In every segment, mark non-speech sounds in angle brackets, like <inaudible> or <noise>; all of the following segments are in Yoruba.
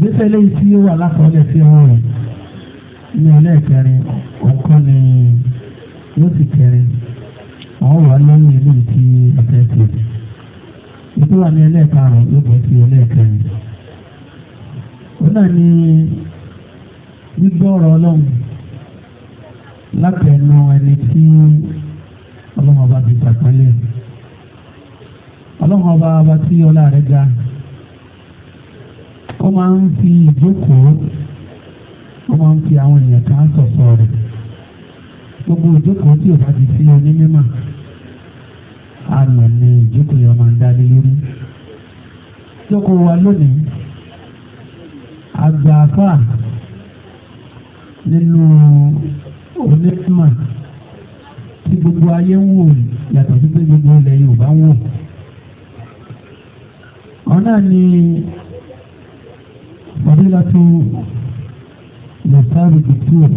ìgbésẹ̀ lẹ́yìn tí ó wà lákọọ́lẹ̀ sí ọwọ́ rẹ̀ ní ẹlẹ́ẹ̀kẹrin ọ̀kan ni yóò sì kẹrin àwọn wà lẹ́yìn ilé tí ọ̀tẹ̀ ti ìtú wà ní ẹlẹ́ẹ̀karùn yóò bọ́ sí ẹlẹ́ẹ̀kẹrin òun náà ni gbígbọ́ ọ̀rọ̀ ọlọ́run látẹnu ẹni tí ọlọ́run ọba ti tàpẹ́lẹ̀ ọlọ́run ọba ọba tí ọlá rẹ̀ ga ó máa ń fi ìjókòó ó máa ń fi àwọn èèyàn kan sọ̀sọ̀ rẹ̀ gbogbo ìjókòó tí ò bá ti sí onímọ̀ àná ni ìjókòó yẹn máa ń dálé lórí ìjókòó wa lónìí àgbààfà nínú onímọ̀ tí gbogbo ayé ń wò yàtọ̀ sí pé gbogbo ilẹ̀ Yorùbá ń wò ọ̀nà ni fadilatu lẹ́tàrí dìtúrò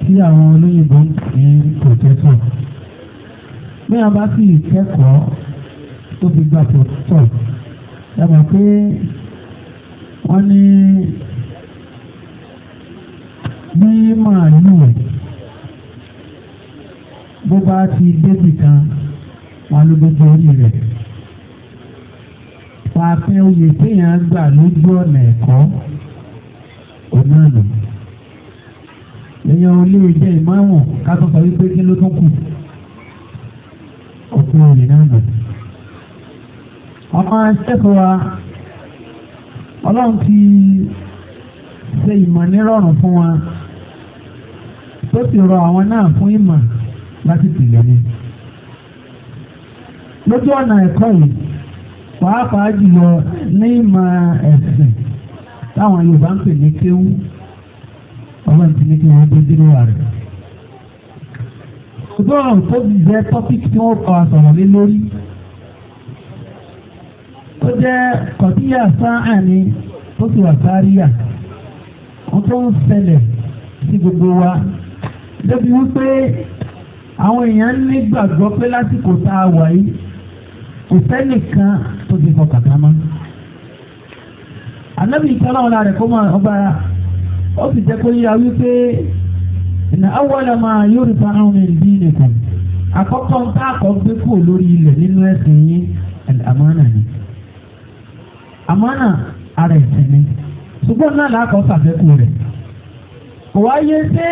tí àwọn olóyìnbó ń pè é pòtẹ́tọ̀ bí a bá sì kẹ́kọ̀ọ́ tó fi gba pòtẹ́tọ̀ ẹ mọ̀ pé wọ́n ní bí màálù ẹ̀ bó bá ti débì kan màálù gbogbo orí rẹ̀ fàáfin oyè téèyàn gbà lójú ọ̀nà ẹ̀kọ́ onáàlú èèyàn olè jẹ́ ìmáàmù kátó sọ wípé kí ló tún kù òkú oyè náà nà. ọmọ akẹ́kọ̀ọ́ wa ọlọ́run ti ṣe ìmọ̀ nírọ̀rùn fún wa tó sì rọ àwọn náà fún ìmọ̀ láti tìlẹ̀ ni lójú ọ̀nà ẹ̀kọ́ yìí pàápàá jùlọ ní ìmọ̀ ẹ̀sìn táwọn Yorùbá ń pè ní kéwú ọlọ́run ti ní kí wọ́n dé dúró wà rẹ̀. ṣùgbọ́n tó ti jẹ́ tọ́píkì tí wọ́n kọ́ àsọ̀rọ̀ lé lórí tó jẹ́ kọ̀tíyà sáà ni tó ti wà sáríyà wọ́n tó ń ṣẹlẹ̀ sí gbogbo wa débi wípé àwọn èèyàn nígbàgbọ́ pé lásìkò tá a wà yìí. kò sẹ́nìkan tó ti fọ kàkà mọ́. Ànábì ìtọ́lá wọn rẹ̀ kó máa ọba ó sì jẹ́ kó yíra wípé ìnà awọ́lẹ̀ máa yóò rí fáwọn ọmọ nìkan. ń tá àkọ́ gbé kúrò nínú ẹ̀sìn yín ni. Àmánà ara ẹ̀sìn ni. Ṣùgbọ́n náà làákọ́ sàbẹ́kù rẹ̀. Wáyé ṣé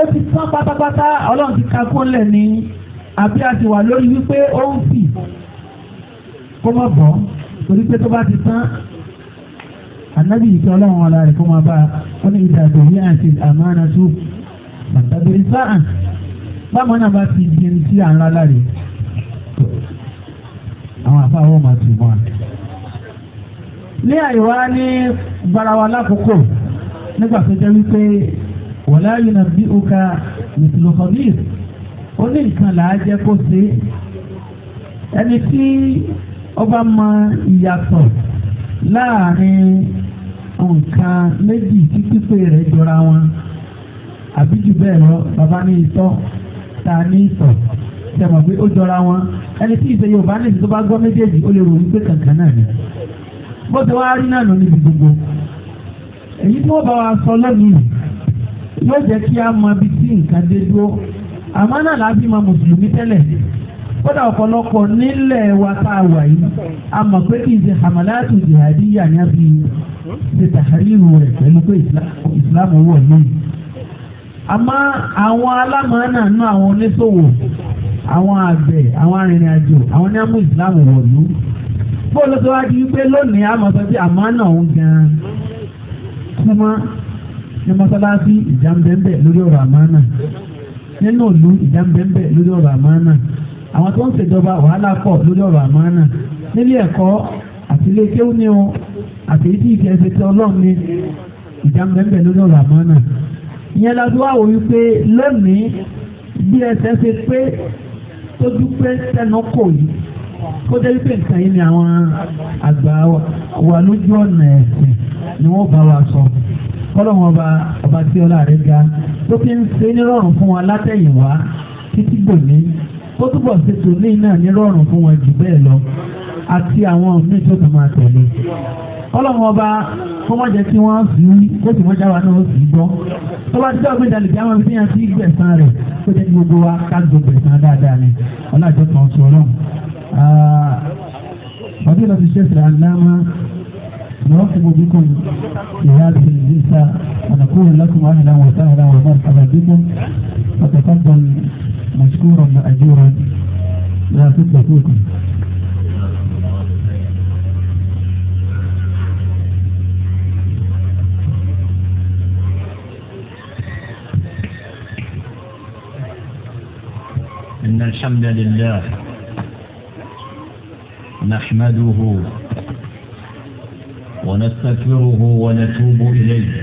ó ti tán pátápátá ọlọ́run ti ka kó wípé ó kó má bọ̀ torí pé tó bá ti tán anabi ìfẹ́ ọlọ́run ọ̀la rẹ̀ kó má bá ó ní ìdá àtòwí àti àmàna tó àtàbírí sáà báwọn náà bá ti di ní ti àńlá láre àwọn àfáwọn máa tù mọ́ a. ní àyíwá ní barawa lákòókò nígbà tó jẹ́ wípé wọ́lá yìí náà bí ó ka mìtìlọ́kọ̀bí ó ní nǹkan làá jẹ́ kó ṣe é ẹni tí ọba mọ ìyàtọ̀ láàrin nǹkan méjì tí pípé rẹ̀ jọra wọn àbí jù bẹ́ẹ̀ lọ bàbá ní ìtọ́ ta ní ìtọ̀ tẹmọ̀ pé ó jọra wọn ẹni tí ìṣe Yorùbá ní ìṣèjọba gbọ́ méjèèjì ó lè rò wípé kankan náà ni bó ti wá rí náà nù níbi gbogbo èyí tí wọ́n bá wa sọ lónìí yóò jẹ́ kí a mọ ibi tí nǹkan dé dúró àmọ́ náà lábí mọ mùsùlùmí tẹ́lẹ̀ kódà ọ̀pọ̀lọpọ̀ nílẹ̀ wa tá a wà yìí a mọ̀ pé kì í ṣe hamalatu jihadiya ní a fi ṣe tàhírù rẹ̀ pẹ̀lú pé ìsìlámù wọ̀ lóyún. àmọ́ àwọn alámọ̀ọ́nà náà àwọn oníṣòwò àwọn àgbẹ̀ àwọn arìnrìn-àjò àwọn ní àmú ìsìlámù wọ̀ lú. bóòlù tó wá di wípé lónìí àmọ̀ sọ pé àmọ́ náà ń gan-an ní mọ́sálásí ìjà ń bẹ́ẹ̀ lórí ọ̀rọ̀ àmọ́ náà nínú ìlú ìjà ń bẹ́ẹ̀ lórí ọ̀rọ̀ àmọ́ náà àwọn tó ń ṣèjọba wàhálà pọ̀ lórí ọ̀rọ̀ àmánà nílé ẹ̀kọ́ àti ilé kéwú ni o àti èyí tí ìfẹ́ ẹsẹ̀ tí ọlọ́run ni ìjà ń bẹ́ẹ̀ lórí ọ̀rọ̀ àmánà ìyẹn la tó wà wò wípé lónìí bí ẹsẹ̀ ṣe pé tójú pé tẹnu kò yìí kó jẹ́ wípé nǹkan yìí ni àwọn àgbà wà lójú ọ̀nà ẹ̀sìn ni wọ́n bá wa sọ kọ́lọ́wọ́n ọba ọba tí ọlá rẹ̀ ga tó fi ń ṣe nírọ̀rùn fún wa látẹ̀yìnwá títí gbòmí ó túbọ̀ ṣe tòní náà nírọ̀rùn fún wọn jù bẹ́ẹ̀ lọ àti àwọn míì tó tún máa tẹ̀lé ọlọ́run ọba kó má jẹ́ kí wọ́n sì í kó sì wọ́n já wa náà sì í gbọ́ tó bá dídá ògbé ìdàlẹ̀ jáwọ́ ibi tíyan sí gbẹ̀sán rẹ̀ kó jẹ́ kí gbogbo wa ká gbogbo ẹ̀sán dáadáa ni ọlọ́àjọ kan sọ ọlọ́run. ọdún ìlọsí ṣẹ́sì àlámà نرحب بكم في هذه الجلسة ونقول لكم أهلا وسهلا ومرحبا بكم فتفضل مشكورا مأجورا لا فكرة فيكم إن الحمد لله نحمده ونستغفره ونتوب إليه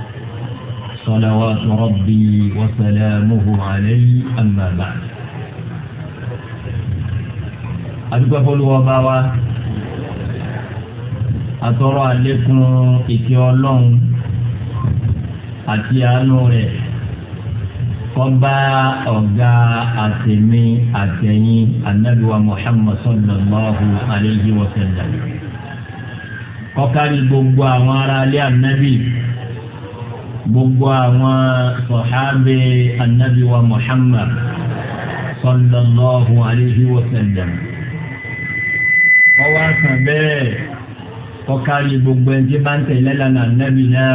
صلوات ربي وسلامه علي أما بعد adúgbò fọlùwọ́ba wa atọ́rọ̀ àlékún ìkẹ́ ọlọ́run àti àánú rẹ̀ kọ́ba ọ̀gá àtẹ̀mí àtẹ̀yìn anabiwa muhammad sallallahu alayhi wa sallam kọ́kárí gbogbo àwọn ará anabi gbogbo àwọn sọ̀hábì anabi wa muhammad sallallahu alayhi wa sallam. ọwọ́ àkàn bẹ́ẹ̀ ọkàlì gbogbo ẹni tí bá ń tẹ̀lé lánàá anabi náà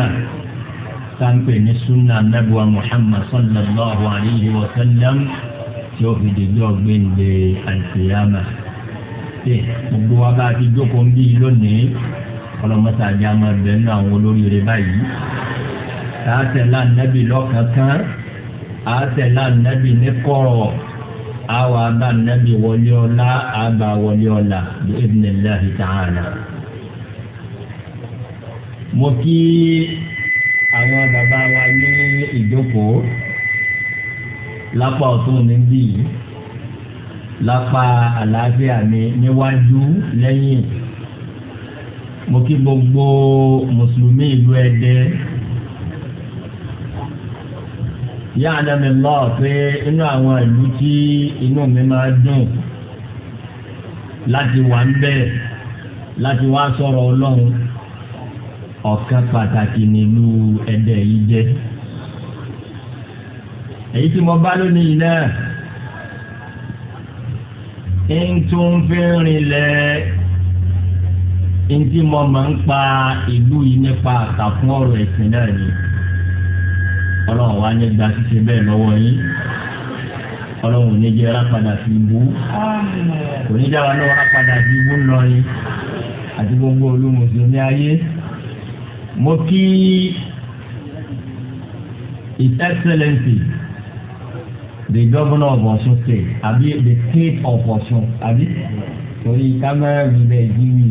sáńpè ní sunna anabi wa muhammad sallallahu alayhi wa sallam tí ó fi dèjọ́ ọ̀gbẹ́ǹde àìsèyàmà. gbogbo wa bá ti jókòó ń bí lónìí ọlọ́mọ́sá àjàmọ́ bẹ́ẹ̀ ní àwọn olóríire báyìí àtẹ̀lá nẹ́bì lọ́kankan àtẹ̀lá nẹ́bì ní kọ̀rọ̀ àwọn abá nẹ́bì wọlé ọ̀la àbá wọlé ọ̀la bí ibnillahi ta'ala. mo kí àwọn bàbá wa ní ìjókòó lápá ọ̀tún mi bí yìí lápá àlàáfíà mi níwájú lẹ́yìn mo kí gbogbo mùsùlùmí ìlú ẹ̀dẹ́ yá àdámi lọ pé inú àwọn ìlú tí inú mi máa dùn láti wà ń bẹ̀ láti wá sọ̀rọ̀ ọlọ́run ọ̀kan pàtàkì nílùú ẹ̀dẹ̀ yìí jẹ́ èyí tí mo bá lónìí náà ń tún fi rinlẹ̀ ntí mo máa ń pa ìlú yìí nípa àkàfún ọ̀rọ̀ ẹ̀sìn náà ni ọlọ́run wa ní gba ṣíṣe bẹ́ẹ̀ lọ́wọ́ yín ọlọ́run ò ní jẹ́ rápadà sí ibú onídàá náà rápadà sí ibú ńlọrin àti gbogbo olùmùsùlùmí ayé mo kí his excellence the governor of Ọ̀ṣun state àbí the state of Ọ̀ṣun àbí torí kámẹ́rà mi bẹ́ẹ̀ yí mi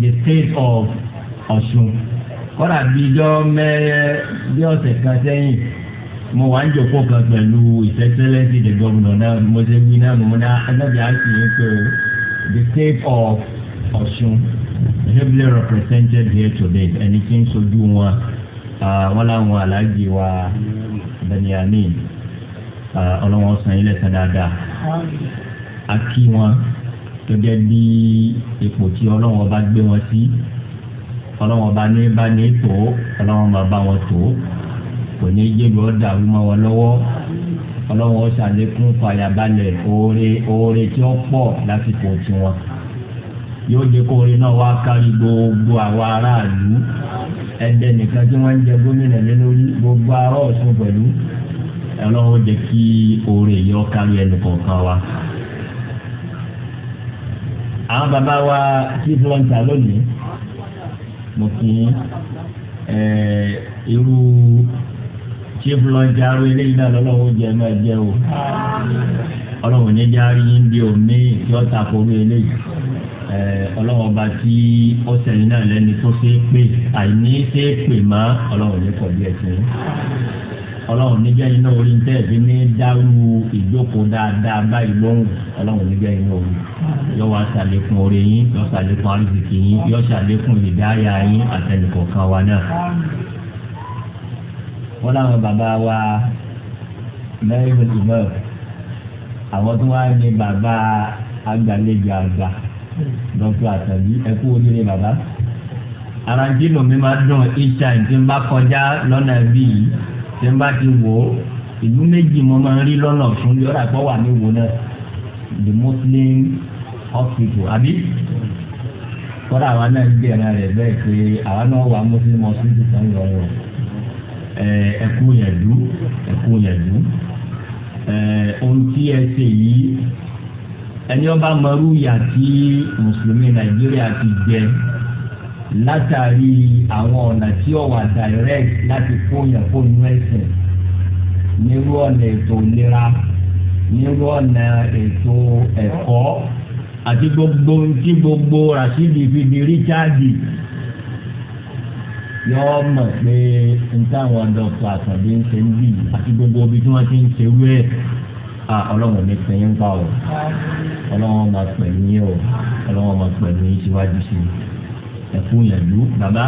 the state of Ọ̀ṣun kọ́ra bíjọ́ mẹ́rẹ́ bí ọ̀sẹ̀ kan sẹ́yìn mo wà ń jòkó kan pẹ̀lú ìfẹsẹ̀lẹ́sì the governor náà mo ṣe wí náà mo náà adájọ́ àti yín pé o the state of ọ̀ṣun heavily represented here today ẹni tí ń sojú wọn wọn láwọn aláàjì wa benjamin ọlọ́wọ́n san ilé san dáadáa a kí wọn gẹ́gẹ́ bí ipò tí ọlọ́wọ́n bá gbé wọn sí. Si ọlọ́wọ́n bá ní bá ní tó ọlọ́wọ́n bá bá wọn tó kò ní jẹ́bi ọ̀dà wímọ́ wọn lọ́wọ́ ọlọ́wọ́n ṣàlékún fàyàbalẹ̀ oore oore tí ó pọ̀ lásìkò tiwọn yóò jẹ́ kó orin náà wá kárí gbogbo àwọn aráàlú ẹ̀dẹ́ nìkan tí wọ́n ń jẹ gómìnà lé lórí gbogbo ará ọ̀sùn pẹ̀lú ọlọ́wọ́n jẹ́ kí oore yìí ó kárí ẹnì kọ̀ọ̀kan wa àwọn bàbá wa tí wọ́n ń ta lónìí mo fi yín irú chief lọ́jà aró eléyìí náà lọ́lọ́wọ́ jẹ́ ẹ máa jẹ́ o ọlọ́run ní járí yín bí omi yọta forí eléyìí ọlọ́run ọba tí ọ̀sẹ̀ yìí náà lẹ́ni tó ṣe é pè àìní ṣe é pè má ọlọ́run ní kọ̀ọ̀bí ẹ̀sìn ọlọ́run níjẹ́ iná orí tẹ́ ẹ̀ fi ní dárú ìjókòó dáadáa báyìí lóhùn ọlọ́run níjẹ́ iná orí yọ wá sàlékún orí yín yọ sàlékún arúgbìkì yín yọ sàlékún ìdáyà yín àtẹnukọ̀ọ̀kan wa náà. wọ́n láwọn bàbá wa mẹ́rin bẹ́ẹ̀ àwọn tó wá ní bàbá agbàlejò àgbà dọ́tò àtàbí ẹ̀kú onílé bàbá aranjínú mi máa dùn ìṣà ń bá kọjá lọ́nà bíi tí n bá ti wò ó ìlú méjì mo máa ń rí lọ́nà fún yọ̀ọ́ àgbọ̀ wà ní ìwò náà the muslim hospital àbí kọ́dà àwa náà ń bẹ̀rẹ̀ rẹ̀ bẹ́ẹ̀ pé àwa náà wà muslim hospital kan yọ̀ wọ̀ ẹ̀kú yẹn dú ẹ̀kú yẹn dú ohun tí ẹ ṣe yìí ẹni ọba mọ̀rú yà mùsùlùmí nàìjíríà ti jẹ látàrí àwọn ọ̀nà tí ó wà direct láti kóyàn fóònù ẹ̀sìn nírú ọ̀nà ètò ìlera nírú ọ̀nà ètò ẹ̀kọ́ àti gbogbo tí gbogbo rasidi fi di richardi yọ mọ̀ pé n táwọn dọ́kítà àtàbí ń ṣe ń bì àti gbogbo ibi tí wọ́n ti ń ṣe wẹ́ ọlọ́run mi pè yín pa o ọlọ́run máa pè yín o ọlọ́run máa pè yín síwájú sí i ẹ̀kú ìyàlú bàbá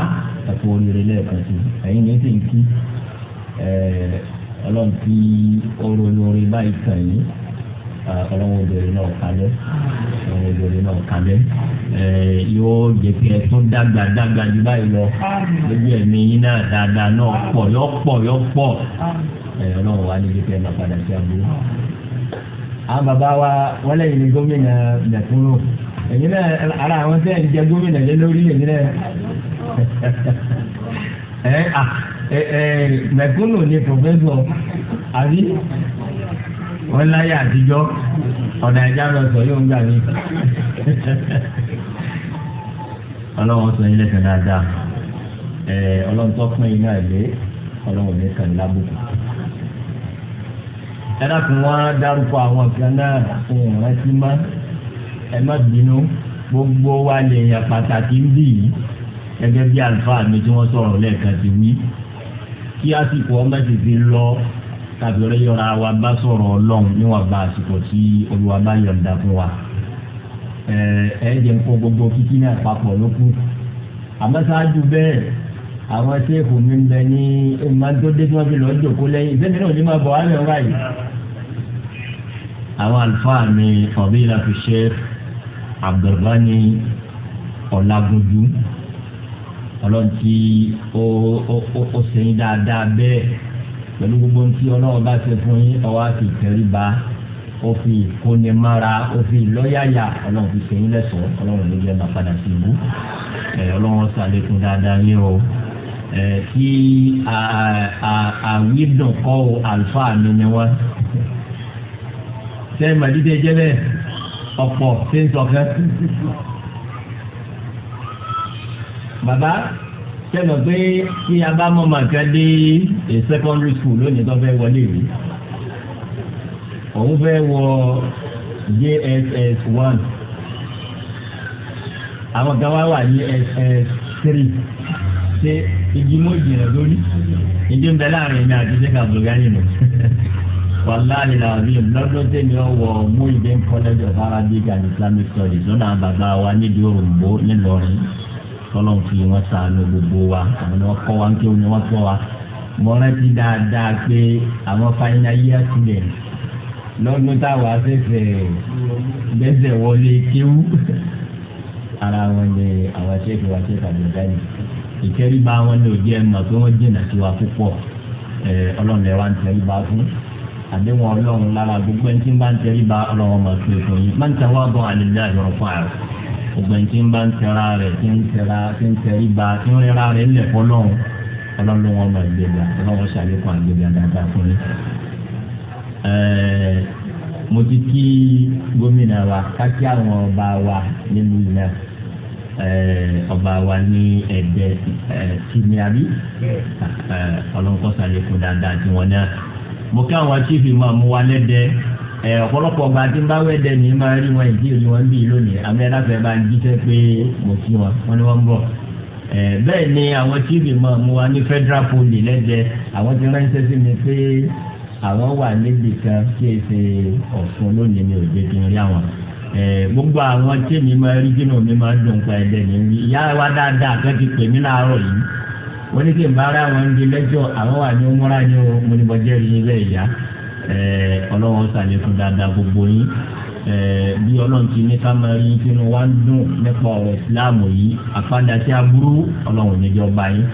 ẹ̀kú oríire lẹ́ẹ̀kan sí ẹ̀yin ní sì ń kí ọlọ́run tí oró lórí báyìí kàn yín ọlọ́run obìnrin náà kalẹ̀ ọlọ́run obìnrin náà kalẹ̀ yóò jẹ́ kí ẹ tún dàgbà dàgbà jù báyìí lọ lójú ẹ̀mí yín náà dáadáa náà pọ̀ yọ pọ̀ yọ pọ̀ ọlọ́run wa ní jẹ́ kí ẹ máa padà sí àbúrò. àwọn bàbá wa wọ́n lẹ́yìn ní gómìnà mẹ̀kúrò ẹ̀yin náà ara àwọn tẹ́ ẹ̀ jẹ gómìnà lé lórí ẹ̀yin náà ẹ̀ ẹ̀ mẹ̀kúnnù ni pòfẹ́sọ̀ àbí wọ́n láyé àtijọ́ ọ̀nà ẹ̀já lọ sọ yóò ń gbà mí. ọlọ́run sọ yín lẹ́sẹ̀ dáadáa ọlọ́run tó pín iná ìlé ọlọ́run ní kàn lábùkù. ẹ dákun wọn dárúkọ àwọn kan náà fún ìrántí máa ẹ má bínú gbogbo wa lè yàn pàtàkì ń bì yìí gẹ́gẹ́ bí àlùfáà mi tí wọ́n sọ̀rọ̀ lẹ́ẹ̀kan ti wí kí àsìkò ọmọ ti fi lọ tàbí ọ̀rẹ́ yọra wa bá sọ̀rọ̀ ọlọ́run níwọ̀n bá àsìkò tí olúwa bá yọ̀ǹda fún wa ẹ ẹ jẹ́ ń kó gbogbo kíkí náà papọ̀ lókù àmọ́ bẹ́ẹ̀ àwọn sẹ́ẹ̀fù mi ń bẹ ní ìmọ̀tòdé tí wọ́n fi lọ́ọ́ jòkó lẹ́yìn ìfẹ́ mi náà ní máa bọ̀ wá lẹ́wọ̀n báyìí àwọn àlùfáà mi ọ̀bí ìlàfi abdulrani ọ̀làgúnjú ọlọ́run tí ó ó ó sẹ́yìn dáadáa bẹ́ẹ̀ pẹ̀lú gbogbo tí ọlọ́run bá ṣe fún yín ọwọ́ àti ìtẹríba ó fi ìkónimára ó fi lọ́yàyà ọlọ́run fi sẹ́yìn lẹ́sọ̀ọ́ ọlọ́run ló jẹ́ bá padà sí ibú ọlọ́run ṣàlékún dáadáa yín o tí àwídùn kọ́ àlùfáà mi ni wọ́n sẹ́yìn màdídé jẹ́ bẹ́ẹ̀ ọ̀pọ̀ ṣe ń sọ̀kẹ́. bàbá sẹ́nu pé kí a bá mọ̀ dé a secondary school lónìí tó fẹ́ wọlé rí òun fẹ́ wọ jss one àwọn kan wá wà ní ss three ṣe ìdí mọ́ ìjìnlẹ̀ lórí ìdí ń bẹ láàrin mi àti ṣẹ́ka bulgari nù wàláyé làbí lọ́dún tẹ̀lé ọwọ́ muhyiddin college of arabic and islamic studies lọ́dọ̀ àwọn bàbá wa nídìí òrùngbó ńlọrọrin tọ́lọ́n fi wọ́n sànù gbogbo wa àwọn ni wọ́n kọ́ wa ń kí wọ́n kọ́ wa mo rántí dáadáa pé àwọn final year students lọ́dún táwa fẹ́fẹ́ gbẹ́sẹ̀ wọlé kíw ara wọn ni àwọn ṣẹ́fẹ̀ wa ṣẹ́fẹ̀ àgbẹ̀dáyì ìkẹ́rìbá wọn ni òjì ẹ̀ mọ̀ pé wọ́n jìnnà sí wa púpọ̀ ọlọ́run ẹ̀ wá ń tẹ̀ríba fún àdéhùn ọlọ́run lára gbogbo ẹni tí ń bá ń tẹrí ba ọlọ́run ọmọ tó ètò yìí máa ń tẹ wọ́n bọ̀ àlejò àyọ̀rọ̀ fún àrùn gbogbo ẹni tí ń bá ń tẹra rẹ̀ tí ń tẹra tí ń tẹrí ba tí ń rẹ́ra rẹ̀ ńlẹ̀ fọlọ́run ọlọ́run wọn máa gbéga ọlọ́run ṣàlékún àgbéga dáadáa fún yín. mo ti kí gómìnà wa kákí àwọn ọba wa nínú ìlà ọba wa ní ẹ̀dẹ̀ tìmíàbí ọlọ́run kọ́ ṣàlékún dáadáa tiwọn náà mo kí àwọn chief máa mú wa lẹ́dẹ̀ ẹ ọ̀pọ̀lọpọ̀ ọgbà tí ń bá wẹ́dẹ̀ ní máa rí wọn ìdí òní wọn bí lónìí àmì ẹ̀dá fẹ́ bá ń jíṣẹ́ pé mo kí wọn wọn ni wọ́n ń bọ̀ bẹ́ẹ̀ ni àwọn chief máa mú wa ní federal poli lẹ́dẹ̀ àwọn ti ránṣẹ́ sí mi pé àwọn wà níbi kan kí èsè ọ̀sùn lónìí mi ò kí n rí àwọn gbogbo àwọn tí mi máa rí jìnnà mi máa dùn pa ẹ̀dẹ̀ nìyí ìyá wa dáadáa kan ti láàárọ̀ yìí mo ní kí n bá ara wọn di lẹ́jọ́ àwọn wà ní múra ní o mo ní bọ́jẹ́ rí ilé ìyá ọlọ́wọ́n sàlẹ̀ fún dáadáa gbogbo yín bí ọlọ́run ti ní ká máa rí sínú wa ń dùn nípa ọ̀rọ̀ ìsìláàmù yìí àfáàdà sí aburú ọlọ́run níjọ́ bá yín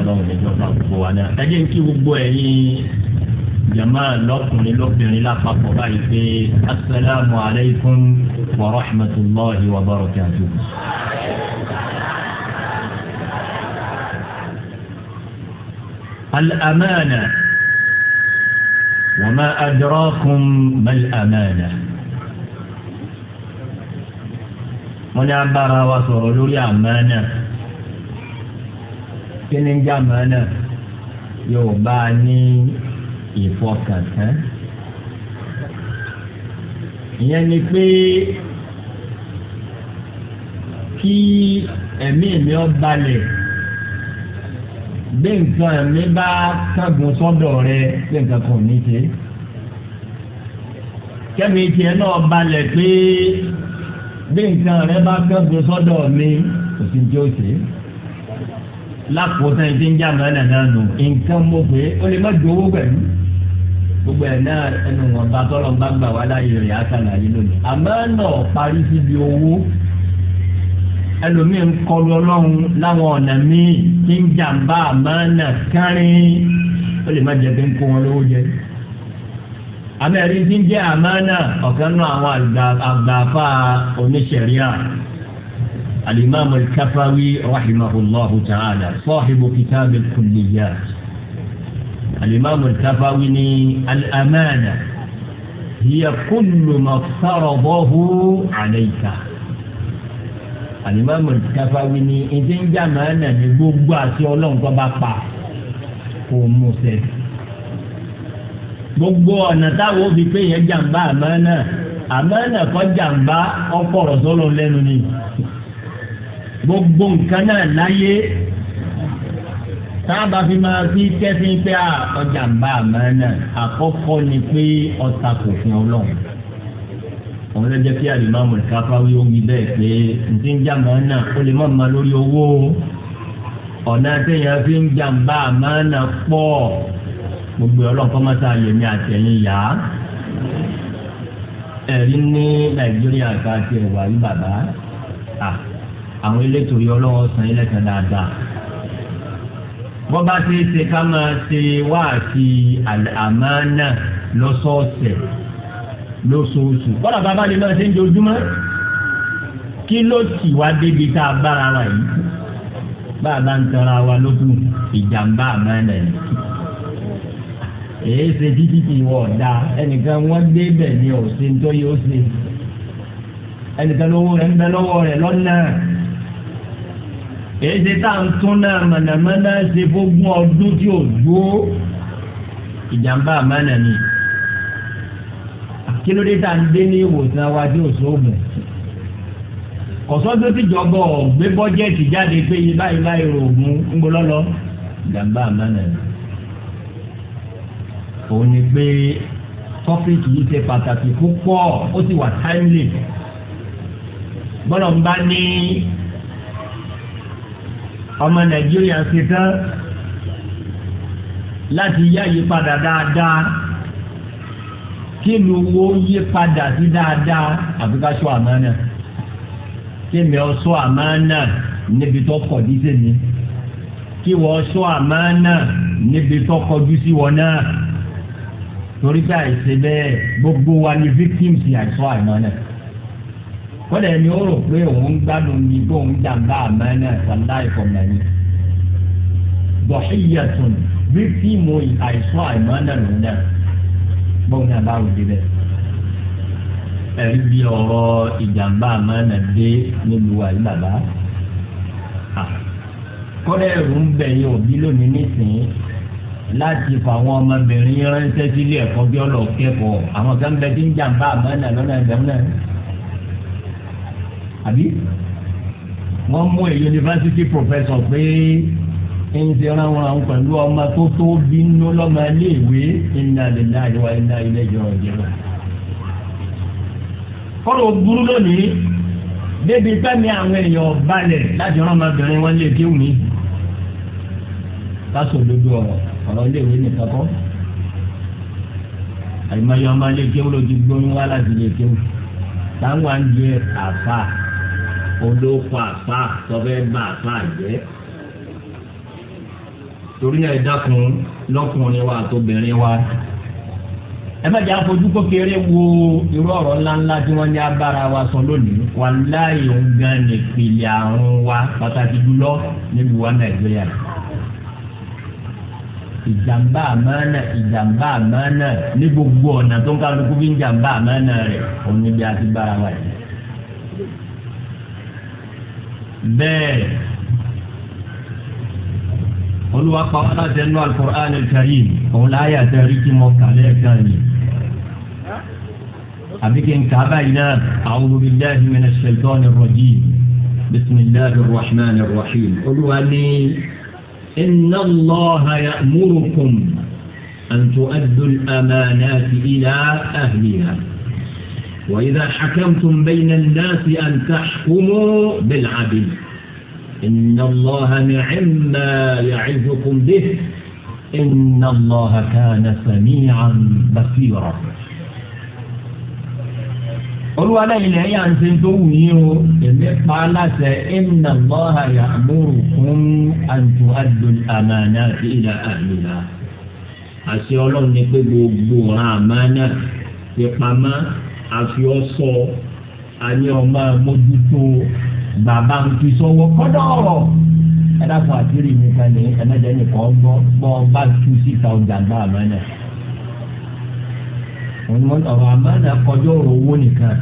ọlọ́run níjọ́ bá gbogbo wa náà. ẹ jẹ́ kí gbogbo ẹ̀yin jama lọ́kùnrin lọ́kùnrin lápapọ̀ báyìí pé asalaamualeykum wa rahmatulahi wa barakatuh. الأمانة وما أدراكم ما الأمانة wọ́n ní abára wa sọ̀rọ̀ lórí àmánà kí ni ń jẹ́ àmánà yóò bá a ní ìfọkàntán ìyẹn ni pé kí ẹ̀mí mi ó balẹ̀ bí nǹkan mi bá kángun sọ́dọ̀ rẹ pé nǹkan kan ní ṣe. kẹ́mi tiẹ̀ náà balẹ̀ pé bí nǹkan rẹ bá kángun sọ́dọ̀ mi kò sí tí ó ṣe. lákòóso ẹni tí ń jàmọ́ ẹ̀ nàá nù nǹkan mo pé ó lè má ju owó pẹ̀lú. gbogbo ẹ̀ náà ẹnu wọn bá tọ́lọ́ bá gbà wá láyé rẹ̀ á sàlàyé lónìí. àmọ́ náà parí síbi owó ẹlòmíín kọlu ọlọ́run láwọn ọ̀nà míì tí ń jàǹbá àmàna kárín ó lè má jẹ pé ń kó wọn lówó jẹ. àmẹ́rí tí ń jẹ́ àmàna ọ̀kan náà àwọn àgbààfà oníṣẹ̀ríà alimami kafawi rahimahullahu ta'ala sọ́ọ̀hìbù kìtàbí kùnìyà alimami kafawi ni al hiya kullu ma farabahu alayka alimami Tafawi ni ẹsẹ ń jà máa nà ní gbogbo àti Ọlọ́run tó bá pa kò mú sẹ gbogbo ọ̀nà táwọn òfin pé yẹn jàǹbá àmánà àmánà kọ́ jàǹbá ọkọ̀rọ̀ sọ́lọ́ lẹ́nu ni gbogbo nǹkan náà láyé táàbà fi máa fi kẹ́sìn pé ọjà ń bá àmánà àkọ́kọ́ ni pé ọta kò fi Ọlọ́run òun ló jẹ́ kí alimami káfáwí ó wí bẹ́ẹ̀ pé ntí ń jà máa nà ó lè má ma lórí owó ọ̀nà téèyàn fi ń jàǹbá máa nà pọ̀ gbogbo ọlọ́nkọ́ máa ta yèmí àtẹ̀yìn yá ẹ̀rí ní nàìjíríà ká tiẹ̀ wà yí bàbá àwọn elétò yọ lọ́wọ́ san ilẹ̀ kan dáadáa bọ́ba ti ṣe ká máa ṣe wáàsí àmánà lọ́sọ̀ọ̀sẹ̀ lóṣooṣù bọ́dà bàbá lè máa ṣe ń dojúmọ́ kí ló tì wá débi tá a bára wa yìí bàbá ń tọra wa lókun ìjàmbá àmàlẹ̀ èyí ṣe títí tí ìwọ ọ̀dà ẹnìkan wọ́n dé bẹ̀ ni ò ṣe yóò ṣe ẹnìkan lówó rẹ̀ ń bẹ lọ́wọ́ rẹ̀ lọ́nà èyí ṣe tá à ń tún náà mọ̀nàmọ́ná ṣe fógún ọdún tí ò gbó ìjàmbá àmàlẹ̀ ni kí ló dé tá à ń dé ní ìwòsàn wa tí òṣòògùn kọ̀sọ́dún tìjọba ọ̀gbé bọ́jẹ́ẹ̀tì jáde pé iye báyìí báyìí oògùn ń gbó lọ́lọ́ ìjàmbá àmàlà òun ni pé tọ́pìkì yìí ṣe pàtàkì púpọ̀ ó sì wà táìmìlì bọ́lá ń bá ní ọmọ nàìjíríà ṣe láti yá padà dáadáa kílu wo yí padà sí dáadáa àfi ká sọ àmánà kémi ọ sọ àmánà níbi tó kọ̀ dí sèmi kí wọ́n sọ àmánà níbi tó kọjú sí wọn náà torí pé àìsè bẹ́ẹ̀ gbogbo wa ni victims àìsọ àmánà kọ́dà ẹni ó rò pé òun ń gbádùn ní bó ń jàǹbá àmánà sàlá ìfọ̀mọ̀ ni dọ̀ṣíyàtùn victimu àìsọ àmánà lòun náà bóun náà bá òde bẹ́ẹ̀. ẹ̀rí bí ọ̀rọ̀ ìjàmbá àmọ́nà dé nílùú wa yìí bàbá. kọ́lẹ̀ ẹ̀rù ń bẹ̀ yín òbí lónìí nísìnyí láti fà àwọn ọmọbìnrin ránṣẹ́ sílé ẹ̀kọ́ bí ọlọ́ kẹ́kọ̀ọ́ àwọn kan bẹ tí ń jàmbá àmọ́nà lọ́nà ẹ̀dẹ́m àbí wọ́n mú yunifásitì professor pé ń ti rán wọn àwọn pẹ̀lú ọmọ tó tó bínú lọ́mọ iléèwé inna lillahi wa inna ilayhi raji'un. kọ́lọ̀ burú lónìí débi pẹ́mi àwọn èèyàn balẹ̀ láti rán ọmọbìnrin wọn lè kéwù mí. láti òdodo ọ̀rọ̀ ọ̀rọ̀ iléèwé nìkan kọ́. àyùmáyọ ọmọ ilé kéwù ló ti gbóyún wá láti ilé kéwù. táwọn á ń jẹ àfa olóko àfa tọ́fẹ́ bá àfa jẹ́ torí ẹ dákun lọ́kùnrin wa àtòbìnrin wa ẹ má jà fojú kékeré wo irú ọ̀rọ̀ ńláńlá tí wọ́n ní abára wa sọ lónìí wà láàyè ń gan nípìnlẹ̀ àrùn wa pàtàkì jùlọ nílùú wa nàìjíríà ìjàmbá àmàna ìjàmbá àmàna ní gbogbo ọ̀nà tó ń kálukú bí ìjàmbá àmàna rẹ̀ òun níbi àti bára wa yìí bẹ́ẹ̀. olúwa pa ọ́nà láti ẹnu alukur'an karim òun láyà tẹ̀rí tí mo kà lẹ́ẹ̀kan yìí. àbí kí n kà á báyìí náà a'udhu billahi minash shaitani rrajim bisimilahi rahman rahim olúwa ní inna allaha ya'murukum an tu'addu al-amanati ila ahliha. وإذا حكمتم بين الناس أن تحكموا بالعدل إن الله نعم ما يعزكم به إن الله كان سميعا بصيرا قلوا ليلة ينزل دونيه إن إقبال إن الله يأمركم أن تؤدوا الأمانات إلى أهلها àti ọlọ́run ní pé gbogbo ọ̀ràn àmàna ti pamá àfi ọ̀sọ̀ àní bàbá ń fi sọ́wọ́ kọ́dọ̀ ọ̀rọ̀ ẹ dákun àtìrí mi kan ní ẹ̀mẹ́jẹ̀ nìkan gbọ́ bọ́ bá tú síta ọjà gbá àmọ́nà ọ̀rọ̀ àmọ́nà kọjọ́ ọ̀rọ̀ owó nìkan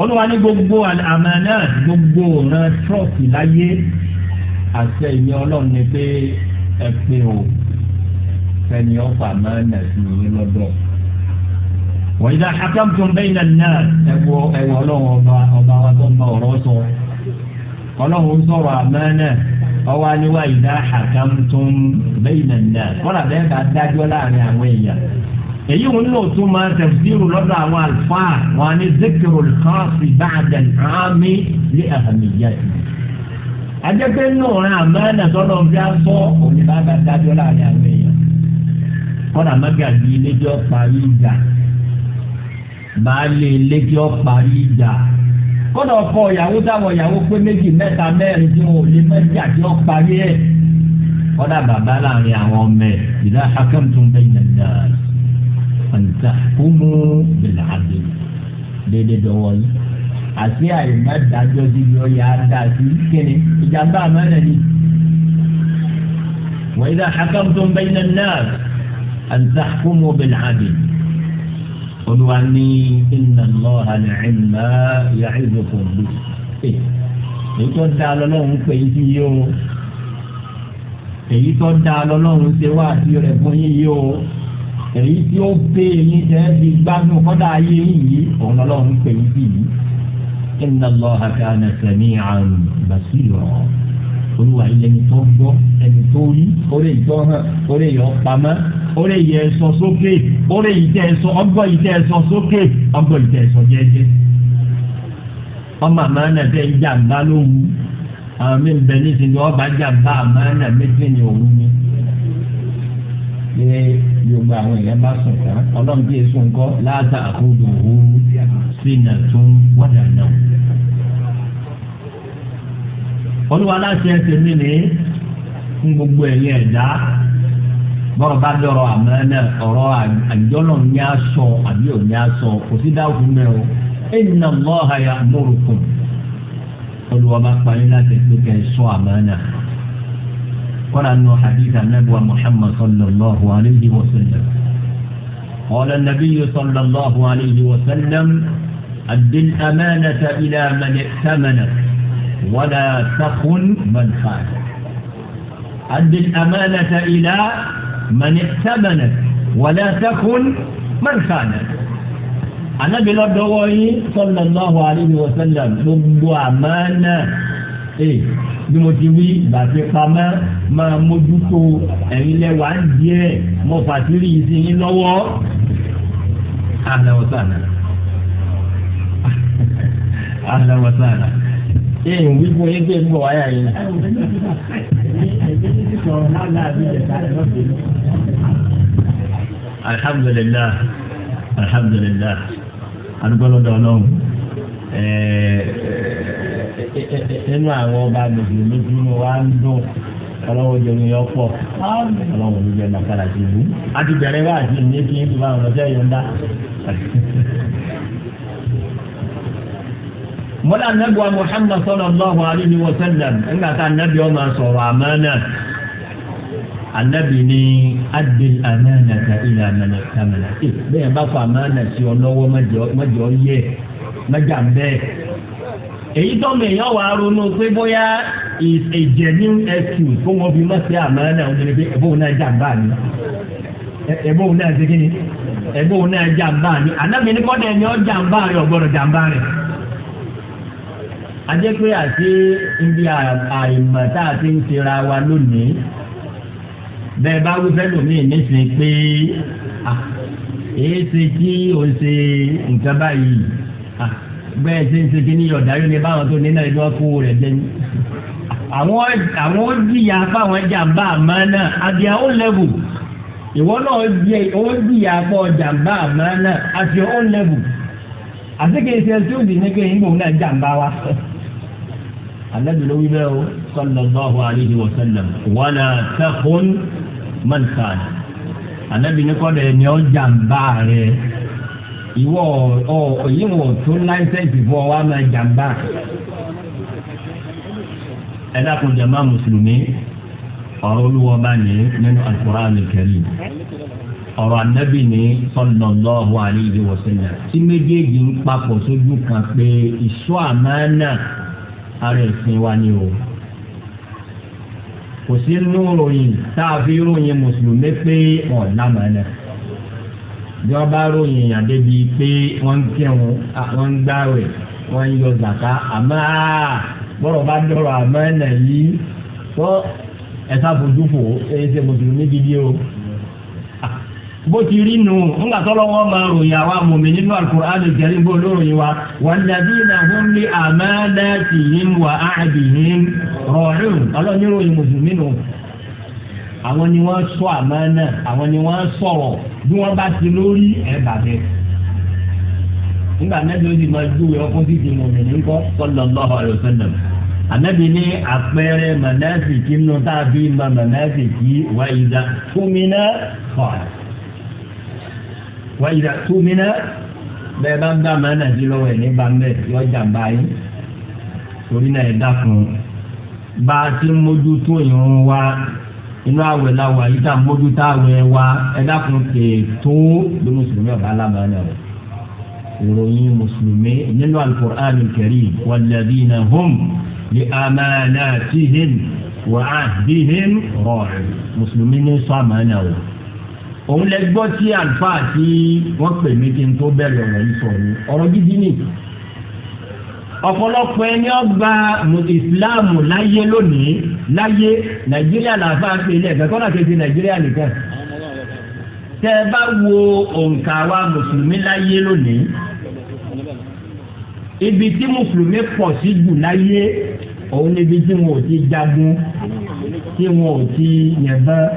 olùwà ní gbogbo àmọ́nà gbogbo ọ̀ràn trọ́ọ̀kì láyé àṣẹ ìní ọlọ́run ni pé ẹ pé o fẹ́ni ọ̀fà máa ń nà lọ́dọ̀ọ́. وإذا حكمتم بين الناس ẹ̀wọ̀ ẹ̀wọ̀ ọlọ́run ọba ọba wa tó ń bá ọ̀rọ̀ sọ ọlọ́run sọ̀rọ̀ àmánà ọwọ́ aníwá إذا حكمتم بين الناس wọ́n làbẹ́ bá dájọ́ láàrin àwọn èèyàn èyí wọn náà tún máa tẹ̀síìrù lọ́dọ̀ àwọn àlùfáà wọn ni zikiru kọ́ọ̀sì báàdà àmì lé àhàmìyá yìí. ajẹ́pẹ́ náà rán àmánà tọ́lọ́ fi aṣọ òní bá bá dájọ́ láàrin àwọn èèyàn kọ́nà mágàdí ilé jọ́ parí ìjà baálé ilé kí ó parí ìjà kódà ọkọ ìyàwó táwọn ìyàwó pé méjì mẹ́ta mẹ́rin tí wọn ò lè mẹ́jà tí ó parí ẹ̀ kódà bàbá láàrin àwọn ọmọ ẹ̀ ìdá akẹ́mùtún bẹ́ẹ̀ yẹn dà ọ̀nìtà kúmú bẹ̀rẹ̀ àdé déédéé dọ̀wọ́ yìí àti àyèmẹ́dájọ́ sí ni ó yà sí kíni ìjàmbá àmọ́nà ni wọ́n ìdá akẹ́mùtún bẹ́ẹ̀ yẹn dà ọ̀nìtà kúmú bẹ̀rẹ̀ àdé olúwa ní iná lọ àná ìmá yàrá ìdókòwò bí èyí tó dá lọ́lọ́run pé yín sí yìí o èyí tó dá lọ́lọ́run ṣe wá sí rẹ̀ fún yín yìí o èyí tí ó gbé yín jẹ́ bí gbádùn kọ́dà ayé yìí òun lọ́lọ́run pé yín sí yìí iná lọ àká àná sẹ̀mí àrùn bàṣí rọ̀ olúwa ilé ẹni tó gbọ́ ẹni tó rí orí ìjọ hàn orí ìyọ̀ pamọ́ orí yẹ ẹsọ sókè orí yìí tẹ ẹsọ ọgbọ yìí tẹ ẹsọ sókè ọgbọ yìí tẹ ẹsọ jẹ́jẹ́ ọmọ àmàlà tẹ ń jàǹbá lóhùn àwọn mi ń bẹ nísìnyí ọba jàǹbá àmàlà méjì ni òun ni ṣe yorùbá àwọn èèyàn bá sùn tán ọlọ́run tí èso ńkọ́ láàtà àkóòdù òun sínà tó ń wọ́dà náà. olúwa aláṣẹ ẹsẹ̀ mi ní fún gbogbo ẹ̀yìn ẹ̀dá bọ́rọ̀ bá dọ̀rọ̀ àmọ́nà ọ̀rọ̀ àjọlọ̀ ní kò sí sọ kò sí dáhùn mẹ́ o ni aso ko si lọ́ha ya múrùkùn olùwà bá parí láti pé kẹ́ ẹ sọ àmọ́nà kọ́ra nù hadith anabiwa muhammad sallallahu alayhi wa sallam ọ̀la yìí sallallahu alayhi wa sallam àdín addin amanata ila mani tamana wala takun man àdín addin amanata ila. من tábànà ولا àtàkùn من ànábì النبي yín صلى الله عليه وسلم gbogbo àmánà ee bí mo ti wí bàtí pamọ́ máa mójútó ẹ̀yin lẹ́wà ń díẹ̀ mo fàtírí ìsìn yín lọ́wọ́. ahlan wa sahlan <laughs> ee wí fún yín pé ń bọ̀ wáyà yín. alhamdulillah alhamdulillah anugbọlọdọ Ọlọ́run inú àwọn ọba mùsùlùmí tí mo wá ń dùn ọlọ́wọ́ jẹun yọ pọ̀ ọlọ́wọ́ mi jẹ nàkàlà sí ibú. a ti bẹ̀rẹ̀ àti ìyẹn kí n tó bá wọn lọ sí ń dá mọ́lá nẹ́bùwá muhammad sallallahu alayhi wa sallam nígbà tá nẹ́bí ọmọ sọ̀rọ̀ àmánà anabi ni adil amana ta ila amana kamana e bẹ́ẹ̀ bá fọ amana sí ọ lọ́wọ́ mọ́jọ́ yẹ mọ́jà bẹ́ẹ̀ èyí tó mèèyàn wà ronú pé bóyá ìjẹ́ ní ẹ̀sìn kó wọ́n fi mọ́ sí amana òun ni pé ẹ̀bọ́n náà jàǹbá mi ẹ̀bọ́n náà ṣe kí ni ẹ̀bọ́n náà jàǹbá mi anabi ni kọ́dẹ̀ ni ọ jàǹbá rẹ̀ ọ̀gbọ́dọ̀ jàǹbá ajẹ́ pé àti ibi àìmọ̀ tá a ti ń tira wa lónìí bẹ́ẹ̀ bá wí fẹ́ lómi nísìnyí pé èyí ṣe kí o ṣe nǹkan báyìí bẹ́ẹ̀ ṣe ń ṣe kí ní ọ̀dájú ni báwọn tó ní náà ẹni wọ́n kó rẹ̀ jẹ́ ní. àwọn jìyà fáwọn jàǹbá àmọ́ náà at their own level ìwọ náà ó jìyà fọ́ jàǹbá àmọ́ náà at your own level àti kì í ṣe tí ó dì ní pé ìgbòho náà jàǹbá wa anabi ló wí bẹ́ẹ̀ o sallallahu alayhi wa sallam wàlà sẹ́kùn mẹ́ǹkan anabi ní kọ́ dẹ̀ ni ọjà ń bá rẹ̀ ìwọ ọ èyí wọ̀ tó láìsẹ̀nsì fún ọ wá máa jàǹbá ẹ dákun jàmbá mùsùlùmí ọ̀rọ̀ olúwọ́ bá ní nínú alukur'an kẹrin ọ̀rọ̀ anabi ní sallallahu alayhi wa sallam tí méjèèjì ń papọ̀ sójú kan pé ìṣọ́ àmánà ara ẹ̀sìn wa ni o kò sí inú ròyìn tá a fi ròyìn mùsùlùmí pé ọ̀la màánà bí wọ́n bá ròyìn èèyàn débi pé wọ́n ń kírun wọ́n ń gbáwẹ̀ wọ́n ń yọ zàká àmọ́ bọ́rọ̀ bá dọ̀rọ̀ àmọ́ ẹ̀nà yìí tó ẹ̀ka fojú fò ẹ̀ ṣe mùsùlùmí gidi o bó ti rí nu ńgbà tọ́lọ́wọ́ máa ròyìn àwa mòmí nínú alukur'an ìjẹ́rìí bó lóròyìn wa wàlẹ́bí náà fún mi àmàlà tì yín wà áàdì yín rọ̀rùn ọlọ́niròyìn mùsùlùmí nù. àwọn ni wọ́n sọ àmàlà àwọn ni wọ́n sọ̀rọ̀ bí wọ́n bá ti lórí ẹ̀ bàbẹ́. nígbà anábì ó sì máa júwe ọkọ sí ti ní kọ́ sallallahu alaihi ní àpẹẹrẹ mọ̀nàfì kí nù tá a fi mọ̀ kí wáyé dá fún náà kọ̀ wọ́n yìí tú mi náà bẹ́ẹ̀ bá ń dá màá nà sí lọ́wọ́ ẹ̀ ní bambẹ́ yọ jàmbá yín torí náà ẹ̀ dákun bá a ti ń mójú tó ìrún wa inú àwẹ̀ la wà tá a mójú tá àwẹ̀ wa ẹ̀ dákun kè tó bí mùsùlùmí ọ̀bá alábàá náà ìròyìn mùsùlùmí nínú alukur'an karim walladhina hum li amanatihim wa ahdihim rọ̀ mùsùlùmí ní sọ àmàna wọ̀ òun lẹ gbọ́ tí àlùfáà tí wọ́n pè mí kí n tó bẹ̀rẹ̀ ọ̀rọ̀ yìí sọ ni ọ̀rọ̀ gidi ni ọ̀pọ̀lọpọ̀ ẹni ọgbà ìsìláàmù láyé lónìí láyé nàìjíríà làáfàá pé ilé ẹ̀fẹ́ kọ́nà kejì nàìjíríà nìkan tẹ́ ẹ bá wo òǹkà wa mùsùlùmí láyé lónìí ibi tí mùsùlùmí pọ̀ sí jù láyé òun níbi tí wọn ò ti jagun tí wọn ò ti yẹ̀bọ́n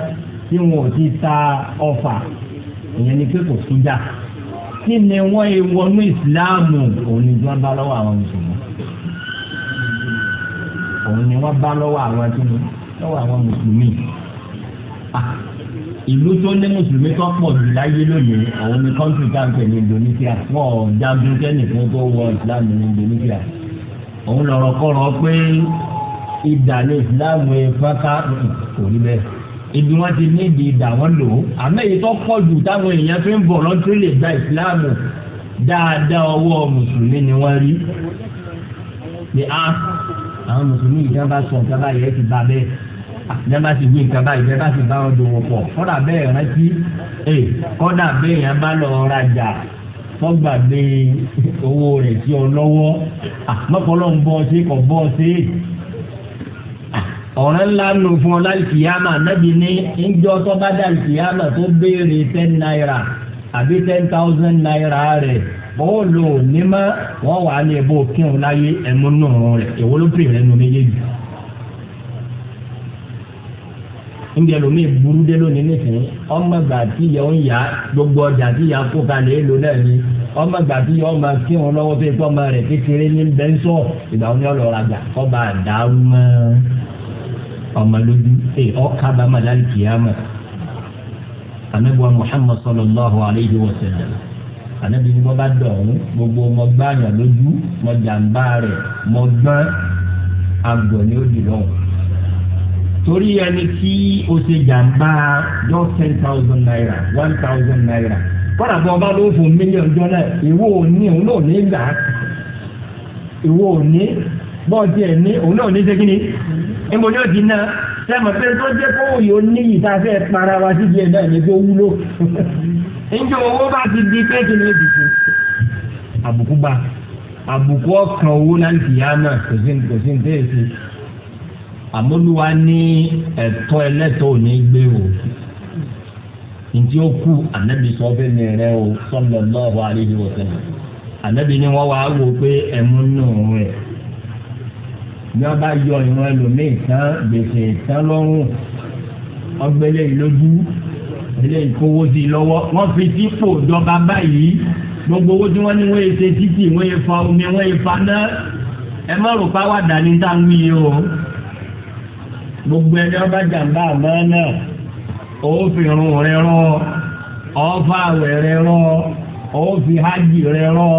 tí wọn ò ti ta ọfà ìyẹn ni pé kò síjà kí ni wọ́n yẹ wọnú ìsìláàmù òun ni wọ́n bá lọ́wọ́ àwọn mùsùlùmí òun ni wọ́n bá lọ́wọ́ àwọn tí wọ́n lọ́wọ́ àwọn mùsùlùmí ìlú tó ní mùsùlùmí tó pọ̀ jù láyé lónìí òun ni kọ́ńtì táǹpẹ̀ ní Indonesia wọ́n jagun kẹ́nìkan tó wọ ìsìláàmù ní Indonesia òun lọ̀rọ̀ kọ́rọ̀ pé ìdà ní ìsìláàmù ẹ̀fọ́ká kò rí bẹ́ẹ̀ ibi wọn ti ní ibi ìdá wọn lò ó àmọ́ èyí tó pọ̀ jù táwọn èèyàn fi ń bọ̀ lọ́tún lè gba ìsìláàmù dáadáa ọwọ́ mùsùlùmí ni wọ́n rí pé á ah, àwọn mùsùlùmí yìí dáná bá sọ nǹkan báyìí ẹ ti bá bẹ́ẹ̀ dáná ah, bá ti wí nǹkan báyìí dáná bá ti bá wọn dòwò pọ̀ kọ́dà bẹ́ẹ̀ rántí ẹ kọ́dà bẹ́ẹ̀ yẹn bá lọ rajà fọ́gbàgbé owó rẹ̀ sí ọ lọ́wọ́ ah, mọ́kànlọ́ ń bọ́ ọ sí kò bọ́ ọ sí ọ̀rẹ́ ńlá nù fún ọ lálùkìyàmà nábì ní ńjọ tó bá dàlùkìyàmà tó béèrè ten naira àbí ten thousand naira rẹ̀ bọ́ọ̀ lò ní mọ́ wọ́n wà ní ẹ̀bọ́ kírun láyé ẹ̀mú nù rẹ̀ èwo ló pè rẹ̀ nù méjèèjì. níbi ẹlòmíì burú dé lónìí nìsín ọmọ ìgbà tí ìyá ń yá gbogbo ọjà tí ìyá kó kalẹ̀ èlò náà ni ọmọ ìgbà tí ìyá ọmọ kírun lọ́wọ́ pé kọ́ ọmọ rẹ̀ kékeré ní bẹ́ńsọ̀ ìgbà wọn ni ọlọ́ọ̀rajà kọ́ bá dàrú mọ́ ọmọ lójú ẹ ọkà bá má láì kìyàmọ anabiwa muhammad sallallahu alayhi wa sallam anabi ni wọn bá dọ̀hún gbogbo ọmọ gbààyàn lójú mọ jàǹbá rẹ mọ gbọ́n àgbọ̀ ni ó di lọ́wọ́ torí ẹni tí o ṣe jàǹbá yọ ten thousand naira one thousand naira kọ́nà bọ́ ọba ló fún mílíọ̀nù dọ́là ìwọ òní òun náà ní gbà ìwọ òní bọ́ọ̀dì ẹ̀ ní òun náà ní ṣe níbo ni ó di náà sẹ́mọ̀ pé tó jẹ́ kó òye ó ní ìtafẹ́ para wa síbi ẹ̀dá ìyẹn tó wúlò níjẹ́ owó bá ti di pé kí ni èbùkù àbùkù bá àbùkù ọkàn owó náà ń tìyà náà kò sí kò sí ní tẹ́ẹ̀sì àmọ́lúwa ní ẹ̀tọ́ ẹlẹ́tọ́ ò ní gbé o ntí ó kú anabi sọ fún mi rẹ o sallallahu alaihi wasallam anabi ni wọ́n wá wò pé ẹ̀mú nù rẹ̀ bí wọ́n bá yọ ìran ẹlòmíì tán gbèsè tán lọ́rùn ọgbẹ́lẹ̀ ìlójú ilé ìkówó sí i lọ́wọ́ wọ́n fi sípò dọ́ba báyìí gbogbo owó tí wọ́n ní wọ́n yẹ ṣe títì wọ́n yẹ fa omi wọ́n yẹ fa náà ẹ má rò pa wà dání tá ń wí o gbogbo ẹni ọba jàǹbá àmọ́ náà ó fi irun rẹ rọ ọ́ fà wẹ̀ rẹ rọ ọ́ fi hájì rẹ rọ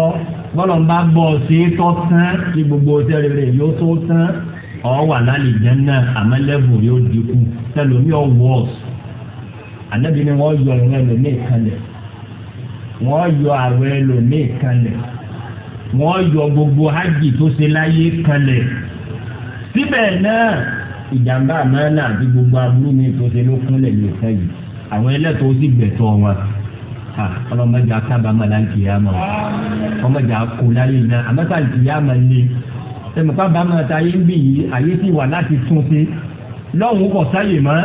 bọ́lọ̀ ń bá bọ̀ ṣe é tọ́ tán tí gbogbo tẹ́lẹ̀ yóò tó tán ọ̀ wà lálẹ́ jẹ́nà àmọ́ lẹ́bù yóò dínkù tẹlomi ọ̀ wọ́ọ̀s ànábi ni wọ́n yọ ìrìn ẹlòmíì kanlẹ̀ wọ́n yọ àwẹ̀ ẹlòmíì kanlẹ̀ wọ́n yọ gbogbo hajj tó ṣe láyé kanlẹ̀ síbẹ̀ náà ìjàmbá àmọ́ náà àti gbogbo abúlé mi tó ṣe ló kúnlẹ̀ lè fẹ́ yìí àwọn ẹlẹ́tọ̀ọ́ sì gbẹ̀tọ̀ wọn ọlọ́mọdé akábàámọ̀ láǹkì yá mọ̀ ọmọdé akó láyé iná àmọ́tà ìyá mọ̀ ni ẹnìkan bá mọ̀ ta ayé ń bì yìí ayé ti wà láti tún sí lọ́hùn kọ̀ sáyè mọ́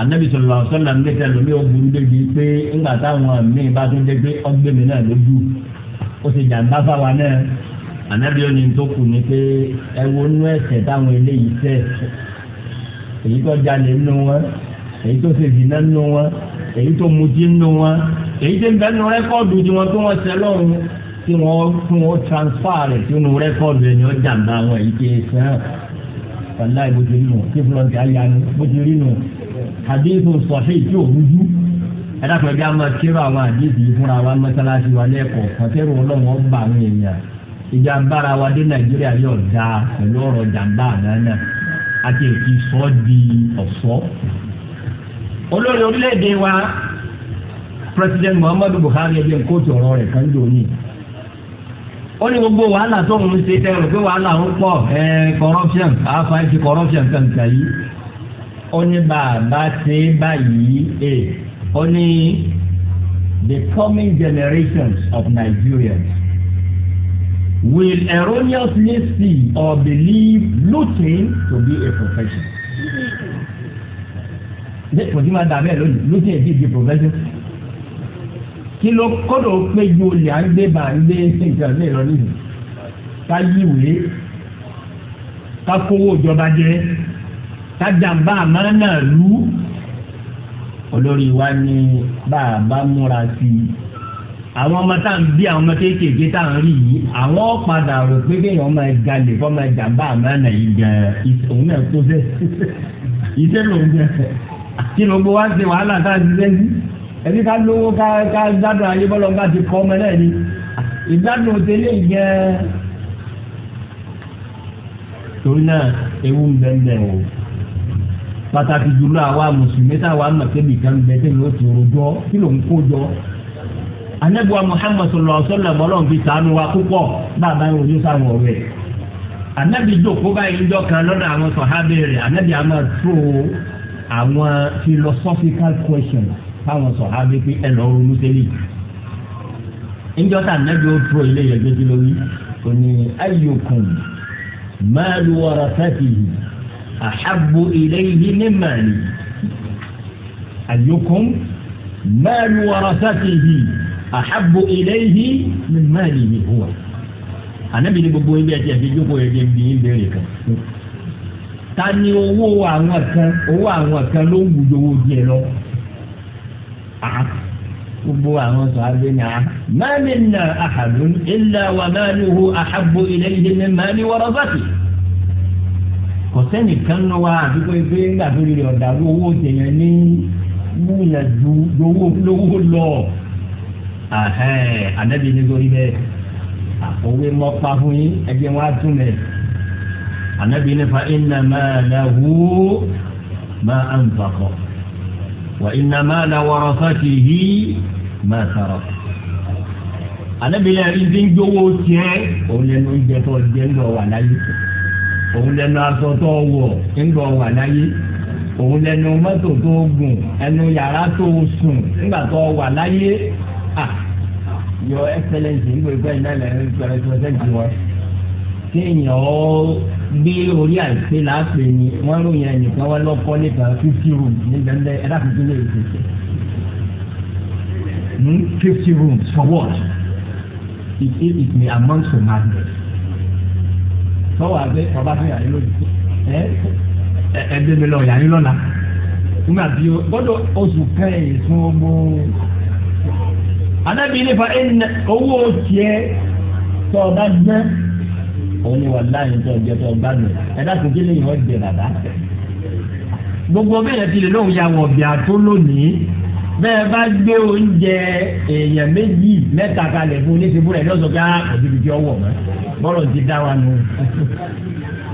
anabi sọlọ sọlọ ń gbẹsẹ lómi ogun débi pé ńgbà táwọn míì bá tún dé pé ọgbẹmí náà lójú ó sì jàǹbá fáwa náà anabi ó ní tó kù ní pé ẹ wo inú táwọn eléyìí tẹ èyí tó jalè nínú wọn èyí tó ṣèṣì náà nínú wọn èyí tó mutí nù wọn èyí tó ń bẹ nù rẹ́kọ́ọ̀dù tí wọ́n tó wọ́n ṣe lọ́run tí wọ́n fún wọn transfer rẹ̀ sínú rẹ́kọ́ọ̀dù ẹni ó jàǹbá wọn èyí tó ṣe hàn wàlá ìbò ti rí nù kí fúlọ́ǹtì ayanu bó ti rí nù àdéhùn sọ̀fẹ́ tí ò rújú ẹ̀dàpẹ̀ bí a máa kérò àwọn àdéhùn yìí fúnra wa mọ́sálásí wa lẹ́kọ̀ọ́ kọ́tẹ́rù ọlọ́run bá àwọn èèyàn ìjà bára wa dé nàìjíríà yóò dáa pẹ̀lú ọ̀rọ̀ jàǹbá àná náà àti èkì sọ́ọ́ di ọ̀ṣọ́ olórí orílẹ̀-èdè wa president muhammadu buhari ẹbí ẹ̀ kóòtù ọ̀rọ̀ rẹ̀ kan dùn ní ó ní gbogbo wàhálà tó ń ṣe tẹ́lẹ̀ pé wàhálà ń pọ̀ corruption àáfàá ti corruption kankan yìí ó ní bàbá ṣe báyìí ẹ̀ ó ní the coming generations of Nigerians will erroneously see or believe looting to be a profession kò sí máa dà bẹ́ẹ̀ lónìí ló ti di di profession kí ló kọ́dọ̀ pé ju olè à ń gbé bá à ń gbé nǹkan lè lọ nìyí ká yíwèé ká kówó ìjọba jẹ ká jàǹbá àmánà lù olórí wa ní bàbá múra sí i àwọn ọmọ tá à ń bí àwọn ọmọ kéékèèké tá à ń rí yìí àwọn padà rò pé kéèyàn máa jalè kọ́ máa jàǹbá àmánà yìí gan-an òun náà tó bẹ́ẹ̀ iṣẹ́ lòun gan kí ni gbogbo wa ń ṣe wàhálà tá a ti ṣe sí ẹbí ká lówó ká ká gbádùn ayé bọ́lọ̀ ká ti kọ́ ọmọ náà ni ìgbádùn òde lè jẹ́ torí náà ewu ń bẹ́ẹ̀ bẹ́ẹ̀ o pàtàkì jùlọ àwa mùsùlùmí táwa mọ̀kẹ́bì kan bẹ́ẹ̀ tẹ̀lé ó ti rojọ́ kí ló ń kó jọ anabiwa muhammad sallallahu alaihi wa sallam ọlọ́run fi ṣàánú wa púpọ̀ bàbá yẹn ojú sáwọn ọ̀rẹ́ anabi jòkó báyìí ńjọ kan lọ́dọ̀ àwọn sọ̀hábẹ́ rẹ̀ anabi àmà tó àwọn philosophical questions táwọn sọ ha wípé ẹ lọ ronú sẹ́lẹ̀ ìjọta nàbí ó tó ilé yẹn gbé sí lórí ó ní ayòkùn máàlù wàrà sátìyì àhábò ilé yìí ní màlì ayòkùn máàlù wàrà sátìyì àhábò ilé yìí ní màlì yìí hùwà ànábìyí gbogbo ilé ẹtì ẹtì jókòó yẹn gbé bí ń bèrè kan ta ni owó àwọn kan owó àwọn kan ló ń wùdówó jẹ lọ gbogbo àwọn sọ abẹ ní a. máa mi nà àhàdùn ilà wà máa ní hu àhàbò ilẹ̀ ìdè ní máa ní wọ́rọ́ bàtì. kò sẹ́ni kan náà wá àdúgbò ẹgbẹ́ nígbà tó lè ọ̀dà owó jẹ̀yàn ní wúlẹ̀ ju lówó lówó lọ. ànábi ní sori bẹ́ẹ̀ àkọwé mọ́ pa fún yín ẹgbẹ́ wọn á tún mẹ́ anabi nifa inama lahu ma anfaqo wa inama la warasatihi ma sarọ anabi yẹn ẹni tí ń gbowó tiẹ̀ òun lẹnu oúnjẹ tó jẹ ń lọ wà láyé òun lẹnu aṣọ tó wọ ń lọ wà láyé òun lẹnu mọ́tò tó gùn ẹnu yàrá tó sùn nígbà tó wà láyé ah your excellence ń gbé bẹ́ẹ̀ náà lẹ́nu twenty kéèyàn ó gbé orí àìpé láàpè ni wọ́n ròyìn ẹnìkan wọ́n lọ́kọ́ nípa fifty room níbẹ̀ ńlẹ̀ ẹ̀dá tuntun lè tètè. Hmm? fifty rooms for what? it is it may amount to madness. sọ́wọ́ abẹ́ ọba fún yàrá lójú ẹ ẹgbẹ́ mi lọ yàrá lọ́la nígbà tí o gbọ́dọ̀ oṣù kẹ́yìn fún ọgbọ́n. adábìyí nípa owó tiẹ̀ tọ́ ọ bá gbẹ́ òun ni wà láàyè tó ọjọ́ tó gbádùn ẹ dákun kí lèyìn ọjẹ bàbá. gbogbo bẹ́ẹ̀ ti lè lóun ya wọ̀ bíà tó lónìí bẹ́ẹ̀ bá gbé oúnjẹ èèyàn méjì mẹ́ta kalẹ̀ fún oníṣẹ́bù rẹ̀ lọ́sọ̀ ká òdìbìtì ọwọ́ mọ́ bọ́lọ̀ ti dá wa nù.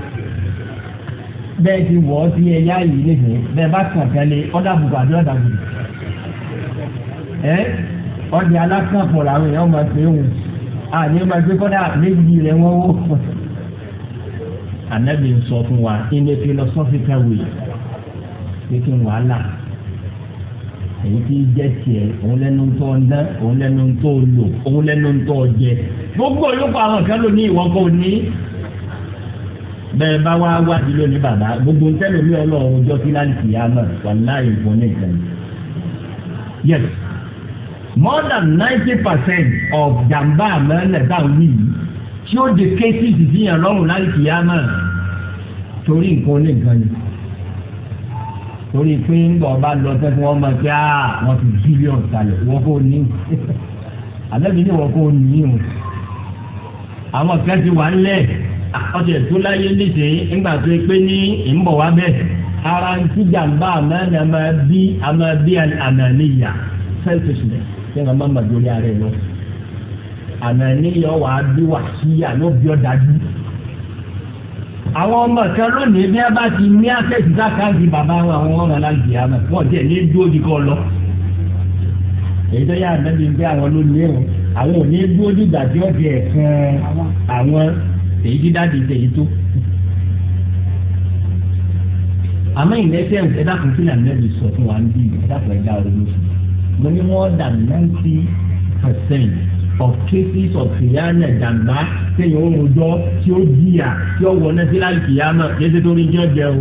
<laughs> bẹ́ẹ̀ ti wọ̀ ọ́ sí ẹ̀yà yìí nífẹ̀ẹ́ bẹ́ẹ̀ bá kàn kẹ́lẹ́ ọ̀dà bùkù àbí ọ̀dà bùkù. ẹ ọ̀dì alákànfọ̀ làwọn èèyàn máa pè é wò àní máa gbé kọ́dà méjì rẹ̀ wọ́n wó anabi ń sọ fún wa in a philosophical way pé kí n wàhálà èyí tí jẹ́ tiẹ̀ òun lẹ́nu tó ń dán òun lẹ́nu tó lò òun lẹ́nu tó jẹ gbogbo yòókù àwọn kan ló ní ìwọ kò ní bẹ́ẹ̀ bá wá wádìí lónìí bàbá gbogbo ntẹ́lómi ọlọ́run ọjọ́ tí láǹtì yá mọ̀ wàláì fún ní ìtẹ̀lẹ́ yes more than ninety percent of jàmbá àmọ́lẹ̀ tá a wí yìí tí ó de kéésì ìsìyàn lọ́rùn láì kìyà mọ́ torí nǹkan ó lè gan ni torí pé ńgbà ọba lọ pé kí wọ́n mọ̀ pé wọ́n ti bílíọ̀nù kalẹ̀ wọ́n kò ní àbẹ́bí ni wọ́n kò ní o àwọn kan ti wà ńlẹ̀ ọ̀sẹ̀ tó láyé níṣẹ́ ńgbà tó pé ní ìmọ̀ wá bẹ́ẹ̀ ara ń tí jàǹbá àmàlà máa bí àmàbí àmàlẹ́yà selfishness kí wọ́n má mọ̀ lórí ara ẹ̀ lọ́wọ́ ànàníyàn wà á bí wà síyà ló bí ọ dájú. àwọn ọmọ kan lónìí bí wọn bá ti ní àtẹ̀sí sákàǹtì bàbá wọn àwọn ọmọ aláǹdì àmọ́ wọn jẹ́ ní dúró di kọ́ lọ. èyí tó yà ànábi ń bẹ́ àwọn lónìí o àwọn ò ní dúró dìgbà tí wọ́n fi ẹ̀sìn àwọn èyí tí dáàdi ṣe èyí tó. àmọ́ ìlẹ́sẹ̀ ẹ̀dá kan sílẹ̀ ànábi sọ fún wa ń bí ẹ̀dá ẹ̀dá ọ̀rọ̀ lóṣù mo ní wọ́n dà ninety percent of cases of kìyànà jàǹbá téèyàn ó rojọ́ tí ó jìyà tí ó wọ nẹ́sílá kìyàmà kìí ṣe torí jẹ́ jẹun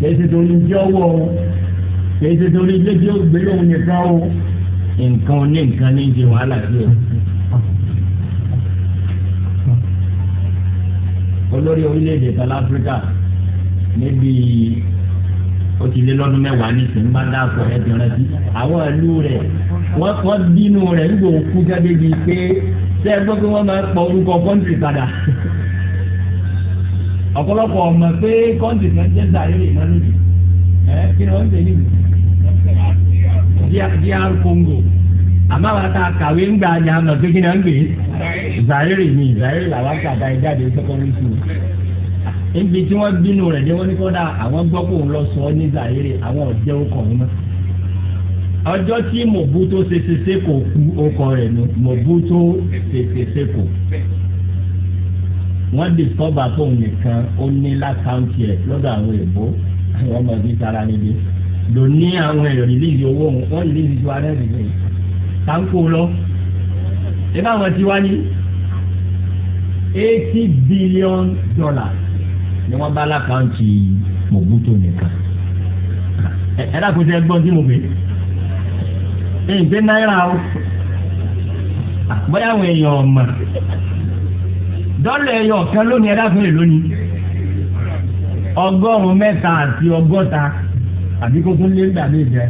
kìí ṣe torí jẹ́ ọwọ́ o kìí ṣe torí jẹ́ jẹ́ ògbélé òun nìkan o nǹkan ní nǹkan ní ṣe wàhálà sí o. olórí orílẹ̀-èdè south africa níbi ó ti lé lọ́dún mẹ́wàá nísìnyí bá dáàbò ẹ̀ ti rántí àwọn ìlú rẹ̀ wọ́n bínú rẹ̀ nígbà òkú jáde bíi pé ṣé ẹ gbọ́ pé wọ́n máa pọ orúkọ kọ́ńtì padà ọ̀pọ̀lọpọ̀ ọmọ pé kọ́ńtì kan jẹ́ sàárè ìmọ̀lódì ẹ kí ni wọ́n ń tẹ̀lé mi dr congo àmọ́ àwọn ta kàwé ń gba àjà àmọ̀ pé kí ni wọ́n ń gbé sàárè mi sàárè làwọn kàdá ẹ jáde secondary school níbi tí wọ́n bínú rẹ̀ dé wọ́n ní kọ́ da àwọn gbọ́ kó ń lọ sọ ọ́ ní sàárè àwọn ọ̀jẹ́ ó kọ̀ ọ́ mọ́ ọjọ́ tí mòbútó ṣeṣeṣe kò kú ọkọ rẹ̀ nu mòbútó ṣeṣeṣe kò wọ́n di sọ́ba tó nìkan ó ní lákàntì ẹ̀ lọ́dọ̀ àwọn èèbó àwọn ọmọ ìbí tara níbi lò ní àwọn èrò rìlíìsì owó wọn rìlíìsì tó arẹ́ rìlíìsì táǹkó lọ ẹ̀bá àwọn tiwa ní eighty billion dollars ni wọ́n bá lákàntì mòbútó nìkan ẹ̀ẹ́dàkùnrin ẹgbọ́n tí mo bèèrè ìgbé náírà o bóyá àwọn èèyàn ọ̀mà dọ́là ẹyọ ọ̀kan lónìí ẹ̀dá fún èlò ni ọgọ́rùn-ún mẹ́ta àti ọgọ́ta àbí kókó lé ń dàbí ìjẹ́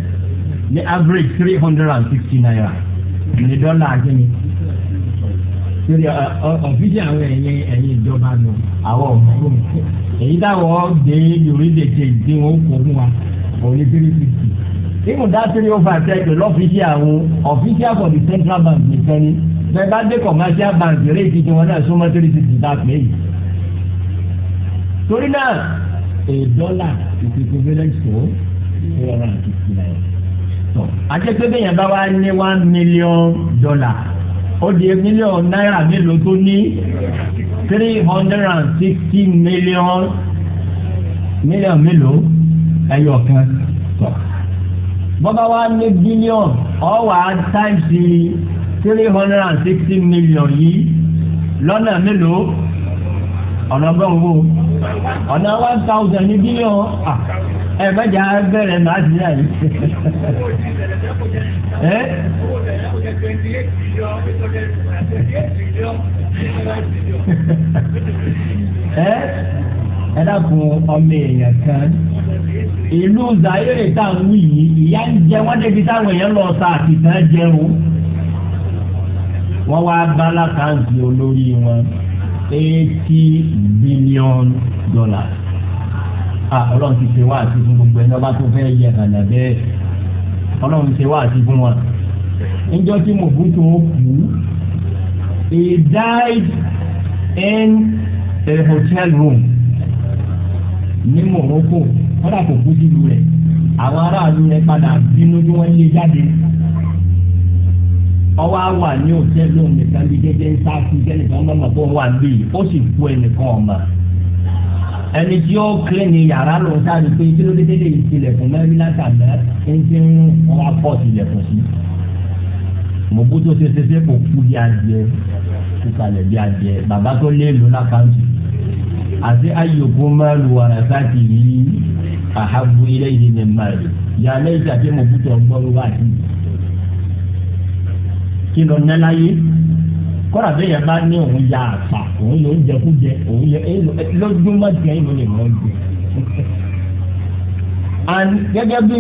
ní average three hundred and sixty naira ní dọ́là àgbẹ̀ni torí ọ̀fíìsì àwọn ẹ̀yìn ẹ̀yìn ìjọba nù àwọn ọ̀gbọ́n èyí táwọn ọ̀gbẹ́ yorùbá ti dín wọn kó fún wa òní three sixty even that three oh five ṣẹ́ẹ̀kì lọ́fíìsì àwọn official for the central bank nìkan ni bẹ́ẹ̀ bá dé commercial bank réèkì tí wọ́n náà súnmọ́ three sixty that pay. torí náà a dollar is equivalent to four hundred and fifty nine. àjẹpẹ́ bẹ́yẹn bá wá ní one million dollar ó di mílíọ̀n náírà mélòó tó ní three hundred and sixty million million mélòó ẹ̀yọ̀ kan bọ́bá wa ní bílíọ̀nù ọ̀wà táìsì three hundred and sixty million yìí lọ́nà mélòó ọ̀nà ọgọ́rùn-ún ọ̀nà one thousand ní bílíọ̀nù ẹ bẹ́jà bẹ̀rẹ̀ máa ti yà yìí. ẹ ẹ ọmọ èèyàn kan ìlú Zaire táwọn wí yìí ìyá ń jẹ wọ́n débi táwọn èèyàn lọ sa àtìtàn jẹun wọ́n wá bá lákàntì olórí wọn eighty billion dollars ah, ọlọ́run ti ṣe wá àti fún gbogbo ẹni ọba tó fẹ́ yẹ kàdà bẹ́ẹ̀ ọlọ́run ṣe wá àti fún wọn. níjọ́ tí mo bú tó kú he died in a hotel room ní Morocco wọ́n dà kó fojú lu rẹ̀ àwọn aráàlú rẹ̀ padà bínú bí wọ́n lé jáde ọwọ́ á wà ní òtẹ́ẹ̀lì òun nìkan bí jẹ́jẹ́ ń sá fún kẹ́nìkan mọ́mọ́ tó wà bí ó sì kú ẹnìkan ọ̀ma ẹni tí ó kílẹ̀ ní yàrá lọ sáré pé kí ló dé dédé ìtìlẹ̀kùn mẹ́rin látàgbẹ́ ń ti ń wá pọ̀ tìlẹ̀kùn sí mo bú tó ṣe ṣe ṣe kò kú bí adìẹ kú kalẹ̀ bí adìẹ bàbá tó lé lò lápá ń tù àti ayòkú máàlù wàràsá ti yí àhàbù ilé yìí ní máàlù yàrá ìjà tí mo bùtọ̀ gbọ́rú wá sí. kí ló ná láyé kọ́ra bẹ́ẹ̀ yẹn bá ní òun ya àpà òun yóò jẹ kú jẹ òun yẹ lójúmọ́ tiẹ̀ yìí ló lè mọ́ jẹ. and gẹ́gẹ́ bí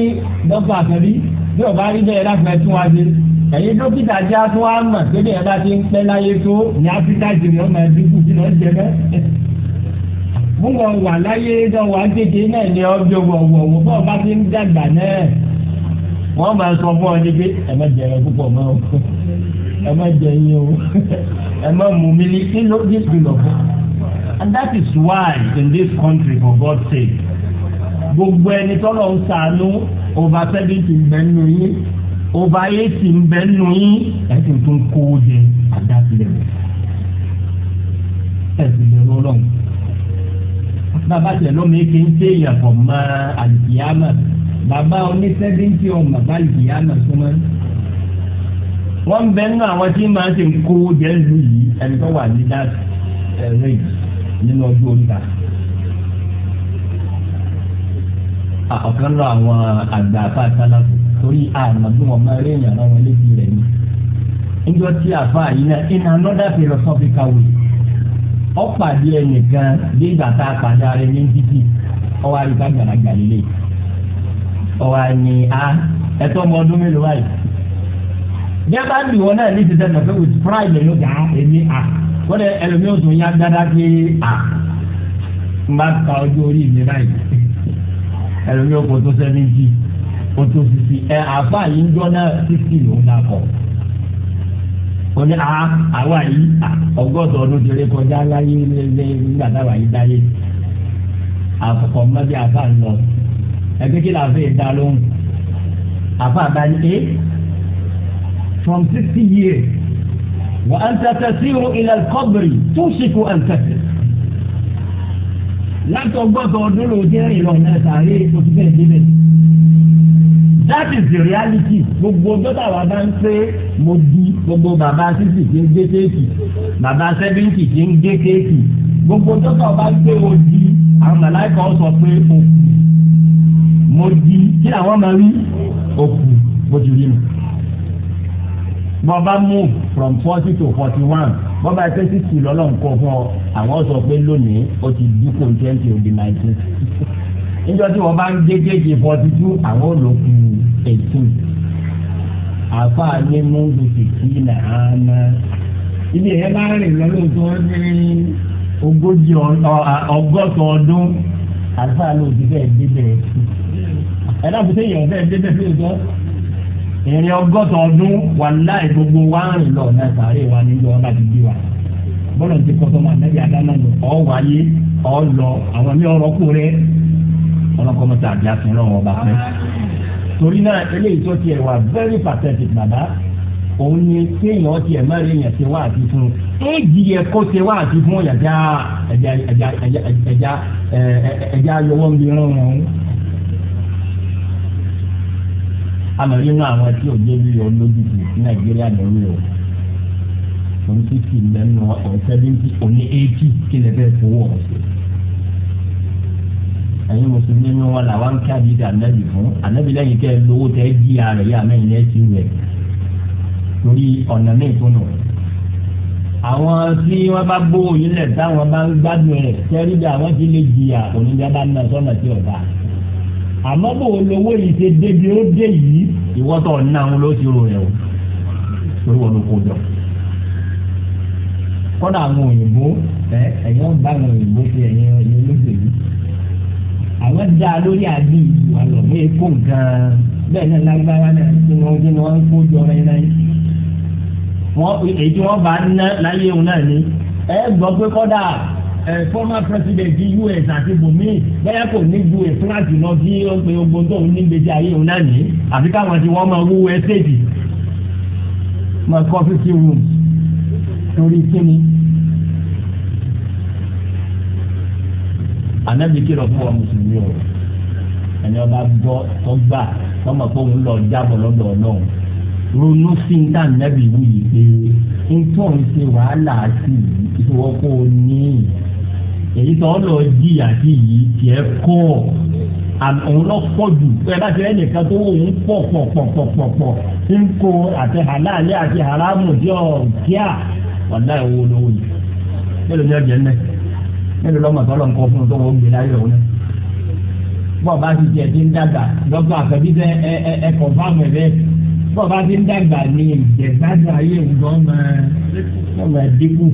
dọ́kítà àkàbí bí ọba rí bẹ́ẹ̀ láti fẹ́ tún wá dé ẹ̀yin dókítà jẹ́ àtúwámọ̀ gẹ́gẹ́ yẹn bá ti ń pẹ́ láyé tó ní áfíríkà jìnnà máa dínkù kí jẹ bẹ́ẹ̀ fún wọn wà láyé náà wà kéde náà ni ọjọ́ wọ̀wọ̀wọ̀ bọ́ọ̀ bá ti ń dàgbà náà wọ́n máa sọ fún ọ ní ẹ má jẹ ẹran púpọ̀ mọ́ ẹ má jẹ yín o ẹ má mú mi ní kí ló dé gbìlọ̀ fún and that is why in this country for God's sake gbogbo ẹni tọ́lọ̀ ń sànú over seventy ń bẹ nù yín over eighty ń bẹ nù yín ẹ sì tún kó o jẹ at that level ẹ sì lè rọlọ́run bàbá tẹ̀ lómi kí n ṣe ìyàpọ̀ mọ́ àlùkìyàmà bàbá oníṣẹ́dínkì ọmọ bá àlùkìyàmà súnmọ́. wọ́n bẹ nínú àwọn tí màá ti ń kó jẹ́ lu yìí ẹni tó wà ní dat eh, rage nínú ọdún oríta. ọ̀kan lọ àwọn àgbà àfa àtàlàfò torí àmọ́ bí wọ́n máa rí èèyàn láwọn létí rẹ̀ ni. níjọ́ tí àfa yìí náà in another philosophical way. ọ̀pàdé ẹnìkan nígbà tá a pàdé ara títì ọwọ́ àríkà gbàlagbà lélẹ̀ ọwọ́ àní a ẹ̀tọ́ ọmọ ọdún mélòó wáyé. bí a bá ń bì náà ní with pride lè gà á èmi a wọ́n dẹ ẹlòmíràn tó yá dáadáa pé a n bá ka ọjọ́ orí mi báyìí ẹlòmíràn kò tó sẹ́ni jì kò tó sisi ẹ yìí ń jọ náà lòún wọ́n ní àwa yìí ọgọ́dọ̀ ọdún ti rí kọjá láyé nígbà táwa yìí dáyé àkọ́kọ́ mọ́bí àfa ń lọ ẹgbẹ́ kí làá fẹ́ dá lóhùn àfa àbáyé é from sixty years wà á ń tẹ́tẹ́ sí irun ilẹ̀ kọ́bìrì tó ṣìkò à ń tẹ́tẹ́ látọ̀ gbọ́dọ̀ ọdún lòdì ẹ̀rìn lọ́nà ẹ̀sà rí oṣù bẹ́ẹ̀ débẹ̀ that is the reality gbogbo dọ́tà wa bá ń pé mo di gbogbo bàbá sísì tí ń gé kéèkì bàbá sẹ́bíǹtì tí ń gé kéèkì gbogbo dọ́tà wa gbé mo di àwọn màláìkà sọ pé òkú mo di kí làwọn máa rí òkú bó ti rí nu. bọ́ba move from forty to forty one bọ́ba ẹ fẹ́ sísì lọ́lọ́run kọ fún ọ àwọn sọ pé lónìí ó ti dínkù twenty ó di nineteen <laughs> níjọ́ tí wọ́n bá ń gé kéèkì forty two àwọn ò lò kú u. eighteen afa ní mundu fifty na ama. ibi yẹn bá rìn lọ́lọ́tọ́ ní ogójì ọgọ́sọ̀ ọdún àfa ẹ sẹ́yìn ọ̀fẹ́ ìrìn ọgọ́sọ̀ ọdún wà láì gbogbo ń lọ náà sàárè ọba ti bí wa bọ́lá ti kọ́ sọ́mọ àtẹ́bí àdáná lò ọ́ wáyé ọ́ lọ àwọn mi ọ̀rọ̀ kú rẹ ọlọ́kọ́ àbí fẹ́. torí náà eléyìí tó tiẹ̀ wà very pathetic bàbá òun ni kéèyàn tiẹ̀ má rí èèyàn ṣe wá àti fún éèjì yẹ kó ṣe wá àti fún ẹ̀já ẹ̀já ẹ̀já ẹ̀já ẹ̀já yọwọ́ ń bí rán wọn. amọ̀rí náà àwọn tí òjò bí yọ lójú ju nàìjíríà lórí o òun ti kì í lẹ́nu ọ̀sẹ̀ bí òun ní éèjì kí lè fẹ́ fowó ọ̀sẹ̀ ẹ̀yin mùsùlùmí nínú wọn làwọn kí àdìsí ànábì fún ànábì lẹ́yìn kẹ́ lówó tẹ́ di ààrẹ yá mẹ́yìn lẹ́sìn rẹ̀ torí ọ̀nà míì tó nù. àwọn tí wọ́n bá gbó oyin lẹ̀ táwọn bá ń gbádùn rẹ̀ tẹ́rí bí àwọn ti lè jìyà oníjàmbá náà sọ́nà tí ọ̀dà. àmọ́ bò lówó yìí ṣe débi ó dé yìí ìwọ́tọ̀ náà ló ti rò rẹ̀ o torí wọn ló kó jọ kọ́dà àwọn òyìnbó ẹ̀ ẹ̀yìn ọ̀gbà àwọn òyìnbó ti ẹ̀yìn ẹ̀yìn olóṣèlú àwọn dá lórí àdí ìwà lọ ní èkó gan-an bẹ́ẹ̀ náà lágbára náà tí wọ́n ń gbé wọn ń kó jọra ẹ̀ náà wọ́n èyí tí bá ná láyé òun náà ni ẹ gbọ́ pé kọ́dà former president di US àti bùnmí bẹ́ẹ̀ kò ní ju ìfúnàtì lọ sí ọgbẹ́ ogun tó ń nígbèsè ayé òun náà ni àfi káwọn tí wọ́n máa wú ẹ́sẹ̀dì máa kọ́ fífi rúùmù torí kíni. ànábi kìlọ̀ fún wa mùsùlùmí o ẹni ọba gbọ́ tọ́gbà tọmọ pé òun lọ jábọ̀ lọ́dọ̀ ọlọ́run ronú sí ní tá ànábi wù yìí pé nítorí òun ṣe wàhálà sí ìfowópamọ́ ní èyí tó lọ jìyà sí yìí tiẹ̀ kọ́ òun lọ pọ̀ jù ẹ bá ti rẹ́ nìkan tó wò ń pọ̀ pọ̀ pọ̀ pọ̀ pọ̀ pọ̀ ń kó àti halali àti haramu jọ kíá wàlá ìwọ lówó yìí mélòó ni ọjà ń náà nílùú lọ́mọ tọ́lọ̀ ń kọ́ fún un tó wọ́n gbé láyé òun náà bọ́ọ̀ bá ti jẹ ti ń dàgbà dókítà àfẹ́bí fẹ́ ẹ ẹ ẹ kọ̀ fáwọn ẹ̀ bẹ́ẹ̀ bọ́ọ̀ bá ti ń dàgbà ní ìjẹ̀gbádùn ayé ìgbọ́n máa wọ́n máa dínkù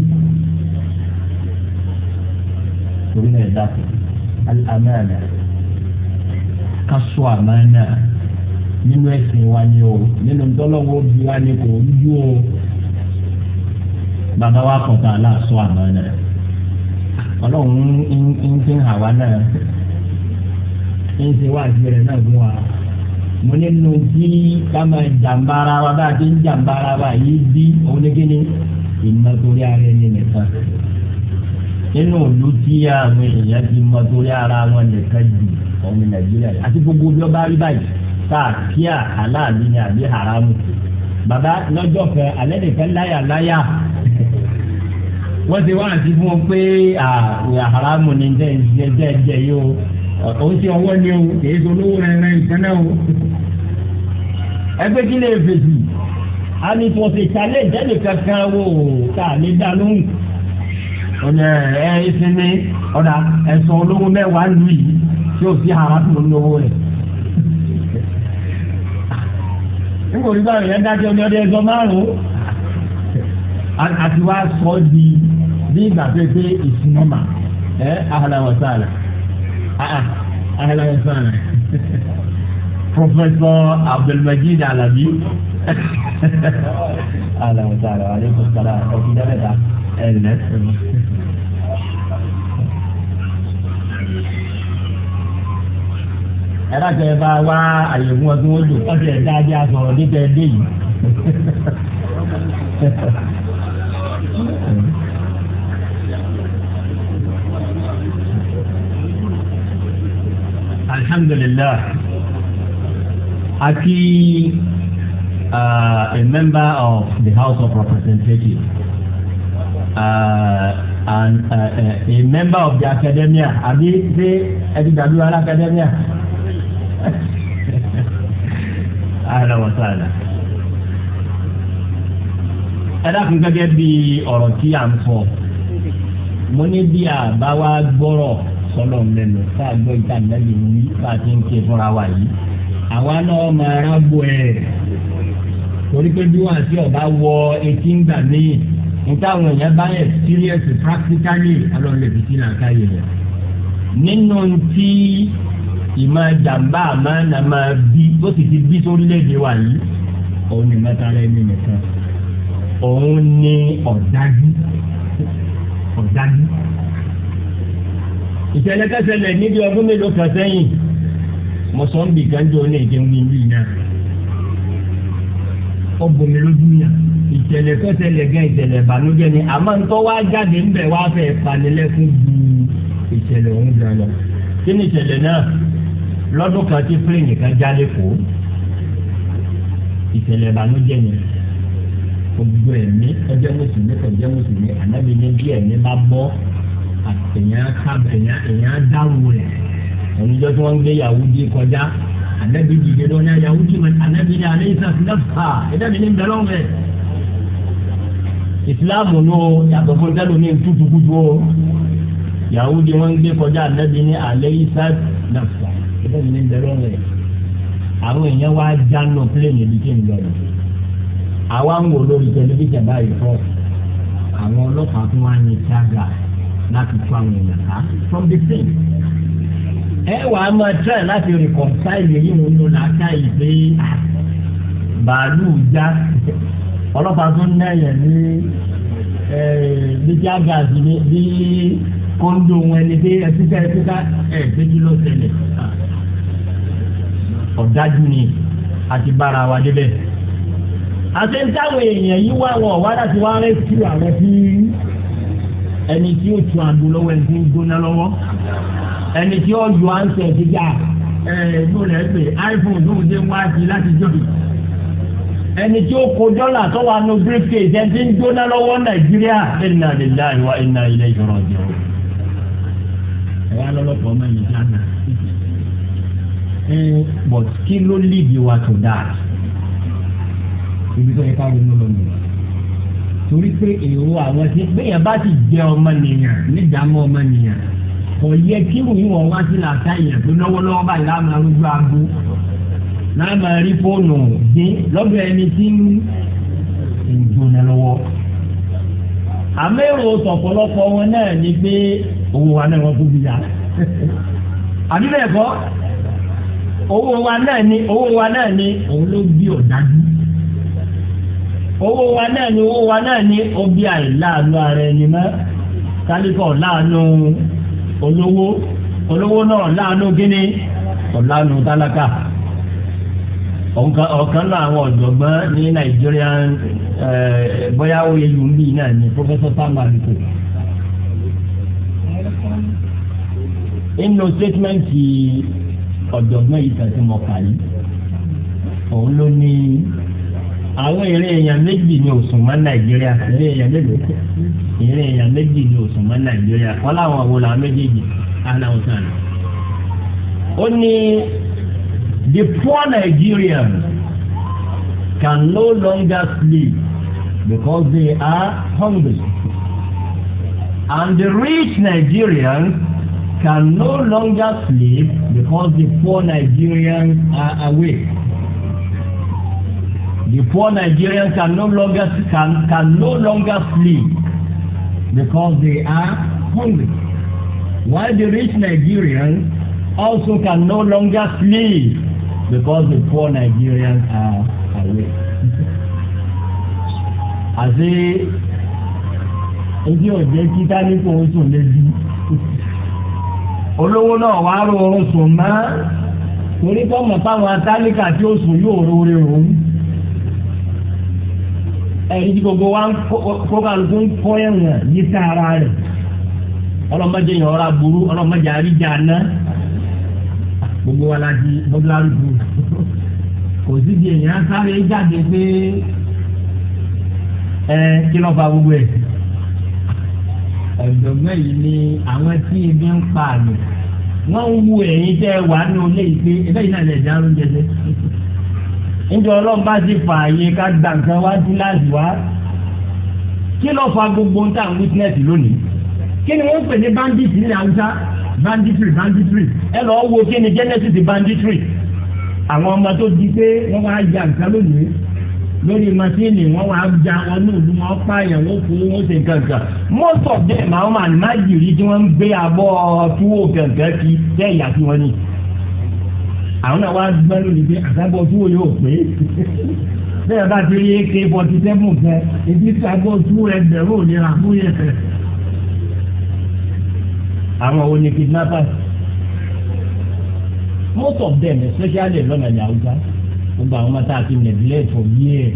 torí náà dákọ̀ alámàna ká sọ àmàna nínú ẹ̀sìn wa ni o nínú ntọ́lọ́wọ́ bí wa ni kò ń yú o bàbá wa kọ̀ọ̀kan aláàsọ àmàna ọlọ́run ń fi hàn wá náà ń ṣe wáàsí rẹ̀ náà fún wa mo nínú tí ká máa jàǹbá ara wa bá a ti ń jàǹbá ara wa yìí bí òun ní ara ẹni nìkan nínú ìlú tí àwọn èèyàn ti mọ̀tórí ara wọn nìkan jù ọmọ nàìjíríà yìí àti gbogbo bí ọba rí báyìí káàkiri aláàbí ni àbí haramu bàbá lọ́jọ́ kan alẹ́ nìkan láyà láyà wọ́n ti wá àti fún ọ pé àhàrámù ni jẹ́ ìjẹ́ jẹ́ yìí o òun ti ọwọ́ ni o kìí ṣe olówó rẹ̀ rẹ̀ nǹkan náà o. ẹgbẹ́ kí lè fèsì a ní tí wọ́n ti ṣàlẹ̀ ìjẹ́lẹ̀ kankan wo tá a lè dá lóhùn. ọ̀nà ẹ ẹ sinmi ọ̀dà ẹ̀sán olówó mẹ́wàá lù yìí tí ó fi àhàrámù lówó rẹ̀. nígbà tí báyìí ẹ dájọ́ ni ọdẹ ẹ̀sán márùn-ún àti wá sọ ọ́ di bí ìgbà pé pé ìsinọ́mà ẹ ahàlà wà sàlà ah, ah, ahàlà wà sàlà <laughs> Professor Abdulmajid Alabi <laughs> ahàlà wà sàlà aleykum salaam ọ̀kìjà mẹ́ta ẹ̀ lẹ́. ẹ̀rọ àti ẹ̀fà wá àyẹ̀wò ọdún ó lò ọ̀sẹ̀ dáadáa sọ̀rọ̀ nípa <laughs> alhamdulillah àti uh, a member of the house of representatives uh, and uh, uh a member of the academia àbí ṣé ẹni dàbí wàhálà academia <laughs> ahlan wa sahlan. ẹ bi gẹ́gẹ́ bí ọ̀rọ̀ tí à ń sọ mo ní bí a bá wa gbọ́rọ̀ sọ́lọ̀ lẹ́nu tá a gbọ́ ìta lẹ́yìn wí bá a ti ń ké fúnra wa yìí àwa náà máa rábò ẹ̀ torí pé bí wọ́n àti ọba wọ etí ń gbà ní nítawọn èèyàn bá yẹ experience practically ọlọ́run lè fi sí làákà yìí rẹ̀ nínú ti ìmọ̀ jàmbá àmọ́ nà máa bí ó sì ti bí sórílẹ̀-èdè wa yìí òun ni mẹ́tàlá ẹni nìkan òun ni ọ̀dájú ọ̀dájú ìṣẹ̀lẹ̀kẹsẹ̀lẹ̀ níbi ọdún mélòó kan sẹ́yìn mọ̀sánbì gánjọ́ ní èdè ń wíwí náà ọgbọ̀nmi lójú yàn ìṣẹ̀lẹ̀kẹsẹ̀lẹ̀ gan ìṣẹ̀lẹ̀ ìbànújẹ́ ni àmọ́ ntọ́ wá jáde ń bẹ̀ wá fẹ́ panilẹ́kún ju ìṣẹ̀lẹ̀ òun gan lọ kí ni ìṣẹ̀lẹ̀ náà lọ́dún kan tí pílẹ̀nì kan jáde kó ìṣẹ̀lẹ̀ ìbànújẹ́ ni gbogbo ẹ̀mí ọjọ́ mùsùlùmí ọjọ́ mùsùlùmí èèyàn kábẹ èèyàn èèyàn dáwò rẹ oníjọ tí wọn gbé yahudi kọjá anabi dìde lọ ní yahudi mọ anabi ní alẹ isa sinafa ah, ẹdá mi ní bẹlẹ ọmọ ẹ isilamu ní o yàtọ̀ fún sẹ́lu ní tutukutu o yahudi wọn gbé kọjá anabi ní alẹ isa sinafa ẹdá mi ní bẹlẹ ọmọ ẹ àwọn èèyàn wá jánu pílẹ̀nì ibi tí ń lọ rẹ àwa ń wò lórí tẹlifíṣàn báyìí fọ àwọn ọlọ́pàá tó wá ní sága láti tún àwọn èèyàn ká from the same. ẹ wà á máa try láti reconcile èyí wọn ló láta ìgbé bàálù já ọlọ́pàá tó ń náyà ní bíjà gáàsì bí kóńdó wọn ni bí ẹtúkà ẹtúkà ẹ gbéjú ló ṣẹlẹ̀ ọ̀dájú ni àti bára wa débẹ̀ àti táwọn èèyàn yìí wá wọn wá láti wá rẹ́síkú àwọn tí ẹni tí yóò tu àgbo lọ́wọ́ ẹni tí ń gbóná lọ́wọ́ ẹni tí yóò yọ àǹsẹ̀ gíga ẹ̀ẹ́dùn rẹ̀ pé iphone ló ń dé wá sí láti jọ̀bi ẹni tí ó kó dọ́là tó wà nù briefcase ẹni tí ń gbóná lọ́wọ́ nàìjíríà inna lillahi wa inna ilayhi raji'un ẹ̀yà lọ́lọ́pọ̀ ọmọ ẹ̀yìn jáde but kí ló lead wa to that ibi tó yẹ ká ronú lọ́nà torí pé èrò àwọn tí gbéyàn bá ti jẹ ọmọnìyàn nídàámọ́ ọmọnìyàn kò yẹ kí wòye wọn wá sí làtà yẹn tó lọ́wọ́lọ́wọ́ báyìí láàmú arúgbó agbó láàmú rí fóònù dín lọ́dọ̀ ẹni tí ń jóná lọ́wọ́. àmẹ́rò tọ̀pọ̀lọpọ̀ wọn náà ni pé owó wa náà wọ́n kú bí ya àbí bẹ́ẹ̀ kọ́ owó wa náà ni owó wa náà ni òun ló bí ọ̀dájú. owó wa náà ni owó wa náà ni obi àìláàánú ara ẹni mọ́ kálífà ọ̀láàánú olówó olówó náà ọ̀láàánú gíní ọ̀láàánú tálákà ọ̀kan náà ọ̀jọ̀gbọ́n ní nàìjíríà bóyá náà ni pọfẹsọ sáàmù àdìpọ̀ nínú ọ̀jọ̀gbọ́n yìí tẹ̀sí òun ló àwọn eré èèyàn méjì ni òsùn mọ́ nàìjíríà eré èèyàn méjì eré èèyàn méjì ni òsùn mọ́ nàìjíríà wọ́n láwọn wo làwọn méjèèjì aláwọ̀sán. ó ní the poor Nigerian can no longer sleep because they are hungry and the rich Nigerian can no longer sleep because the poor nigerians are awake. The poor Nigerians can no longer can, can no longer sleep because they are hungry. While the rich Nigerians also can no longer sleep because the poor Nigerians are awake. Àti ojú ọ̀jẹ̀ kíkà nípa oṣù lẹ́bí. Olówó náà wàá rọrùn sùn mọ́ torí kọ́ mọ̀ fáwọn atálíkà tí ó sùn yóò rọrùn òun ẹ̀yìn tí gbogbo wa program tó ń kọ́ ẹ̀wọ̀n ní sára rẹ̀ ọlọ́mọdé yẹn ọ̀rá burú ọlọ́mọdé àríjà ná gbogbo wa la di gbogbo la rúbu kò sí di èèyàn sáré jáde pé ẹ kí lọ́ọ́ fa gbogbo ẹ̀ ẹ̀dọ̀gbẹ́ yìí ni àwọn tí ebi ń pa àná wọ́n ń wu ẹ̀yin tẹ́ wàá nù lé ìgbé ẹ̀bẹ́ yìí náà lè dá oúnjẹ dé níjọ ọlọ́run bá ti fààyè ká gbà nǹkan wá dún láti wá kí ló fa gbogbo ń tà ń witness lónìí kí ni wọ́n pè ní bandit ní àwùjá banditry banditry ẹ lọ́ọ́ wo kí ni genesis banditry àwọn ọmọ tó di pé wọ́n wá ya nǹkan lónìí lórí masini wọn wá ja wọn ní ìlú wọn pààyàn wọn kú wọn ṣe gàgà most of them àwọn àlùmájìrì tí wọ́n ń gbé abọ́ tuwo gàgà kí bẹ́ẹ̀ yà sí wọn ni àwọn náà wá gbẹ́ lónìí pé àgbàgbọ́ tí wọ́n yóò pé bẹ́ẹ̀ bá ti rí ak forty seven kẹ ibi tí àgbọ̀ tú ẹgbẹ̀rún òní ra fún yẹn fẹ́. àwọn wo ni kidnappers most of them especially lọ́nà ní àwùjá gbogbo àwọn ọmọ tá a ti neglect for years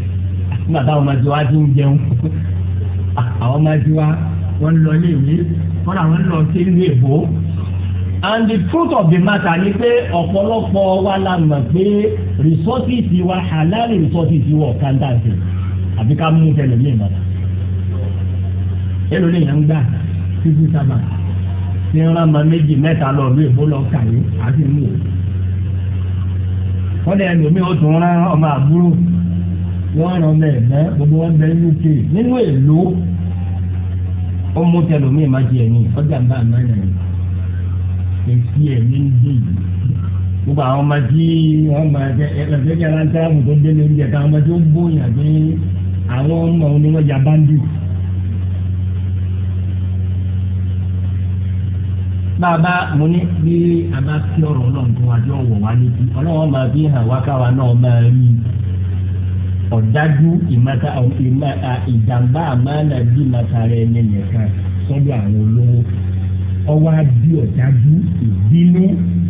nígbà táwọn ọmọ tiwa ti ń jẹun àwọn ọmọ tiwa wọ́n lọ ilé ìwé wọ́n làwọn lọ sí ìlú èbó and the truth of the matter ni pe ọ̀pọ̀lọpọ̀ wa la mọ̀ pé resources wa halal resources wa ọ̀kan dáńtẹ̀ àbí ká mú tẹ̀lé mi mọ̀ la. èlò lè yàn gbà títí sábà tí ń rámọ méjì mẹ́ta lọ bí èbó lọ kàwé àti mú o. wọ́n lè ẹlòmíì ó tún rán ọmọ àbúrò wọ́n rán ọmọ ẹ̀gbẹ́ gbogbo wọn bẹ UK nínú èlò ó mú tẹ̀lé mi má jẹ́ ẹ̀yìn ọjà ń bá àmọ́ ẹ̀yìn ìṣesí ẹ̀mí ń dì í gbogbo àwọn ọmọ tí wọ́n máa jẹ ẹ̀rọ̀fẹ́ ní aláǹtàmù tó délé oúnjẹ kan ọmọ tó ń bóyá pé àwọn ọmọ òun ni wọ́n ya báńdì. bàbá mo ní bí a bá fi ọ̀rọ̀ ọlọ́run tó wájú ọ̀wọ̀ wá létí ọlọ́run máa fi hàn wá káwa náà máa rí i ìjàmbá àmàlà bí màkàrà ẹni nìkan sọ́dọ̀ àwọn olówó ọwọ́ adi ọ̀dájú ìbínú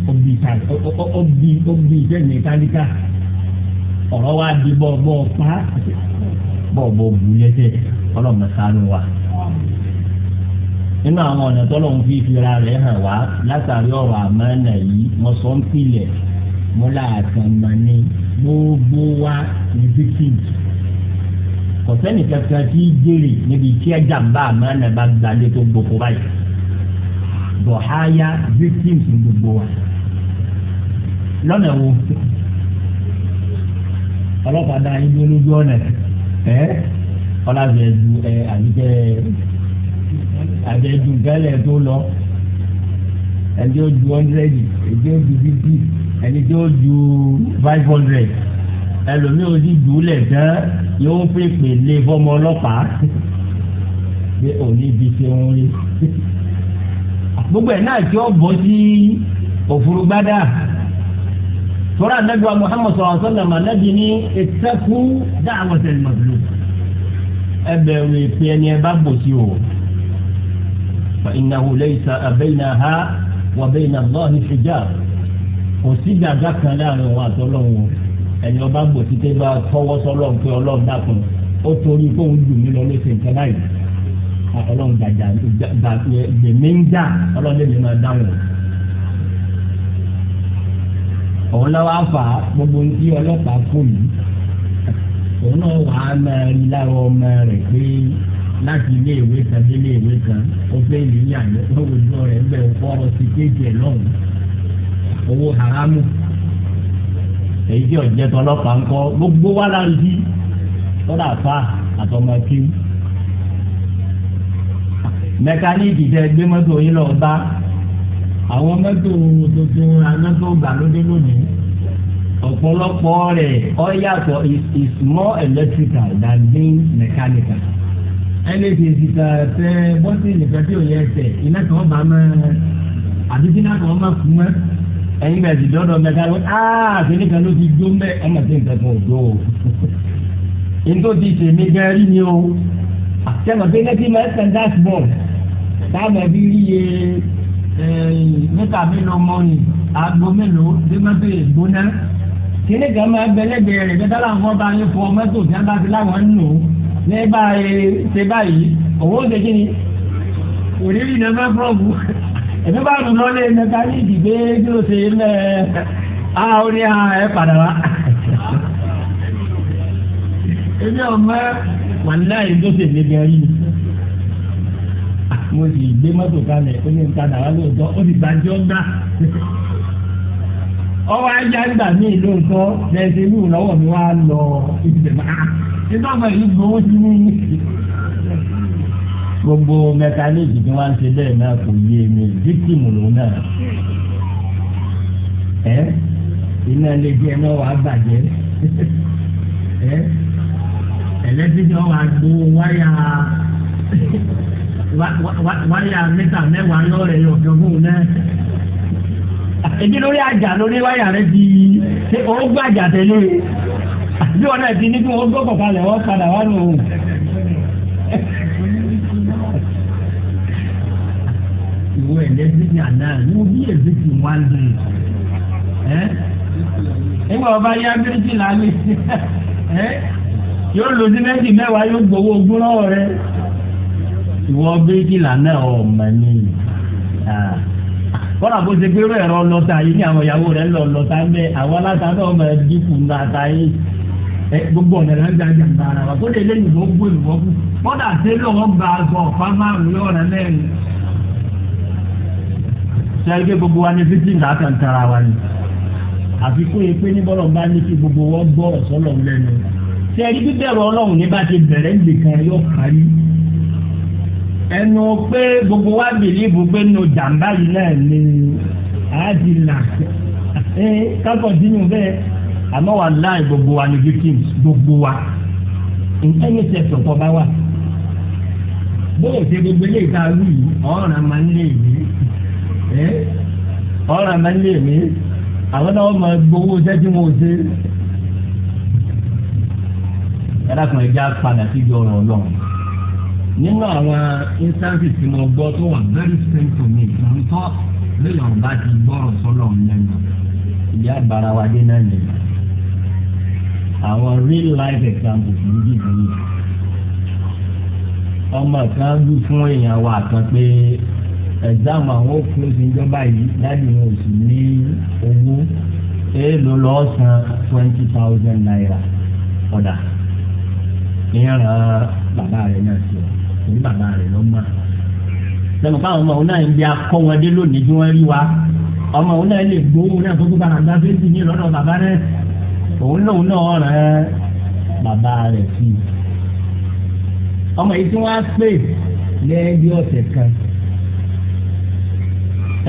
ọbí ọbí ọbí ìjẹ́ni tálíkà ọ̀rọ̀ wa di bọ́ bọ́ pa bọ́ bọ́ bu yẹ́tẹ̀ ọlọ́mọ sánú wa. nínú àwọn ọ̀nà tọ́lọ́hún fi ìfira rẹ̀ hàn wá látàrí ọ̀rọ̀ àmọ́nà yìí mo sọ ń pilẹ̀ mo láàkàn mọ́ ni gbogbo wa ní bíkìn kọ̀sẹ́nì kankan tí í jèrè níbi tí ẹ̀jàmbá àmọ́nà bá gbalẹ̀ tó gbogbo báyìí dọ̀háyà victims gbogbo wa lọ́nà wo ọlọ́pàá dá yín lójú ọ̀nà ẹ̀ ọlọ́bẹ̀ ju ẹ àbíkẹ́ àbẹ̀dùn gẹ́lẹ̀ tó lọ ẹni tó ju hundred ẹni tó ju fifty ẹni tó ju five hundred ẹlòmíì ò sì jù ú lẹ̀ tán yóò pèpè lé fọmọ ọlọ́pàá pé òní ibi ṣe ń rí gbogbo ẹ̀ náà tí ó bọ́ sí òfurugbádà tora anagba muhammad sallallahu alaihi wa sallam anabi ni ìtẹ́kù dáhàwọ̀sẹ̀ màdùlù ẹ bẹ̀rù ìpè ẹni ẹ bá bò sí o fa innahu laysa bainaha wa baina Allahi hijab kò sí gàgà kan láàrin wọn àtọ́lọ́wọ́ ẹni ọba bò sí bá fọwọ́ sọ́lọ́ pé ó torí kóun jù mí lọ lóṣèǹkẹ́ láyìí ọlọ́run jàjà gbèmí ń jà ọlọ́run lèmi máa dáhùn. òun náà wàá fà gbogbo ní ọlọ́pàá fún yìí òun náà wàá máa rí lára ọmọ rẹ̀ pé láti ilé ìwé kan dé ilé ìwé kan ó fẹ́ ìlú yàgbẹ́ ó wò lọ rẹ̀ bẹ́ẹ̀ ó sí kéjì ẹ̀ lọ́hùn owó haramu èyí tí ọ̀jẹ̀ tọ́lọ́pàá ń kọ́ gbogbo wa lárí tọ́lá fa àtọmọ kíw mẹkáníìkì tẹ gbé mọ́tò yín lọ bá àwọn mọ́tò tuntun anáfó gbàlódé lónìí ọ̀pọ̀lọpọ̀ rẹ̀ ọ yàtọ̀ is more electrical than being mechanical ẹni tí ti ta tẹ bọ́sì nìkan tí ò yẹ tẹ iná kan bá mọ́ àbí tí iná kan bá fún mọ́ ẹyin bẹ̀rẹ̀ sí dọ́dọ̀ mẹ́ta wọ́n aa ah, sẹ́ni kan ló ti gbó mẹ́ ọmọ tí nǹkan kan ò dó o. ètò ti tèmi gẹ́rí ni o àtẹ̀wọ̀n pé nẹ́tí máa ń sẹ́ńdá bọ̀ táwọn ẹbí rí iye mẹ́ta mélòó mọ́ni aago mélòó bí mọ́tò yẹ gbóná kíní kan máa bẹ́lẹ́dẹ̀ rẹ̀ bẹ́tà láwọn bá yín fọ mọ́tò tí wọ́n bá fi láwọn ń lò ní bá ṣe báyìí òwò ṣe kí ni òrìrì náà fẹ́ fọ́ọ̀bù ẹ̀mí bá lù lọ́lé mẹ́ta ní ìdìbé kí ló ṣe lẹ́ a ó ní ẹ padà wá. ebi ọmọ wàlúwàá yìí tó ṣe lè yìí mo sì gbé mọ́tò kalẹ̀ ó ní nǹkan wá lóòótọ́ ó sì gbàjọ́ gbà ọwọ́ ajá ń gbà mí lóòótọ́ lẹ́sẹ̀ mi ò lọ́wọ́ mi wá lọ ìdílé máa nígbà wọn yìí gbowó sí mi. gbogbo mẹkáníìkì tí wọ́n ń ṣe bẹ́ẹ̀ náà kò yé mi fíkìmù lòun náà ẹ iná lè jẹ náà wàá bàjẹ́ ẹ ẹlẹ́tíríkì náà wàá gbowó wáyà. wáyà mítà mẹ́wàá yọ rẹ̀ yọ jọ̀gbọ́n náà. èmi lórí àjà lórí wáyà rẹ̀ ti ṣe ó gbàjà tẹ̀lé bí wọn náà ti ní kí wọn gbọ́kọ̀ kalẹ̀ wọ́n padà wá nù. ìwé ní àná bí wá yá méjì lálẹ́ mẹ́wàá yóò gbowó ogún ìwọ bíríkìlà náà ọmọ mi kọ́nà bó ṣe pé irú ẹ̀rọ lọ́ta yìí ní àwọn ìyàwó rẹ̀ lọ lọ́ta bẹ́ẹ̀ àwọn aláta náà máa dínkù náà yìí gbogbo ọ̀nà ìlànà ìjà ìjà ìjà ara wa tó lè lẹ́yìn ìbò gbó ìbò kú kọ́nà àti lọ́wọ́ gba aṣọ ọ̀pá márùn-ún lọ́rẹ̀ mẹ́rin. ṣé ẹgbẹ́ gbogbo wa ní fífi ìlà kan tara wa ni àfikún yìí pé níbọ̀lọ̀ bá ní kí gbogbo wọn gbọ́ ọ̀sọ́ lọ́wọ́ lẹ́nu ṣé ẹni bíbẹ̀rù ọlọ́run ní bá ti bẹ̀rẹ̀ nìkan yóò parí ẹnu pé gbogbo wa bìlíìfù pé nu jàǹbá yìí náà ni àádìí là ẹ kákọ̀ dínú bẹ́ẹ̀ àmọ́ wà láì gbogbo wa ni victims gbogbo wa ẹni tẹ sọ̀tọ̀ bá wà bóyá ṣe gbogbo ilé ìta wí ọ̀ràn máa ń lé mi ọ̀ràn máa ń lé mi àwọn náà máa gbowó iṣẹ́ tí mo ṣe. ẹ dákun ẹ já padà sí ìjọ ọ̀rọ̀ ọlọ́run nínú àwọn instances tí mo gbọ́ tó wà very same to me mo tọ́ lóyún ọba ti gbọ́rọ̀ sọ́lọ̀ lẹ́nu ìyá àgbàrá wa dé náà nìyẹn àwọn real life examples ń dìbò yìí ọmọ kan dú fún èèyàn wa kan pé exam àwọn òfurufú ìjọba yìí dájú wọn ò sì ní owó èèlò lọ́ọ́ san twenty thousand naira ọ̀dà ìyẹn ràn án bàbá rẹ̀ náà sí ọ ní bàbá rẹ̀ lọ́mọ. lẹ́nu káwọn ọmọ òun náà ń bí akọ́ wọn dé lónìí bí wọ́n rí wa ọmọ òun náà lè gbóhùn náà tó gbé bàrà gba fèsì ní lọ́dọ̀ bàbá rẹ̀ òun náà náà rẹ̀ bàbá rẹ̀ sí i. ọmọ yìí tí wọ́n á pè lẹ́ẹ̀bí ọ̀sẹ̀ kan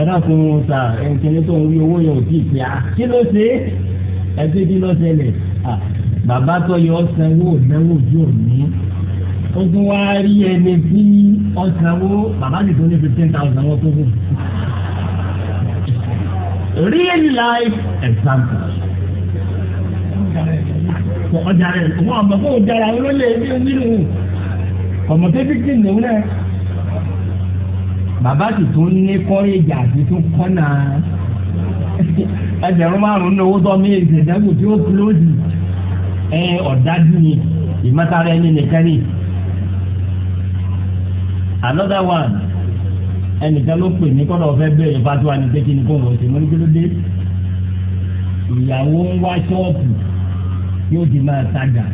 ẹ dákun sa ẹnikẹ́ni tó ń rí owó yẹn ò tí ì pè á kí ló ṣe é ẹ tó ibi lọ́sẹ̀ bàbá tó yọ ọ́ ogun wa rí ẹni tí ọ̀sánwó bàbá nìkan ní fifteen thousand wọn tó kù. real life example. ọjà rẹ̀ wọ́n àmọ́ kó o jára olólè ní onírú ọmọ tó ti náà. bàbá sì tún ní kọ́rẹ́jà àti tún kọ́nà ẹgbẹ̀rún márùn-ún ní owó tó mi ìṣẹ̀dẹ́gùn tí ó kúlóòdì ẹ̀ ọ̀dájú ni ìmọ̀tara ẹni nìkan ni another one ẹnìkan ló pè ní kọ́dọ̀ fẹ́ bẹ̀rẹ̀ fatuwa ní pé kí ni kò wọ́n ṣe mọ́ ní kí ló dé ìyàwó ń wá ṣọ́ọ̀pù yóò ti máa tajà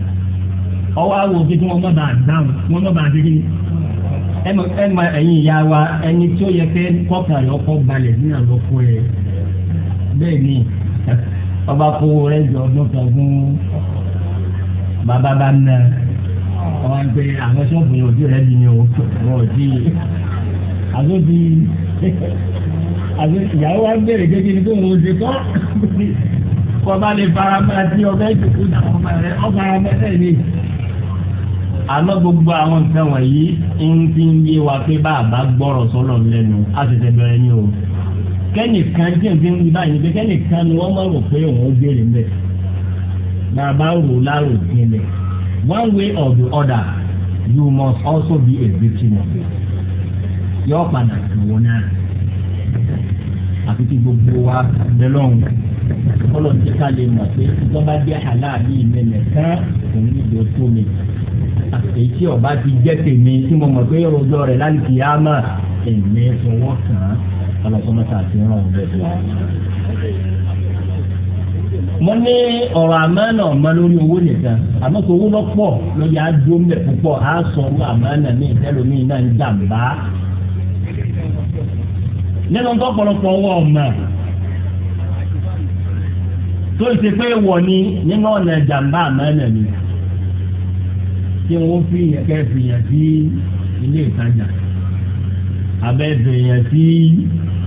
ọwọ́ àwọn òfin tí wọ́n mọ̀ bá dáhùn wọ́n mọ̀ bá dégé ẹ mọ ẹ̀yin ìyá wa ẹni tí ó yẹ kẹ́ kọ́kà rẹ̀ ọkọ̀ balẹ̀ ní àlọ́kọ rẹ̀ bẹ́ẹ̀ ni ọba kó rẹ̀ jọ ọdún kan fún bàbá bá ń náà ọ̀wá gbé àwọn ṣọ́ọ̀bù yẹn òdì rẹ̀ bí ni o wọ́n òdì àgódì ìyàwó wa ń bèrè kékeré ní kó wọ́n ṣe kọ́ kọba lè fara mọ́ àti ọbẹ̀ ìdìbò náà ọba ọba rẹ̀ bẹ́ẹ̀ ni. àlọ́ gbogbo àwọn nǹkan wọ̀nyí ń fi ń yé wa pé bàbá gbọ́rọ̀ sọ́lọ̀ lẹ́nu á ti tẹ̀ bẹ̀rẹ̀ ní o. kẹ́nìkan tí n fi ń báyìí pé kẹ́nìkan ni wọ́n máa rò pé òun ó béèrè ń bàbá rò lárò jinlẹ̀ one way or the other you must also be a victim of it yọ padà wọ náà àfi kí gbogbo wa bẹ lọ́hùn kọ́lọ̀ tí ká lè mọ̀ pé ìjọba dé aláàbí ìmẹ̀lẹ̀ tán òun ìjọ tó mi èyí tí ọba ti jẹ́ tèmi tí mo mọ̀ pé ọjọ́ rẹ̀ láti kì í á mọ̀ èmi fọwọ́ kàn án ọlọ́sọ́mọ́ta àti ìran ọ̀bẹ tó wà mo ní ọ̀rọ̀ àmánà ọ̀ma lórí owó nìkan àmọ́ tó owó lọ́pọ̀ lọ́yà á dúró mẹ́ púpọ̀ á sọ ọ̀rọ̀ àmánà mi ìtẹ́lómi náà ń jàǹbá. nínú tọ́pọ̀lọpọ̀ owó ọ̀ma tó ṣe pé wọ̀ ni nínú ọ̀nà jàǹbá àmánà mi tí wọ́n fi yẹn kẹ́ fi yẹn sí ilé ìtajà abẹ́ fi yẹn sí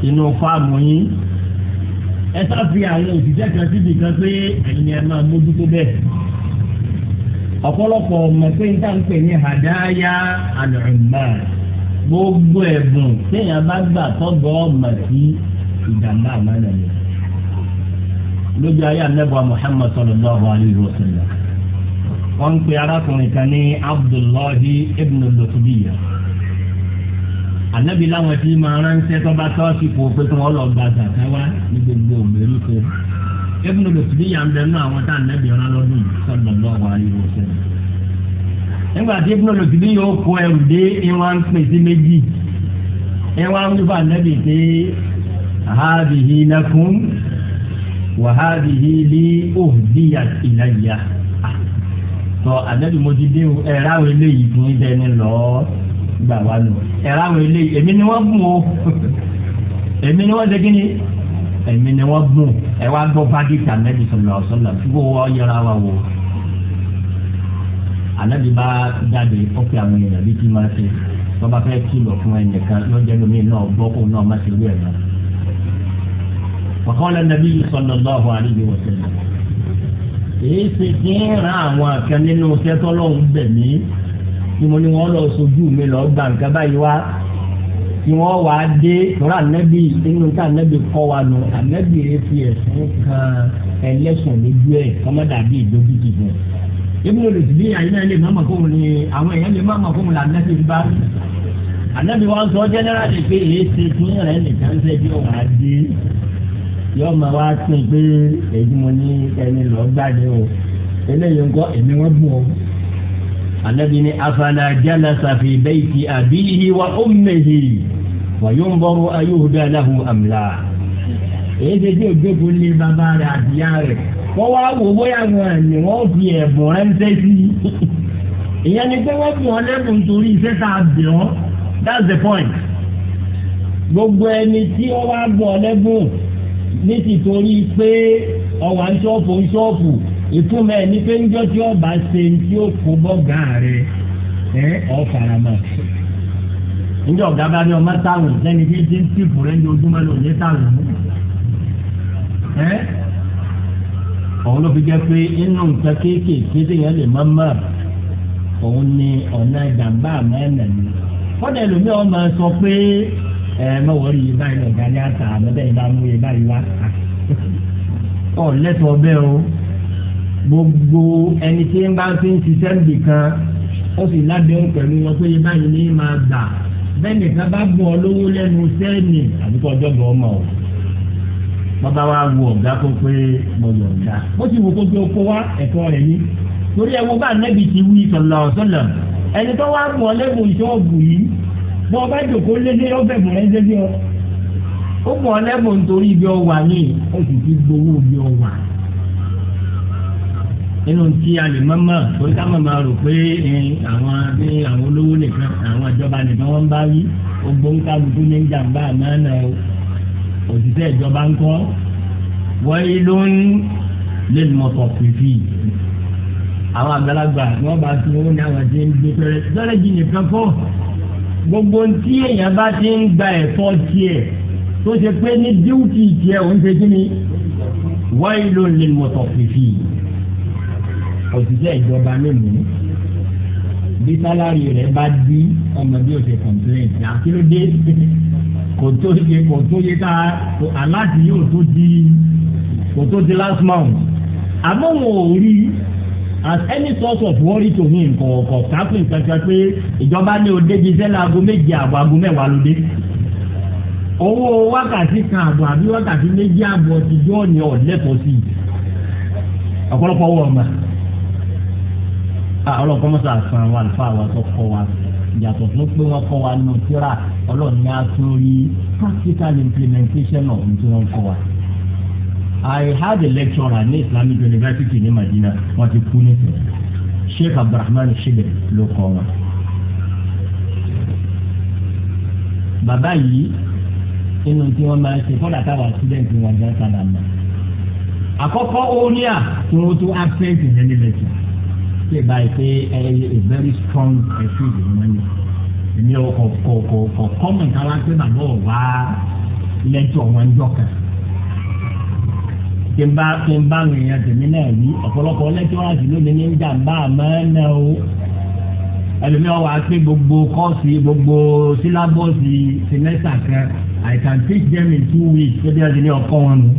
inú fáàmù yín ẹ sá fi àwọn òṣìṣẹ́ kan síbi kan pé ẹni ẹ máa mójútó bẹ́ẹ̀. ọ̀pọ̀lọpọ̀ ọmọ pé n tá n pè ní àdáyá àlùmọ́ gbogbo ẹ̀bùn téèyàn bá gbà tọ́gbọ́ ọmọ sí ìjàmbá àmàlà mi. lójú ayé anábọ̀ Muhammad sallallahu alayhi wa sallam wọ́n ń pe arákùnrin kan ní Abdullahi ibn lutubiyah ànábi láwọn tí máa ránṣẹ́ tó bá tọ́ sí kò pé kí wọ́n lọ gba zàkà wá ní gbogbo òmèríko ẹbí ló lòtú níyà ń bẹ nínú àwọn tá ànábi rán lọ́dún sọ̀dọ̀ lọ́wọ́ ariwo sẹ́nu. nígbà tí ẹbí ló lòtú ní yóò kó ẹrù dé ìwà ń pè sí méjì ìwà ń wípé ànábi pé àhábìhì lakum wàhábìhì lí òhùdíyà ìlàyà. sọ ànábi mo ti dé ẹ̀ráwé léyìí fún ibẹ̀ lọ́ọ́ gbà wá nù ẹ̀rọ àwọn eléyìí èmi ni wọ́n gùn o èmi ni wọ́n ṣe kí ni èmi ni wọ́n gùn ẹ wá gbọ́ fákìtà nẹ́bí sọ̀rọ̀ ọ̀sọ̀lọ̀ fúgbọ́ wọ́n yẹra wa wò ànábì bá jáde ọ̀pẹ àwọn èèyàn bí kí n máa ṣe wọ́n bá fẹ́ kìlọ̀ fún ẹnìkan lọ́jọ́ lómi náà gbọ́ kó náà má ṣe wú ẹ̀ náà. وقال النبي صلى الله عليه وسلم èyí ṣe kí ń ran àwọn kan nínú iṣẹ́ tọ́lọ́hún bẹ̀ tí mo ní wọ́n lọ sojú mi lọ gbà nǹkan báyìí wá tí wọ́n wá dé lọ́rọ̀ ànábì inú tá ànábì kọ́ wa nù ànábì rẹ̀ fi ẹ̀sùn kan ẹlẹ́sùn lójú ẹ̀ kọ́mọ́dàbí ìdójútì fún un wo le ti bi ayi lè má ma ni àwọn èèyàn lè má ma fóun la anabi ba anabi wa sọ jẹnẹrali pé èyí ti fún rẹ nìkan ṣe bí òun á di yọọ ma wá pín pé èyí mo ní ẹni lọ gbàdé o eléyìí ńkọ́ èmi wọn bù ọ anabi ni afala jalasa fi bayti abihi wa ummihi wa yunbaru ayuhda lahu amla. èyí ṣe tí o jókòó lé bàbá rẹ̀ àti ìyá rẹ̀ wọ́n wá wò bóyá wọn ni wọ́n fi ẹ̀bùn ránṣẹ́ sí i. ìyẹn ni pé wọ́n fún ọ lẹ́bùn nítorí iṣẹ́ tá a bẹ̀ ọ́ that's the point. gbogbo ẹni tí wọ́n wá bọ̀ ọ ní ti torí pé ọ̀wà ń ṣọ́ọ̀fù ń ṣọ́ọ̀fù ìtumọ̀ ẹ̀ ní pé ńjọ́ tí ọba ṣe tí ó kó bọ́gà rẹ̀ ẹ̀ ọ́ faramọ́ ńjọ́ ọ̀gá bá ní ọmọ táwọn lẹ́ni tí tí ń tìpù rẹ̀ ní ojúmọ́ ló ní táwọn mú ẹ̀ ọ̀hún ló fi jẹ́ pé inú nǹkan kéékèèké téèyàn lè má má òun ni ọ̀nà ìjàmbá àmọ́ ẹ̀nà ni kọ́dà ẹlòmíì ọmọ sọ pé ẹ̀ mọ̀wọ́rì yìí báyìí lọ̀gá ní àtà àmọ́tẹ́yìn bá mú e yìí wá <laughs> ọ̀ lẹ́tọ̀ọ́ bẹ́ẹ̀ o gbogbo ẹni tí ń bá ti ń ṣiṣẹ́ nbì kan ó sì lábẹ́hùn pẹ̀lú wọn pé báyìí ní máa gbà bẹ́ẹ̀ nìkan bá gbọ́ ọ lówó lẹ́nu sẹ́ẹ̀nì àbíkọ ọjọ́ bọ̀ ọmọ o bàbá wa wo ọ̀gá kó pé mo yọ̀ ọ̀gá ó sì wò kókó kó wá ẹ̀kọ́ rẹ̀ ní torí ẹ̀ wo bá nẹ́bi ti wí sọ̀lọ̀ sọ̀lọ̀ ẹni tó wá gbọ́ lẹ́nu ìṣọ́ọ̀bù yìí bọ́ ọba jòkó lédè ọbẹ̀ bọ̀rẹ́ lédè ọ ó gbọ́ lẹ́nu nítorí ibi ọwà ní ó sì ti gbowó ibi ọwà nínú tí a lè mọ́mọ́ torí ká mọ̀ máa rò pé àwọn bí àwọn olówó nìkan àwọn ìjọba nìkan wọ́n ń bá wí gbogbo ń kálukú ní jàǹbá àmọ́ náà òṣìṣẹ́ ìjọba ń kọ́ wọ́n ló ń lè mọ̀tọ̀ fífi àwọn àgbàlagbà wọ́n bá tún owó ní àwọn tí ń gbé pẹ́rẹ́ sọ́lẹ́jì nìkan fọ́ gbogbo tí èèyàn bá ti ń gba ẹ̀fọ́ tiẹ̀ tó ṣe pé ní díútì tiẹ̀ òun ṣe kí ni wọ́n ló ń lè mọ̀tọ̀ fífi òṣìṣẹ́ ìjọba lónìí bí sálárì rẹ̀ bá dí ọmọ bí o ṣe complain ní akérèdé kò tó ṣe kò tó yẹ ká aláàtì yóò tó di kò tó di last month àmọ́ wọn ò rí as any source of worry to him kò kò kápẹ́ kankan pé ìjọba ní o débi sẹ́lẹ̀ aago méje àbọ̀ aago mẹ́wàá ló dé owó wákàtí kan àbọ̀ àbí wákàtí méjì àbọ̀ ti jọ́ ọ̀nì ọ̀lẹ́tọ̀ọ́ sí i ọ̀pọ̀lọpọ̀ wọ̀ ọ̀ma. Ah, ọlọ́run kọ́mọ́sá san wa àlùfáà wa tó kọ́ wa yàtọ̀ tó pé wọ́n kọ́ wa nù síra ọlọ́run ní àtúrí practical implementation of ní tí wọ́n kọ́ wa. I had a lecturer ní Islamic University ní Madina wọ́n ti kú ní tẹ̀lé Sheikh Abdulrahman Shibir ló kọ́ wọn. bàbá yìí inú tí wọ́n máa ń ṣe kọ́dà táwọn student wọn jẹ́ sábà mọ́ àkọ́kọ́ ó ní à tí wọ́n tó absent ní ẹni lẹ́sìn tí ì báyìí pé ẹ eh, ẹ very strong excuse ni wọ́n ní èmi ọkọ̀ ọkọ̀ ọkọ̀ kọ́mọ̀ nǹkan wá pé màmá ò wá lẹ́tọ̀ wọn jọ kan tí n bá tí n bá àwọn èèyàn tèmi náà rí ọ̀pọ̀lọpọ̀ lẹ́tọ̀ àti lónìí ní jàǹbá àmọ́ náà o ẹlòmíràn wà á pé gbogbo kọ́ọ̀sì gbogbo sílábọ̀sì semester kan I can teach them in two weeks ṣé bí wọ́n ti ní ọkọ wọn nù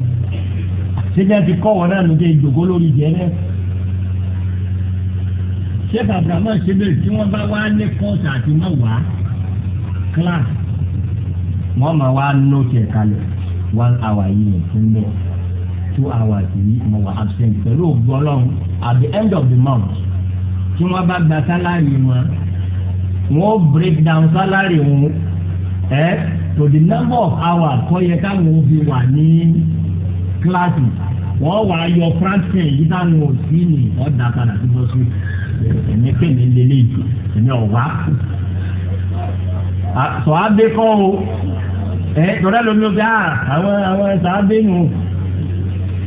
ṣé bí wọ́n ti kọ́ wọn náà nù kí n jòkó lórí jẹ́ náà sheikh abdulhamid ṣe bẹ́ẹ̀ tí wọ́n bá wá ní kọ́ọ̀tù àti mọ́wàá class wọ́n máa wá nóòtù ẹ̀ kalẹ̀ one hour yìí ní fún bẹ́ẹ̀ two hours yìí mo wà absent pẹ̀lú ògbó ọlọ́run at the end of the month tí wọ́n bá gba sálárì wọn wọ́n break down sálárì wọn ẹ to the number of hours kọ́ yẹ káwọn fi wà ní class, wọ́n wà á yọ france yìí táwọn ò sí ní ọ̀dà padà sí bọ́sùn èmi pè mí lélẹ́ yìí èmi ọ̀wá. sọ abẹ kọ́ o ẹ tọ́lá lomi o bí a àwọn àwọn ẹ̀sà abẹ nù.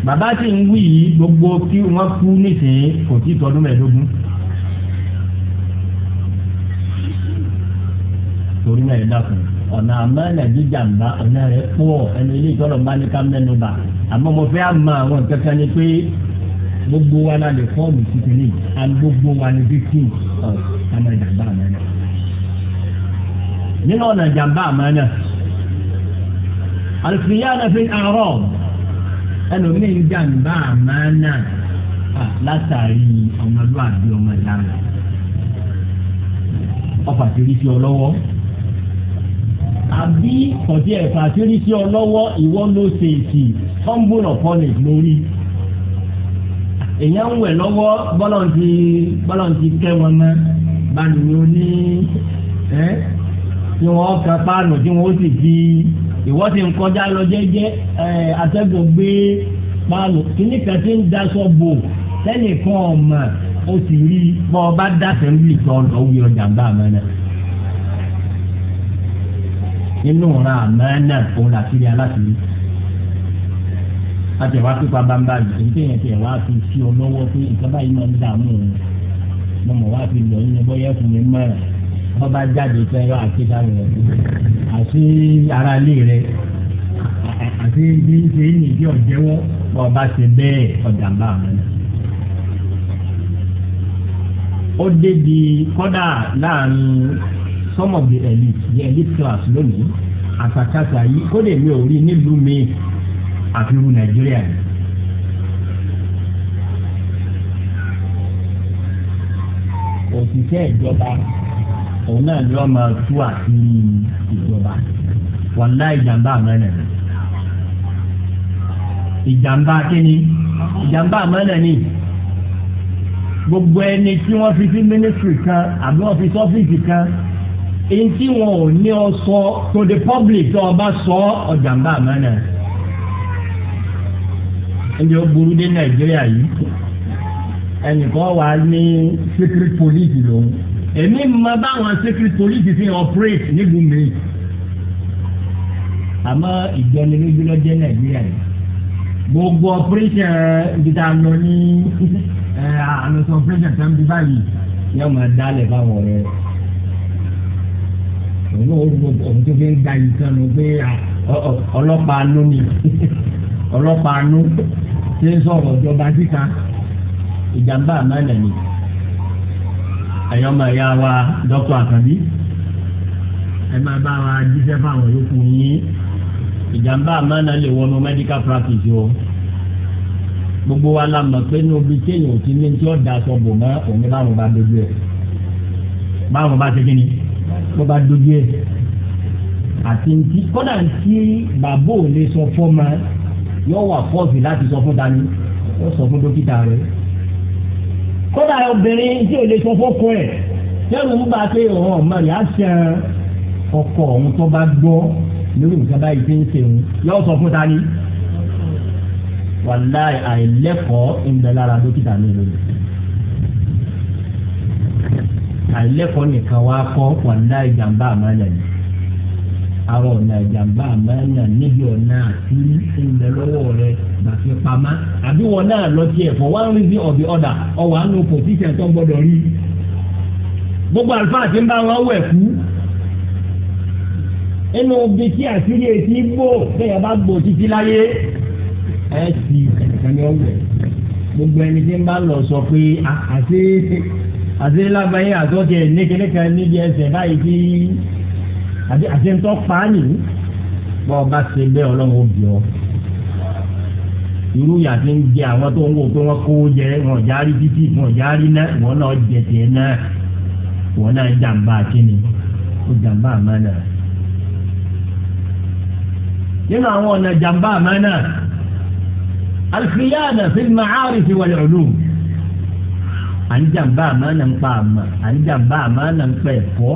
bàbá tí ń wí yìí gbogbo kí wọ́n kú nísìnyí kò tí tọdún mẹ́ẹ̀ẹ́dógún. torí náà ẹ dákun ọ̀nà àmọ́nà jíjàmbá ọ̀nà rẹ̀ pọ̀ ẹnu ilé ìtọ́lọ̀ bá ní ká mẹ́nu bà àmọ́ mo fẹ́ àmọ́ àwọn kankan ni pé gbogbo wa la lè fọ́ọ̀lù títí and gbogbo wa ni victim of ọmọ ìjàmbá àmàna. nínú ọ̀nà ìjàmbá àmàna alifiyana fi àárọ̀ ẹlòmíín jàmbá àmàna látàrí ọmọlúwàbí ọmọ ìlànà ọfà torí sí ọ lọ́wọ́ àbí kọ̀tí ẹ̀fà torí sí ọ lọ́wọ́ ìwọ ló ṣe èsì humble upon it lórí èèyàn ń wẹ̀ lọ́wọ́ bọ́lọ̀ǹtì bọ́lọ̀ǹtì kẹ́ wọn mọ́ balùwẹ̀ oní ẹ́ tí wọ́n ka páànù tí wọ́n sì fi ìwọ́ ti ń kọjá lọ jẹ́jẹ́ ẹ̀ atẹ́gùn gbé páànù kíní kan ti ń daṣọ bò tẹ́nìkan ọ̀mà ó sì rí bọ́ ọ bá dàtẹ̀ ń bì tọ́ lọ wí ọjà bá àmọ́ náà nínú ra àmọ́ náà òun làkìrí aláṣìírí àti ẹ̀wá pípa bámbá yìí èyí tẹ̀yẹ̀ tẹ̀ wá fi sí ọ lọ́wọ́ pé nǹkan báyìí máa ń dààmú òun mo mọ̀ wá fi lọ yín bọ́yá fún mi mọ́ ẹ̀ wọ́n bá jáde fẹ́ yọ àti dáhùn ẹ̀ àti ara lé rẹ̀ àti bí ń ṣe ní ìdí ọ̀jẹ́wọ́ ọba ṣe bẹ́ẹ̀ ọ̀dà ń bá àwọn ẹ̀. ó débi kọ́dà láàrin some of the elite the elite class lónìí àtàkàtà yìí kó lè mi ò rí nílùú mi àfi irú nàìjíríà ni. òṣìṣẹ́ ìjọba òun náà ni wọ́n máa tú àti ìjọba wọn lá ìjàmbá àmọ́nà ni. ìjàmbá kíni ìjàmbá àmọ́nà ni gbogbo ẹni tí wọ́n fi sí mínísírì kan àbí wọ́n fi sọ́fíìsì kan èyí tí wọn ò ní ọ sọ to the public tó ọba sọ ọjàmbá àmọ́nà ni ẹni ó burú dé nàìjíríà yìí ẹnìkan wà ní secret police lòun èmi mọ báwọn secret police fi operate nílùú mi àmọ́ ìjọnilójú lọ jẹ́ nàìjíríà yìí gbogbo operation ibi tá a lọ ní àlùsọ operation tẹ́ ń bí báyìí yóò máa dálẹ̀ báwọn ọ̀rẹ́ rẹ̀ òun náà gbogbo òun tó fi ń da ìtàn nù pé ọlọ́pàá nù ni <laughs> ọlọ́pàá nù ṣe ń sọ̀rọ̀ ìjọba síta ìjàmbá àmàlẹ̀ ni ẹ̀yọ́ máa yá wa dọ́kítọ̀ àkàbí ẹ máa bá wa jíṣẹ́ fáwọn yòókù yín ìjàmbá àmàlẹ̀ lè wọnú medical practice o gbogbo wa la mọ̀ pé níbi téèyàn ò ti ní tí ó da aṣọ bò mọ́ òun báwọn bá dojú ẹ̀ báwọn bá tẹ́kí ni wọ́n bá dojú ẹ̀ àti ntí kọ́dà ntí bàbá ò lè sọ fọ́ máa yóò wà fọ́ọ̀sì láti sọ fún dání yóò sọ fún dókítà rẹ̀. kódà obìnrin tí ò lè sọ fọ́kọ ẹ̀ yẹ́nu ń bá a pé òun ọ̀ma rẹ̀ á sẹ́n ọkọ òun tó bá gbọ́ lórí nǹkan báyìí tí ń ṣe òun yóò sọ fún dání. wàláì àìlẹ́kọ̀ọ́ ń lára dókítà mi lónìí àìlẹ́kọ̀ọ́ nìkan wá kọ́ wàláì jàǹbá àmàlẹ̀ yìí àwọn ọ̀nà ìjàmbá àmàlà níbi ọ̀nà àti ìlẹ̀ lọ́wọ́ rẹ̀ bàfi pamá àbí wọn náà lọ tiẹ̀ for one reason or the other ọwọ́ àánú position tó gbọ́dọ̀ rí gbogbo àlùfáà ti ń bá wọn wẹ̀ fún inú bí tí àṣírí etí gbò bẹ́ẹ̀ bá gbò títí láyé ẹ sì ẹnìkan ni wọ́n wẹ̀ gbogbo ẹni tí ń bá lọ sọ pé àṣírí àṣírí lágbàáyé àtọ́tẹ̀ ní níbi ẹsẹ̀ báyìí àbí àjẹntọ́ pàánì bọ́ ọba ṣe bẹ́ẹ̀ ọlọ́run ó bì ọ́ irú yà ti ń jẹ àwọn tó ń wò pé wọ́n kó jẹ wọn járí títí wọn járí náà wọn náà jẹ tiẹ̀ náà wọn náà jàǹbá kíni ó jàǹbá àmánà nínú àwọn ọ̀nà jàǹbá àmánà alkhiyana fi al-ma'arif wal-ulum à ń ń pa àmà à ń ń pa ẹ̀fọ́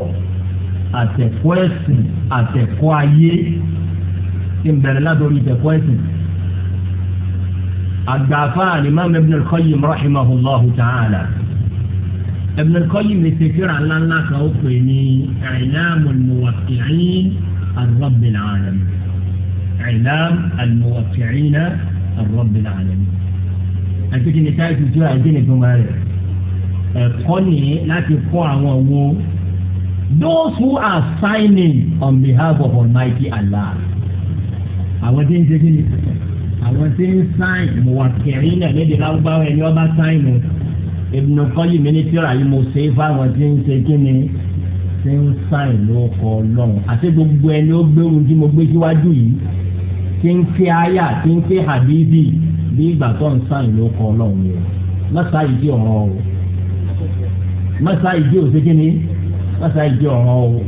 àtẹ̀kọ́ ẹ̀sìn àtẹ̀kọ́ ayé ti ń bẹ̀rẹ̀ látòrí ìtẹ̀kọ́ ẹ̀sìn. àgbàfà Imam Ibn al-Qayyim rahimahullahu ta'ala Ibn al-Qayyim ní sèkìrà ńláńlá kan ó pè ní I'lam al-Muwaqqi'in ar-Rabb al-Alamin al-Muwaqqi'in ar-Rabb al àti kí ni táyà tuntun àti kí ni tó máa rẹ̀ ẹ̀kọ́ nìyẹn láti kọ́ àwọn owó those who are signing on behalf of almighty allah àwọn tí ń ṣe kí ni àwọn tí ń sign mùwàkẹ́rì náà lédè lárúbáwá ẹni ọba sign o ìbùnú kọ́lì mi ní tíra yìí mo ṣe é fáwọn tí ń ṣe kí ni tí ń sign ló kọ lọ́hùn àti gbogbo ẹni ó gbóhùn tí mo gbé síwájú yìí tí ń ké aya tí ń ké habibi bí ìgbà tó ń sign ló kọ lọ́hùn yìí mọ́sáyìí tí ọ̀rọ̀ o mọ́sáyìí tí ò ṣe kí ni wọ́n sá jẹ́ ọ̀ràn o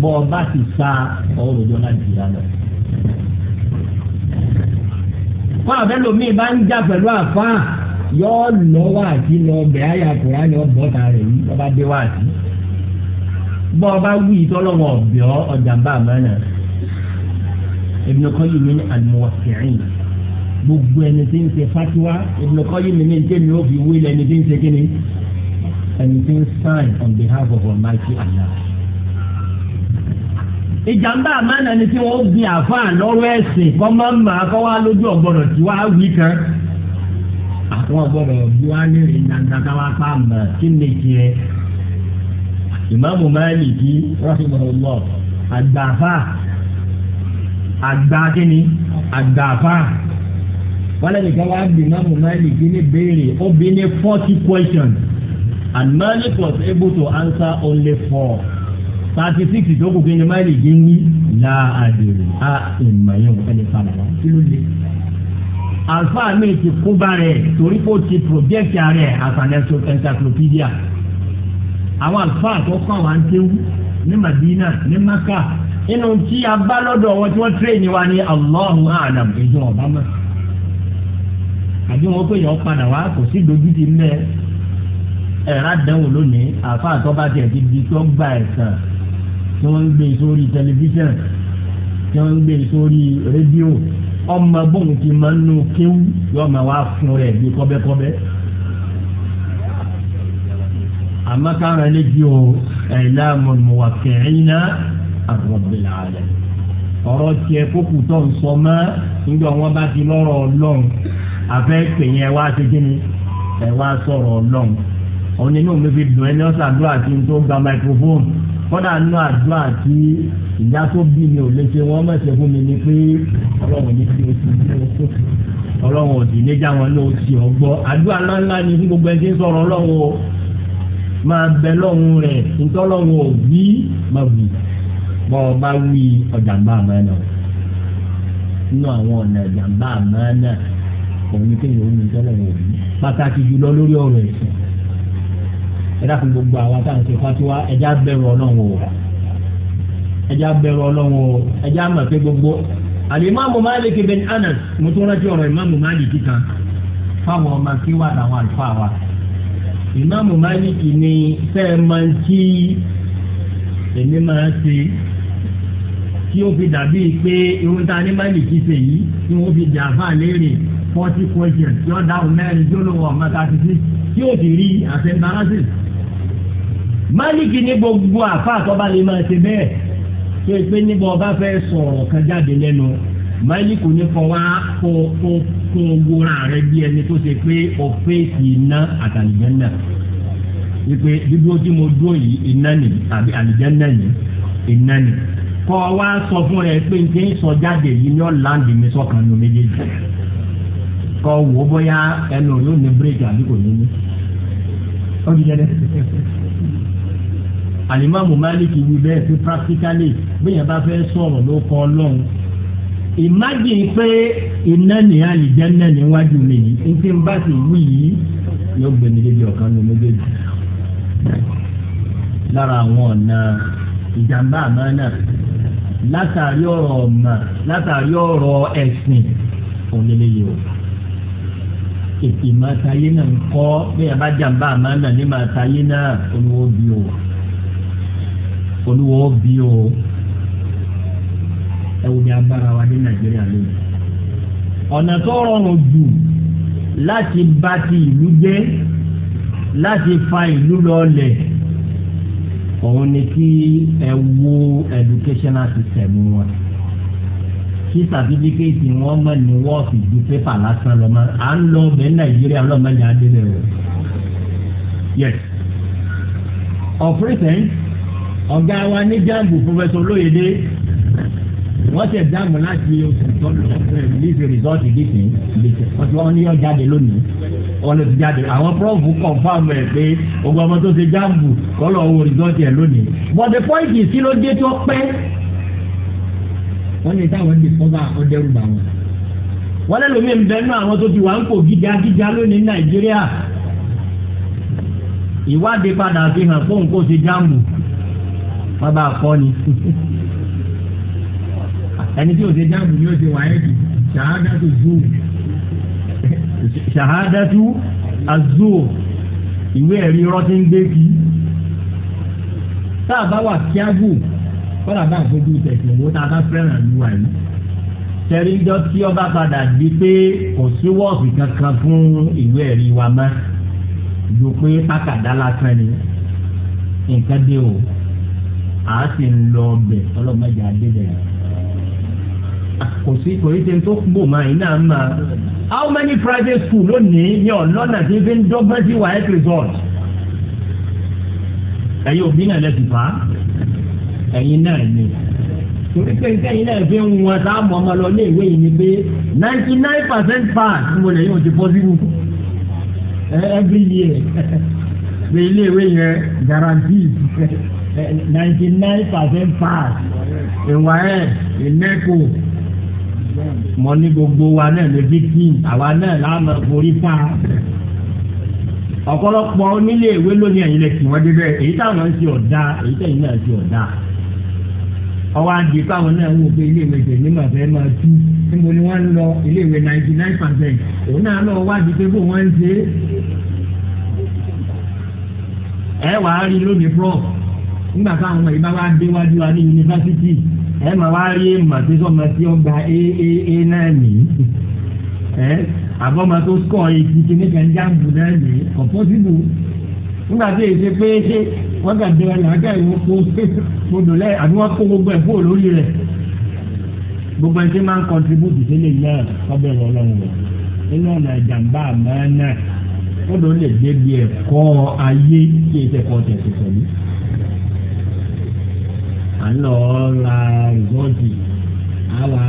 bọ́ ọ bá ti sa ọ̀rọ̀ òjò náà jìyà lọ. wọ́n àfẹ́ lomi bá ń jà pẹ̀lú àfáà yọ́ọ́ lọ́wọ́ àti lọ́ọ́ bẹ̀ẹ́ àyàkùnrin àni ọ̀bọ̀ta rẹ̀ yìí lọ́ bá dé wá àti bọ́ ọba wí ìtọ́lọ́wọ́ ọ̀bẹ ọ̀jàmbá àmọ́nà Ibn Qayyim ní al-Muwaqqi'in gbogbo ẹni tí ń ṣe fatiwa Ibn Qayyim ní ní tẹ́mi ó fi wí lẹ́ni tí ń ṣe kíni ẹni tí ń sign on behalf of Almighty Allah. ìjàmbá àmàna ni tí wọ́n gbin àfáà lọ́rọ́ ẹ̀sìn kọ́ máa ń máa kọ́ wá lójú ọ̀gbọ́dọ̀ tí wàá wí kan. àwọn ọ̀gbọ́dọ̀ bí wàá ní rìn dandan ká wá pa àmà kí ni tiẹ̀. ìmáàmù Málíkì rahimahullah àgbàfà àgbà kínní àgbàfà wọ́n lẹ́nu ká wá gbin ìmáàmù Málíkì ní béèrè ó bí ní forty questions and Malik was able to answer only four thirty six ìjókòó kí ni Malik yín ní láàdìrì á ìmọ̀yẹ́wò ẹni padà wá kí ló alfa mi ti kú bá rẹ̀ torí kó ti project rẹ̀ as an encyclopedia àwọn alfa àkọ́kọ́ àwọn àǹtẹ̀wò ní Madina ní Maka inú tí a bá lọ́dọ̀ wọn tí wọ́n tírèèni wa ní Allahu a'lam èyí wọn bá mọ̀ àbí wọn pè yàn padà wá kò sí dojú ti mẹ́ẹ̀ ẹ̀rá dánwò lónìí àfa àtọ́ba tiẹ̀ ti di tó gba ẹ̀sán tí wọ́n ń gbé sórí tẹlifíṣàn tí wọ́n ń gbé sórí rédíò ọmọ bóun ti máa ń nu kéwú yóò máa wá fún rẹ̀ bí kọ́bẹ́kọ́bẹ́ àmọ́ káwọn ẹlẹ́jì o ẹ̀là mọ̀mọ́wàkẹ́rìnà àrọ̀bìlà rẹ̀ ọ̀rọ̀ tiẹ̀ kókù tó ń sọ mọ́ nígbà wọn bá ti lọ́rọ̀ ọlọ́run àfẹ́ pè yẹn wá sí kíni ẹ̀ wá sọ̀rọ̀ ọlọ́run òun nínú mi fi dùn ẹni ọ̀sán àdúrà tí n tó gba microphone kọ́dà nínú àdúrà tí ìyá tó bí mi ò lè ṣe wọ́n mẹ̀sẹ̀ fún mi ni pé ọlọ́run ní kí o ti kí o ọlọ́run òdì níjà wọn ní o ti ọgbọ́ àdúrà ńláńlá ni fún gbogbo ẹni tí ń sọ̀rọ̀ ọlọ́run o máa bẹ lọ́run rẹ̀ ntọ́lọ́run ò wí má wí bọ́ ọ bá wí ọ̀jàmbá àmọ́ náà nínú àwọn ọ̀nà ìjàmbá àmọ́ náà òun ni kéèyàn ó ní ntọ́lọ́run ò wí pàtàkì jùlọ lórí ọ̀rọ̀ ẹ̀sìn ẹ dákun gbogbo àwa tá à ń ṣe fatiwa ẹja bẹ̀rù ọlọ́run o ẹja bẹ̀rù ọlọ́run o ẹja mọ̀ pé gbogbo alimami malik bin anas mo tún rántí ọ̀rọ̀ imami malik kan fáwọn ọmọ kí wà láwọn àlùfáà wa imami malik ni fẹ́ẹ́ máa ń tí èmi máa ń ṣe tí ó fi dàbí pé irun ta ní máìlì kí ṣe yìí tí wọ́n fi jà fà léèrè forty questions tí ó dáhùn mẹ́rin tí ó lò wọ̀ mẹ́ta títí tí ó sì rí àṣẹ máàlìkì ní gbogbo àfáà tó bá lè máa ṣe bẹ́ẹ̀ tó o pé níbo ọba fẹ́ sọ̀rọ̀ kan jáde lẹ́nu máàlìkì ní kọ́ wá kó kó kó wúra rẹ bí ẹni tó ṣe pé ọ̀fẹ́ẹ̀sì iná àtàlìjẹ́nà wípé dúdú tí mo dúró yìí iná nì àbí àlìjẹ́nà yìí iná nì kọ́ wá sọ fún rẹ pé n ti ń sọ jáde yìí ní ọ̀làǹdì mi sọ̀kan nu méjèèjì kọ́ wò ó bóyá ẹnu yóò ní bírèkì àbí kò ní ní. ó ti jẹ́ dẹ́ alimami maliki wí bẹ́ẹ̀ fi practically bẹ́ẹ̀ bá fẹ́ sọ̀rọ̀ ló kọ́ ọlọ́run imagine pé iná ní àlìjẹ́nà níwájú mi yìí n tí n bá sì wí yìí yóò gbé mi débi ọ̀kan ní méjèèjì lára àwọn ọ̀nà ìjàmbá àmàna látàrí ọ̀rọ̀ ọ̀mà látàrí ọ̀rọ̀ ẹ̀sìn òlélẹ́yìí o ètò ìmọ̀ àtàyé náà ń kọ́ bí ẹ bá jàmbá àmàna ní màtàyé náà olówó bí o olúwo bí o ẹ wo bí agbára wa ní nàìjíríà lónìí ọ̀nà tó rọrùn jù láti bá ti ìlú jẹ́ láti fa ìlú lọ́lẹ̀ òun ni kí ẹ wo educational system wọn kí sàtífíkẹ́ẹ̀tì wọn mọ̀ ní wọ́ọ̀sì ju pépà lásán lọ mọ́ à ń lọ bẹ́ẹ̀ nàìjíríà lọ́mọdé adé rẹ̀ o yes of recent. Eh? ọ̀gá wa ní jambu professor olóyèdè wọ́n tẹ̀ jambu láti oṣù tó lọ release result dìtì wọ́n ti wọ́n ní yọ jáde lónìí wọ́n lè ti jáde àwọn prọ́fù confam ẹ̀ pé ogun ọmọ tó ṣe jambu kọ́ lọ wo result ẹ̀ lónìí but the point is kí ló dé tó pẹ́ wọ́n ní táwọn ti fọ́nbà ọ̀dẹ́rù bà wọ́n wọ́n lẹ́nu mi ń bẹ nínú àwọn tó ti wà ń kó gíga gíga lónìí nàìjíríà ìwádìí padà fi hàn fóun kó ṣe jambu wọ́n bá fọ́ ni. ẹni tí òde jáàbù ni ó ti wáyé jù ṣàhádàtú zoo ṣàhádàtú azoo ìwé ẹ̀rí rọ́tí ń gbé kí. tá a bá wà kíágù kọ́lá bá àfojú tẹ̀sí owó tá a bá fẹ́ràn lu wà yìí. tẹ̀ríjọ́ tí ọba padà di pé kò sí wọ́ọ̀sì kankan fún ìwé ẹ̀rí wa mọ́ ju pé pákàdá lásán ni nǹkan dé o a sì ń lọ kò sí torí tí tó bò máa yín náà máa. how many private school lónìí ní ọ̀nà tí fi ń dọ́gbọ́n sí wáyé e resort. ẹ̀yin òbí náà lè ti fà á ẹ̀yin náà ni torí pé nǹkan yìí náà fi ń wọn tá a mọ̀ ọmọ lọ ní yìí ni pé ninety nine percent pass mo lè yóò ti bọ́ sínú every year <laughs> pé ilé ìwé yẹn guarantee. <laughs> ninety nine percent pass ìwà ẹ̀ ìnẹ́kù mọ ní gbogbo wa náà lè victim àwa náà láàmú forí fa ọ̀pọ̀lọpọ̀ onílé ìwé lónìí ẹ̀yìn lè tì wọ́n débẹ̀ èyí táwọn ń ṣe ọ̀dà èyí tẹ̀yìn náà ṣe ọ̀dà ọwọ́ àdì fáwọn náà wò pé ilé ìwé tèmi mà fẹ́ máa tú níbo ni wọ́n ń lọ ilé ìwé ninety nine percent òun náà lọ wádìí pé bó wọ́n ń ṣe é ẹ wàá rí lónìí prof nígbà táwọn ọmọ yìí bá wá déwájú wa ní yunifásitì ẹ máa wá rí èèmọ̀ tí sọ́mọ tí ó gba aaa náà nìyí ẹ àbọ̀mọ tó sọ̀ èyí kìíní kan jáàmù náà nìyí ọ̀pọ̀sibù nígbà tí èyí ṣe pé ṣé wọ́n kà dé ọ̀nà àgbà ìwọ̀n kó <laughs> mo dùn lẹ́yìn àbí wọ́n kó gbogbo ẹ̀ fóò lórí rẹ̀ gbogbo ẹni tí máa ń kọ́ntribútì sílẹ̀ náà ọbẹ̀ rẹ̀ ọlọ́run rẹ̀ ọ̀nà ìjàmbá àmọ́ náà ó lọ lè débi ẹ̀kọ́ ayé kí ẹ̀ṣẹ̀ kọ́ tẹ̀sí pẹ̀lú. à ń lọ ra rìsọ́ọ̀tì àwa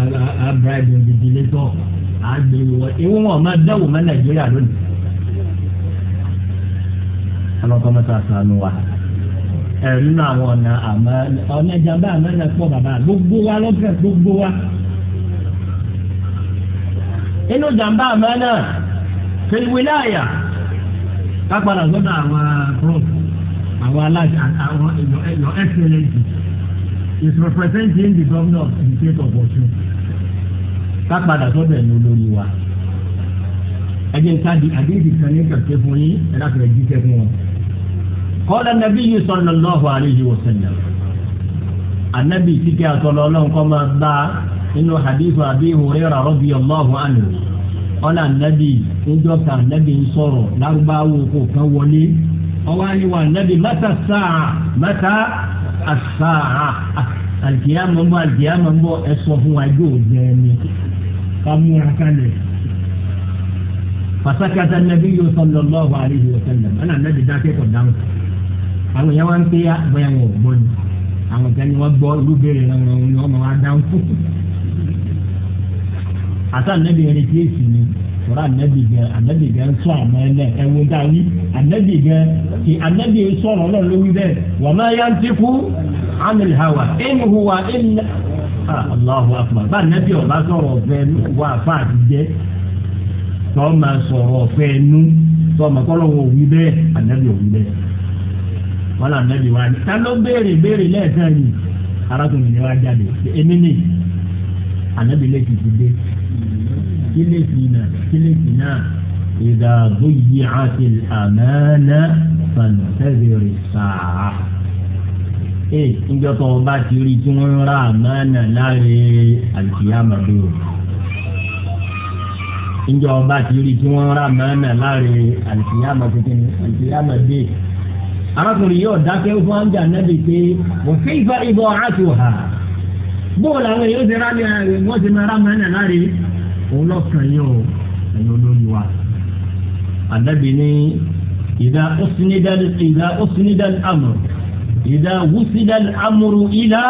abraibu ìdílétọ̀ àgbèrò ìwọ́n wọn máa nàìjíríà lónìí. ọlọ́kọ́ mọ́tò àtàánú wa ẹ̀rí àwọn ọ̀nà àmọ́ ọ̀nà ìjàmbá àmọ́ ẹ̀ pọ̀ bàbá gbogbo wa lọ́kàn gbogbo wa. inú ìjàmbá àmọ́ náà fi wíláyà ká padà àwọn pro àwọn alájà àwọn ẹ̀yọ̀ is representing the governor of the state of Ọ̀ṣun ká padà sọ́dọ̀ ẹ̀yìn olórí wa ẹ̀jẹ̀ ń káàdì àdéhìí kan ní kẹ̀kẹ́ fún yín ẹ̀dá kan ẹ̀jí kẹ́ fún wọn. kọ́lá nàbí yìí sallallahu alayhi wa sallam ànábì kíkẹ́ àtọ́lọ́ ọlọ́run kọ́ máa bá inú hadith Abi Hurairah radiyallahu anhu ọ̀nà ànábì níjọ́ kan ànábì ń sọ̀rọ̀ lárúbáwò kò kán wọlé ọwọ́ àyíwá ànábì mata sáà mata asáà àlìkìyàmọ̀ ń bọ̀ àlìkìyàmọ̀ ń bọ̀ ẹ sọ fún wa yóò jẹ ẹni ká múra nabi yóò sọ lọ́lọ́ wa àlejò ọ̀sẹ̀lẹ̀ ẹ̀nà nàbì dákẹ́ kọ̀ dáhùn. àwọn yẹn wá ń pè é bóyá wọn ò gbọ́ ni àwọn kan ni wọ́n gbọ́ irú béèrè náà wọn ni wọ́n máa dáhùn ti èsì ni tora anabi gan anabi gan sọ àmọ ẹlẹ ẹwọ dání anabi gan kì anabi sọrọ ọlọrun lórí bẹẹ wà má yá ti kú amil hawa ẹni huwa ẹni alahu akbar bá anabi ọba sọrọ ọfẹ wà fà àtijẹ tọ́ ma sọ̀rọ̀ ọ̀fẹ́ ẹnu tọ́ ma kọ́ lọ́wọ́ òwú bẹ́ẹ̀ anabi òwú bẹ́ẹ̀ wọ́n là anabi wa ni ta béèrè béèrè lẹ́ẹ̀kan yìí arákùnrin ni wàá jáde kílèkìnà kílèkìnà ìdàgbò yìí àti àmàna fàǹtẹ́sìrì sàá. ẹ ǹjọ́ tó o bá ti rí tí wọ́n ń ra àmàna láàrin àlùkìyàmàdó ǹjọ́ o bá ti rí tí wọ́n ń ra àmàna láàrin àlùkìyàmàdó àlùkìyàmàdó arákùnrin yóò dákẹ́ fún àǹjà nẹ́bi pé òfin ìfẹ́ ìbọn àti òhà bóòlù àwọn èèyàn ti rá ní ààrẹ wọ́n ti máa rá mọ́ ẹ̀ náà rí òun lọ́kàn yín o ẹ̀yin olórí wa. àdábì ní ìdá ọ̀sìnìdàl ìdá ọ̀sìnìdàl amr ìdá wùsìdàl amru ìlà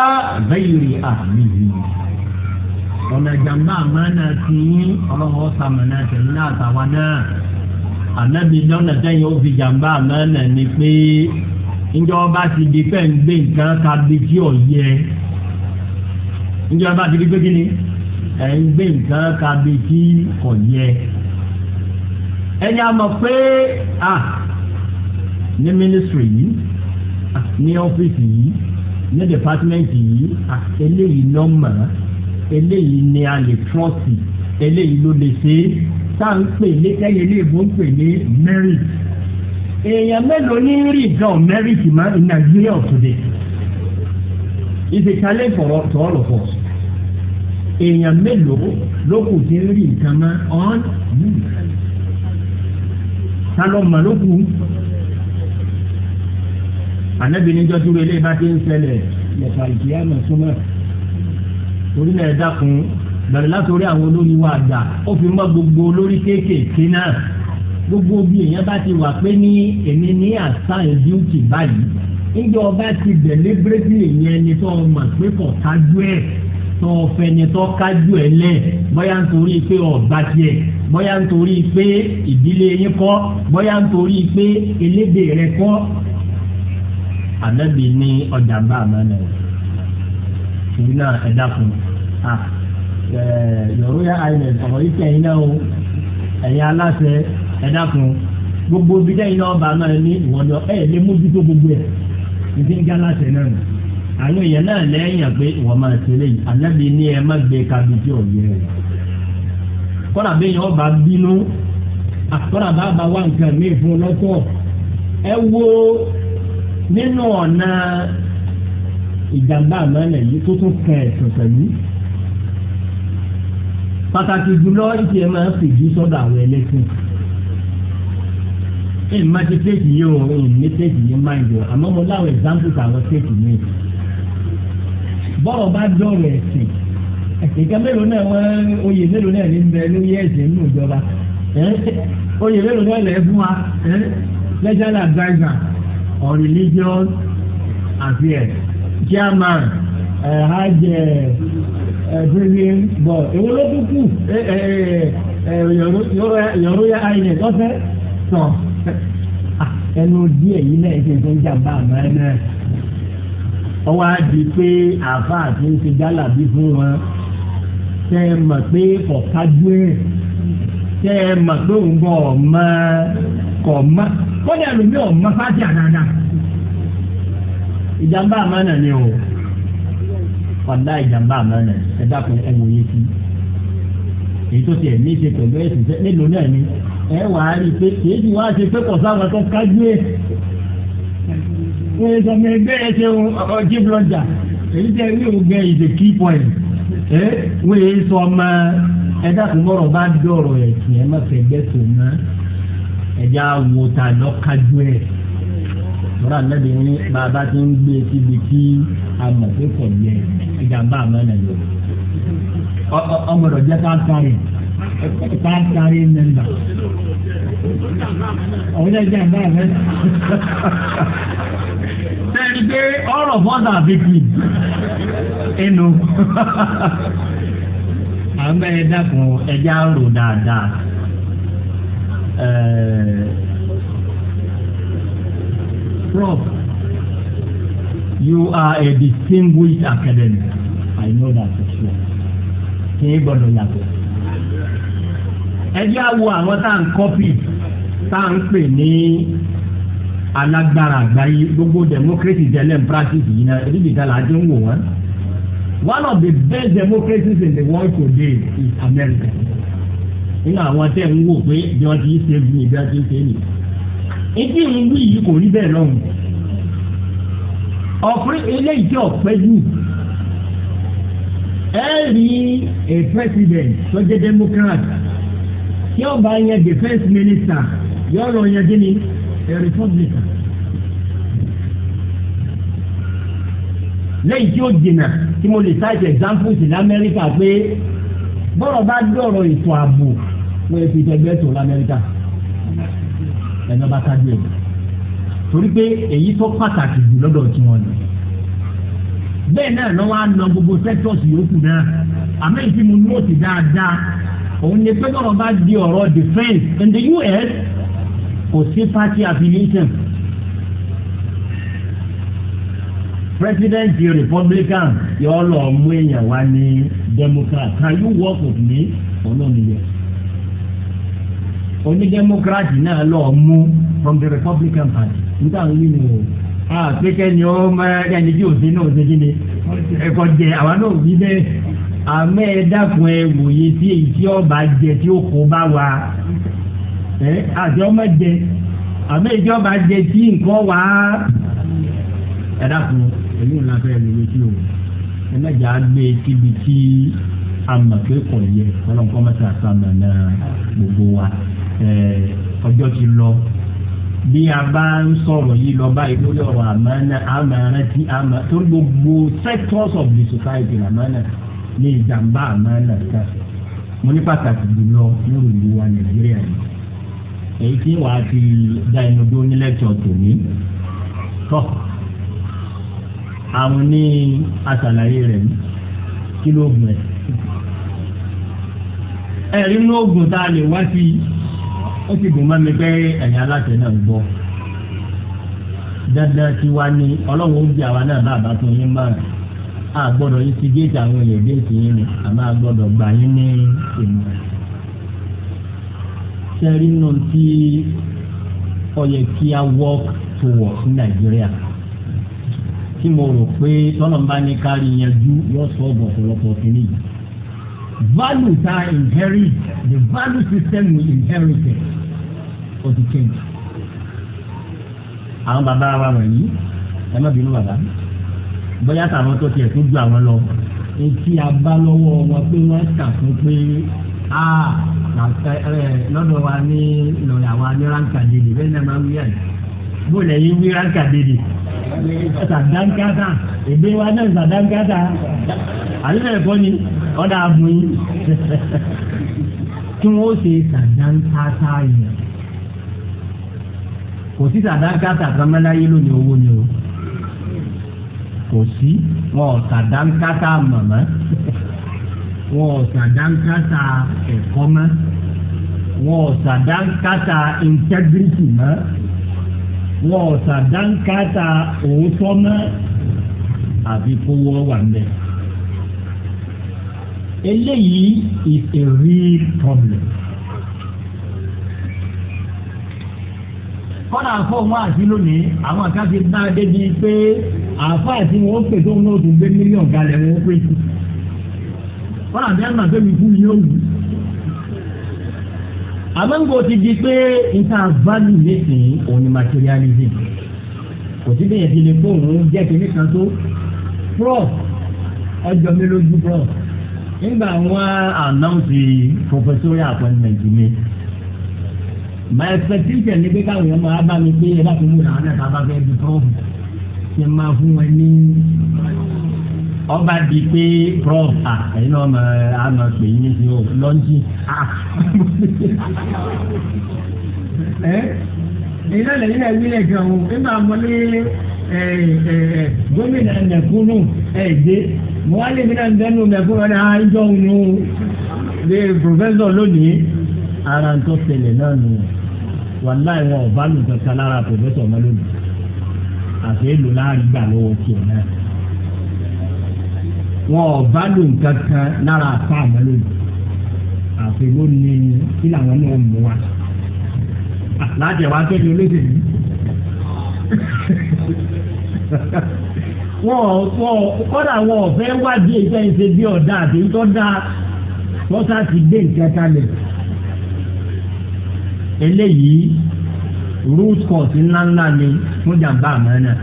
bẹ́yìrì àmì yìí. ọ̀nà ìjàmbá àmàna ti yín ọlọ́wọ́ sàmànà tẹ̀lé náà tàwọn náà. àdábì lọ́nà tẹ̀yìn ó fi jàmbá àmàna ni pé ìjọba ti di pẹ́ ń gbé nǹkan kábi tí ti di pé kí ni ẹ̀ ń gbé nǹkan kabi tí kò yẹ ẹ̀yin a mọ̀ pé à ní mínísírì yìí ní ọ́fíìsì yìí ní dìpátímẹ́ǹtì yìí eléyìí nọ́mbà eléyìí ni a lè trọ́ọ̀tì eléyìí ló lè ṣe é tá à ń pè ní kẹ́yìn ilé ìbò ń pè ní merit èèyàn mélòó ní rí ìjọ merit máa ń Nàìjíríà today it's a challenge for all of us èèyàn mélòó ló kù tí ń rí nǹkan mọ́ ọ́n ta ló mọ̀ ló kù. ànábì níjọ́ dúró ilé bá ti ń ṣẹlẹ̀ lẹ́fà ìkíyà mọ̀ súnmọ́ torí náà ẹ dákun bẹ̀rẹ̀ látòrí àwọn olórí wa àgbà ó fi mọ́ gbogbo olórí kéékèèké náà gbogbo bí èèyàn bá ti wà pé ní èmi ní àṣàyàn díútì báyìí níjọ́ ọba ti dẹ̀ lébrétì èèyàn ẹni tó ọmọ pé kọ̀ kájú ẹ̀ tó fẹnitọ́ kájú ẹ̀ lẹ̀ bóyá nítorí pé ọ̀gbà tiẹ̀ bóyá nítorí pé ìdílé yín kọ́ bóyá nítorí pé elédè rẹ̀ kọ́ ànábì ní ọjà bá àmọ́ náà ìlú náà ẹ dákun yọ̀rọ̀ yà àìlẹ̀ ọ̀rọ̀ yìí tẹ̀yìn náà o ẹ̀yin aláṣẹ ẹ dákun gbogbo bíjẹ́ yìí náà bá náà ní ìwọ́n lọ ẹ̀ lé mójútó gbogbo ẹ̀ ìdí ń gá aláṣẹ náà àwọn èèyàn náà lẹ́yìn pé wọ́n máa ṣe léyìí ànábì ní ẹ má gbé kábi tí ò yẹ rẹ̀ kọ́nà bí yẹn ọba bínú kọ́nà bá ba wá nǹkan mí fún lọ́tọ̀ ẹ wo nínú ọ̀nà ìjàmbá àmọ́lẹ̀ yìí tó tún kẹ ẹ̀sùn pẹ̀lú pàtàkì jùlọ ìṣe máa ń fìdí sọ́dọ̀ àwọn ẹlẹ́sìn ìmọ̀ ti tẹ̀sí yìí o ìmọ̀ tẹ̀sí yìí máa ń jọ àmọ́ mo láwọn example àwọn tẹ̀sí yìí bọ́rọ̀ bá dọ̀rọ̀ ẹ̀sìn ìka mélòó náà wọ́n oyè mélòó náà ní bẹ lórí ẹ̀sìn nínú ìjọba oyè mélòó náà lẹ̀ fún wa legal adviser on religious affairs chairman hajj president board èwo ló tún kù yọ̀rọ̀yà inec ọ̀fẹ́ tán ẹnu díẹ̀ yìí náà ṣe ń jà àmọ́ ẹ náà ọwọ́ á di pé àáfàá ti ń ṣe jálàbí fún wọn tẹ́ ẹ mọ̀ pé kọ̀ọ̀kájú ẹ̀ tẹ́ ẹ mọ̀ pé òun bọ̀ ọ̀mọ kọ̀ mọ́ kọ́dà ọ̀mọ fájì àdáadáa ìjàmbá àmánà ni o ọ̀dà ìjàmbá àmánà ẹ dákun ẹ wòye sí èyí tó tiẹ̀ ní ṣe pẹ̀lú ẹ̀sìn nílùú náà ni ẹ wàá rí i pé kìí ti wá ṣe pé kọ̀ sáwọn tó kájú ẹ̀ wọ́n yẹ sọmọ ẹgbẹ́ yẹn ṣe ọjí blọ́jà èyí tẹ́ ní ògbẹ́ is a key point ẹ wọ́n yẹ sọ ọmọ ẹ̀dá tó bọ̀rọ̀ bá dọ̀rọ̀ ẹ̀sìn ẹ̀ má fẹ́ gbẹ́ tó mọ́ ẹ̀dá wo ta lọ́kájú ẹ̀ lọ́rọ̀ àlẹ́bí ní bàbá tí ń gbé síbi tí a mọ̀ pé kò yẹ ìjàmbá àmọ́ ẹ̀ lọ ọmọdé jẹ́ ká sáré ká sáré mẹ́mbà. àwọn yẹn jẹ́ àgbà rẹ. sẹ́ni pé ọ̀rọ̀ fọ́tà bìkì inú. àwọn bẹ́ẹ̀ dàkún ẹja rò dáadáa. Prof, you are a distinguished academic. I know that for sure. gbọ́dọ̀ yàtọ̀. àwọn tá à ń kọ́pì. tá ní alágbára àgbáyé gbogbo democracy tẹ́lẹ̀ ń practice yìí náà ebi ìta làá ń wò wọ́n. one of the best democracies in the world today is America. nínú àwọn tẹ́ ń wò pé bí wọ́n ti ṣe bí bí wọ́n ti ṣe nìyí. etí ìrìn wí yìí kò rí bẹ́ẹ̀ lọ́hùn. ọ̀pẹ́ eléyìí jẹ́ ọ̀pẹ́ jù. ẹ rí a president tó jẹ́ democrat tí ó bá yẹn defence minister yóò lọ yẹn gíní republican lẹ́yìn tí ó jìnnà tí mo lè cite examples ní amẹ́ríkà pé bọ́rọ̀ bá dọ̀rọ̀ ètò ààbò wọ́n fi tẹgbẹ́ tó lamẹ́ríkà ẹ̀nà bá kájú ẹ̀ torí pé èyí tó pàtàkì jù lọ́dọ̀ tí wọ́n lò bẹ́ẹ̀ náà lọ́wọ́ á nà gbogbo sectors yòókù náà àmọ́ ìfimú nóòtì dáadáa òun ni pé bọ́rọ̀ bá di ọ̀rọ̀ defence in the US kò sí party affiliation president republican yóò lọ mú èèyàn wá ní democrat can you work with me ọlọ́nìyẹ oní democrat náà lọ mú from the republican party nígbà wí ni o a pété ni ó máa ẹni tí òsín náà ṣe kíni ẹkọ jẹ àwa náà wí bẹ́ẹ̀ àmọ́ ẹ dákun ẹ wòye sí èyí tí ọba jẹ tí ó kó bá wa àti ọmọ jẹ àmọ́ ìjọba jẹ tí nǹkan wà á. ẹ dákun èyí ò lábẹ́ ẹ̀ lórí tí o ẹ mẹ́jà á gbé síbi tí a mọ̀ pé kò yẹ ọlọ́nkọ́ mẹ́ta sàmì náà gbogbo wa ọjọ́ ti lọ bí a bá ń sọ̀rọ̀ yìí lọ báyìí lórí ọ̀rọ̀ àmọ́nà àmọ́nà tí àmọ́ torí gbogbo sectors of the society àmọ́nà ní ìjàmbá àmọ́nà kan mo ní pàtàkì jùlọ nírò ìlú wa nàìjíríà yìí èyí tí wàá fi da ẹnu dúró ní lẹ́kṣọ̀ tòní. tọ́ àwọn ní àṣàlàyé rẹ̀ kí ló ẹ̀. ẹ̀rí inú oògùn tá a lè wá sí ó sì gùn mọ́ mi pé ẹ̀yìn aláṣẹ náà ń bọ̀ dandan ti wá ní ọlọ́run ó bí àwa náà bá àbá tó yín márùn a gbọ́dọ̀ yín ti géètì àwọn èèyàn géètì yín ni àmọ́ a gbọ́dọ̀ gbà yín ní ìmọ̀ràn sẹ́rí nù tí ó yẹ kí a work to work ní nàìjíríà tí mo rò pé tọ́lọ̀ ń bá ní kárí yanjú yóò sọ ọ̀bọ̀ ọ̀pọ̀lọpọ̀ kìíní value ta inherit the value system we inherited For the change àwọn bàbá wa wọ̀nyí ẹ má bínú bàbá bóyá tàwọn tó tiẹ̀ tó ju àwọn lọ etí abá lọ́wọ́ wọn pé wọ́n kà fún pé a. Ah, lọ́dọ̀ wa ní lọ́yà wa ní ránkà dèdè bẹ́ẹ̀ náà máa ń wíyà yìí bó lẹ̀ yí wí ránkà dèdè sàdánkátà èdè wa náà sàdánkátà àlejò ẹ̀kọ́ ni ọ̀dà àbùn yìí kí wọ́n ṣe sàdánkátà yẹn kò sí sàdánkátà kan lónìí owó ni o kò sí wọn sàdánkátà mọ̀mọ́ wọn ò sàdánkátà ẹ̀kọ́ mọ́ wọn ò sàdánkátà integrity mọ́ wọn ò sàdánkátà òótọ́ mọ́ àfi kówó wà ń bẹ̀. eléyìí is a real problem. kọ́nà àfọ̀wọ́n àti lónìí àwọn àkàtì bá a débi pé àfọ̀ àti wọn ó pè tó ń lóòótọ́ gbé mílíọ̀nù kalẹ̀ wọn ó pè fọlá bí ẹnu àfẹ́ mi fún yóò wù. àmọ́ngò ti di pé nǹkan value nísìnyí òun ni materialism kò sí bẹ́ẹ̀ ti lè fóun jẹ́ kínní kan tó prof ọjọ́ mi lójú prof nígbà wọn announce professorial appointment mi my expectation ni pé káwọn ọmọ abá mi gbé ẹ bá fi mú làwọn ẹ̀ka bá fẹ́ di prof ṣe máa fún wọn ní ọba di pé prof ẹyin náà mọ àmọ pé yín ní o lọ́njì <laughs> ẹ iná lẹ́yìn náà wílẹ̀ gan o nígbà mọ́lé gómìnà mẹ̀kúnnù ẹ̀ẹ́dẹ́ mo wá lè mí náà bẹ́ẹ̀ nù mẹ̀kúnnù ọ̀dà ah, ìjọ ònú lè pòfẹ́sọ̀ lónìí ara ń tó tẹ̀lé náà nù wàláì wọn ò bá lù lára pòfẹ́sọ̀ mọ́ àti èlò láàrin gbà lọ́wọ́ tiẹ̀ náà wọn ò bá lò nǹkan kan lára àfa àmọ́ lónìí àfẹ́gbó ni kí làwọn náà mú wa láti ẹ̀wá kéde olóṣèlú wọn wọn kọ́dà wọn ò fẹ́ wádìí ìfẹ́ ìṣe bí ọ̀dà àti ìtọ́ da wọ́n sá ti gbé nǹkan kalẹ̀ eléyìí root cause ńláńlá ni fún jàǹbá àmọ́ náà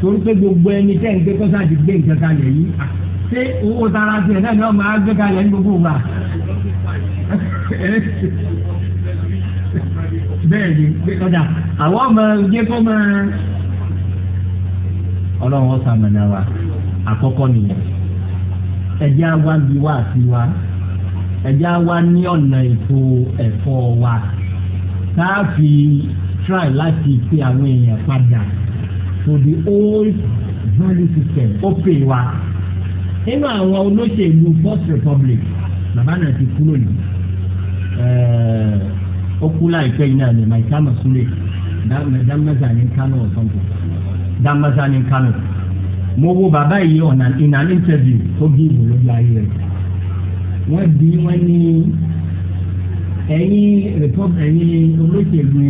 torí pé gbogbo ẹni tẹ́ ń gbé kọ́sá ti gbé nǹkan kalẹ̀ yìí ṣé owó tara tiẹ̀ náà ni wọ́n máa gbé kalẹ̀ ní gbogbo ìgbà. bẹ́ẹ̀ ni ọjà àwọn ọmọ ẹgbẹ́ kọ́ máa. ọlọ́run ọ̀sán mẹ́ta wa àkọ́kọ́ nìyẹn ẹ̀jẹ̀ àwa ń bi wá àti wa ẹ̀jẹ̀ àwa ní ọ̀nà ètò ẹ̀fọ́ wa tá a fi try láti pe àwọn èèyàn padà to the old value system ó pè wá nínú àwọn olóṣèlú first republic bàbá náà ti kú lónìí ó kú láìpẹ́ yìí náà ní maita masule damasa ní kano or something damasa ní kano mo wo bàbá yìí ọ̀nà in an interview tó bí ìbò lójú ayé rẹ̀ wọ́n bí wọ́n ní ẹ̀yin olóṣèlú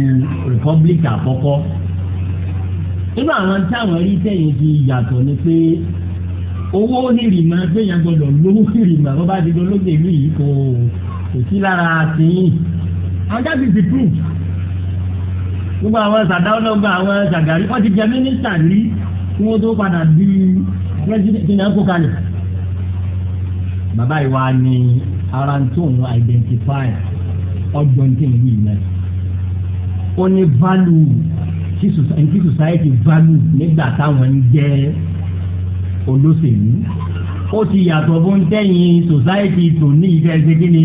republic àkọ́kọ́ nínú àwọn táwọn rí sẹ́yìn ti yàtọ̀ ni pé owó onírìmọ̀ gbẹ̀yàn gbọ́dọ̀ lówó onírìmọ̀ bó bá di lọ́lọ́gbẹ̀ ìlú yìí kò kò sí lára sí i and that is the proof gbogbo àwọn sàdáwọ́ náà gba àwọn sàgárí wọ́n ti jẹ mínísítà rí kí wọ́n tó padà di pírẹ́sìdẹ̀ntì náà kó kalẹ̀ bàbá ìwà ni ara tó ń identify ọgbọ́n tí ń wí náà ó ní value tí society value nígbà táwọn ń jẹ́ olóṣèlú ó ti yàtọ̀ fún tẹ́yìn sòsáìtì tòní ìfẹ́ ẹgbẹ́ kínní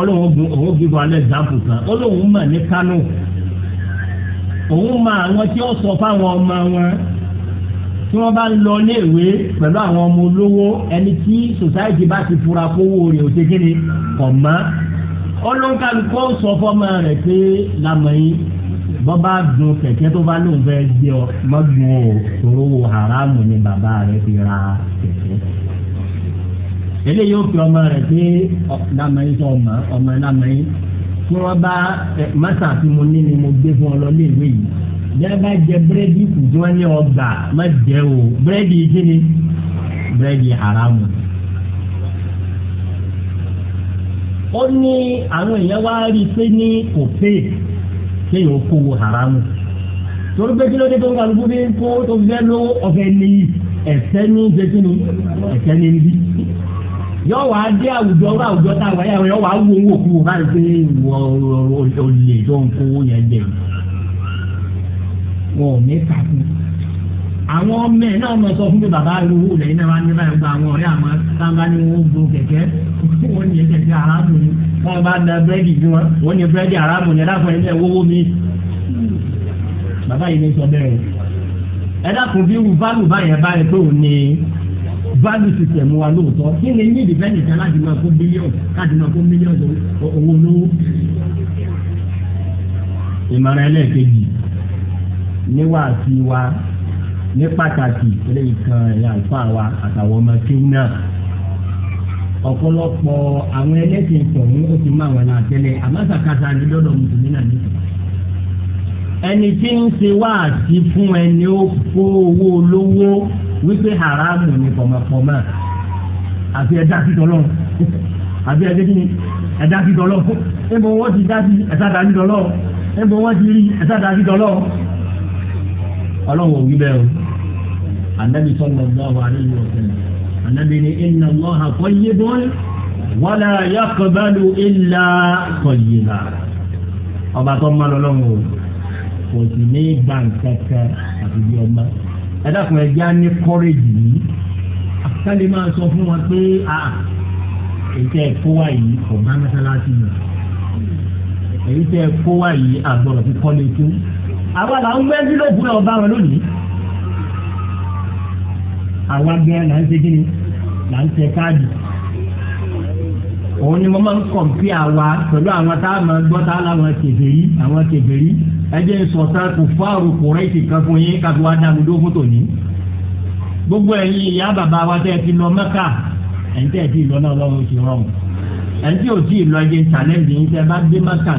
ọlọ́run gun òun gbígbọ́ alẹ́ ìdáàbò kan ọlọ́run mọ̀ ní kánò òun mọ àwọn tí ó sọ fáwọn ọmọ wọn tí wọ́n bá ń lọ léèwé pẹ̀lú àwọn ọmọ olówó ẹni tí sòsáìtì bá ti fura kówó rẹ̀ ò ṣe kínní ọ̀mọ́ ọlọ́run kálukọ́ sọ fọ́mọ rẹ̀ pé làmọ̀ yín bọ́ bá gun kẹ̀kẹ́ tó bá lóun fẹ́ gbé ọ mọ́gun o òróró haramu ni bàbá rẹ fi ra kẹ̀kẹ́ eléyìí ó fi ọmọ rẹ pé ọ̀nàmọ́yìn sọ ọmọ ọmọ ẹ̀nàmọ́yìn tí wọ́n bá mọ́tà tí mo ní ni mo gbé fún ọ lọ léèwé yìí bẹ́ẹ̀ bá jẹ búrẹ́dì kù tí wọ́n ní ọgbà má jẹ́ o búrẹ́dì kí ni búrẹ́dì haramu. ó ní àwọn èèyàn wá rí i pé ní kò pé kéèyàn kó wo haramu torí pé kí ló dé tó ń kálukú bí kó tó fẹ́ ló ọ̀fẹ́ ní ẹ̀fẹ́ ní jẹ́kínú ẹ̀fẹ́ ní bí yọ wà á dé àwùjọ bá àwùjọ tá a wà yà yọ wà á wo owó kú wò báyìí pé wọ olè tó ń kó yẹn jẹ wọn ò ní kàkú àwọn ọmọ ẹ̀ náà mọ̀ sọ fún mi bàbá ìlú lẹ́yìn náà wá ní báyìí gba àwọn ọ̀rẹ́ àmọ́ sáńgá ni wọ́n gbó kẹ̀kẹ́ wọ́n ní kẹ̀kẹ́ aráàlú ni wọ́n bá da búrẹ́dì bí wọn wọ́n ní búrẹ́dì aráàlú ni ẹ̀dá fún ẹ̀ wọ́wọ́ mi. bàbá yìí ló sọ bẹ́ẹ̀ ẹ̀dá kò bí wù válù báyẹn báyẹn tó ní value system wa lóòótọ́ kí ni ní ìdìbẹ́ni kan láti máa kó bílíọ̀nù láti máa kó mílíọ̀nù owó olówó. ìmọ̀ràn ẹlẹ́ẹ̀kejì níwáàtí wa ní pàtàkì eléyìí kan ẹ̀yà àlùfáà wa àtàwọn ọmọ kéwù náà ọ̀pọ̀lọpọ̀ àwọn ẹlẹ́sìn ìtọ̀hún ó ti máa wọn àtẹlẹ àmásàkàtà ní lọ́dọ̀ mùsùlùmí náà ní. ẹni tí ń ṣe wáàsí fún ẹni ó kó owó olówó wípé haramu ni pọ̀mọ̀pọ̀mọ̀ àfi ẹ̀dá títọ́ lọ́wọ́ àfi ẹ̀dá kí ni ẹ̀dá títọ́ lọ́wọ́ ẹ̀bùn wọ́n ti dá sí ẹ̀sádà títọ́ lọ́wọ́ ẹ̀bùn wọ́n ti rí ẹ̀sádà títọ́ lọ́wọ́ ọlọ́wọ́ òwú bẹ́ẹ̀ o. النبي صلى الله عليه وسلم النبي إن الله allaha ولا يقبل إلا illa tayyiba ọba tó ma lọ́lọ́run o kò sì ní gbà kankan àti bí ọmọ ẹ dákun ẹ já ní kọ́rẹ́jì yìí kálí máa sọ fún wọn pé a ètò ẹ̀kọ́ wa yìí kò bá mẹ́sálásí èyí tẹ́ ẹ̀kọ́ wa yìí àgbọ̀rọ̀ fi kọ́ lé àwa là ń gbẹ́ wọn lónìí àwa gan là ń ṣe kí ni là ń tẹ káàdì òun ni mo máa ń kọ̀m̀pì àwa pẹ̀lú àwọn tá a máa gbọ́ tá a láwọn kèfèrí àwọn kèfèrí ẹ jẹ́ ń sọ̀tàn kò fáàrù kùrẹ́ẹ̀tì kan fún yín káfí wá dá mi dó fótó ní. gbogbo ẹ̀yin ìyá bàbá wa tẹ́ ẹ ti lọ Mẹ́kà ẹ̀yin tẹ́ ẹ ti lọ náà lọ́wọ́ ti rọrùn ẹ̀yin tí ò tí ì lọ ẹ̀jẹ̀ ń challenge yín ẹ bá dé Mẹ́kà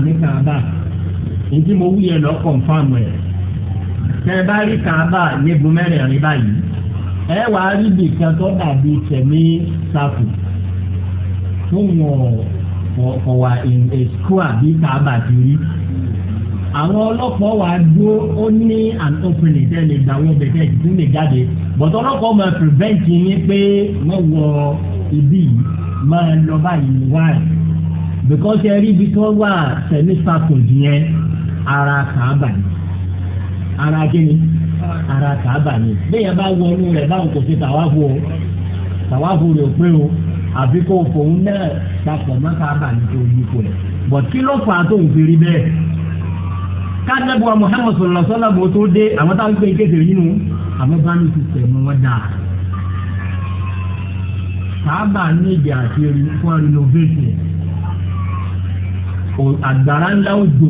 ní ẹ wà á rí ibì kan tó dàbí tẹ̀mí sáfù fún wọn ọ̀wà èkó àbí káàbà ti rí àwọn ọlọ́pàá wà á dúró ó ní àtọ́pẹ̀lẹ̀ tẹ́ lè gbà wọ́n bẹ̀ tẹ́ tún lè jáde bọ̀tọ̀ ọlọ́pàá máa prevent yín pé wọ́n wọ ibi yìí máa lọ báyìí wáyé because ẹ rí ibi tí wọ́n wà tẹ̀mí sáfù yẹn ara káàbà ni ara kí ni ara kàábà ni bẹ́ẹ̀ bá wọnú rẹ̀ báwo kò ṣe tàwáfù o tàwáfù rẹ̀ ò pé o àfi kó fòun náà papọ̀ mọ́ kàábà ní tó yí kò rẹ̀ bọ̀ kí ló fà á tó ń firi bẹ́ẹ̀ kádẹ́bù Muhammad sallallahu alaihi wasallam tó dé àwọn táwọn gbé kéde nínú àmọ́ bá ní ti tẹ̀mú wọn dà kàábà ní èdè àti erin fún renovation àgbàrá ńlá òjò.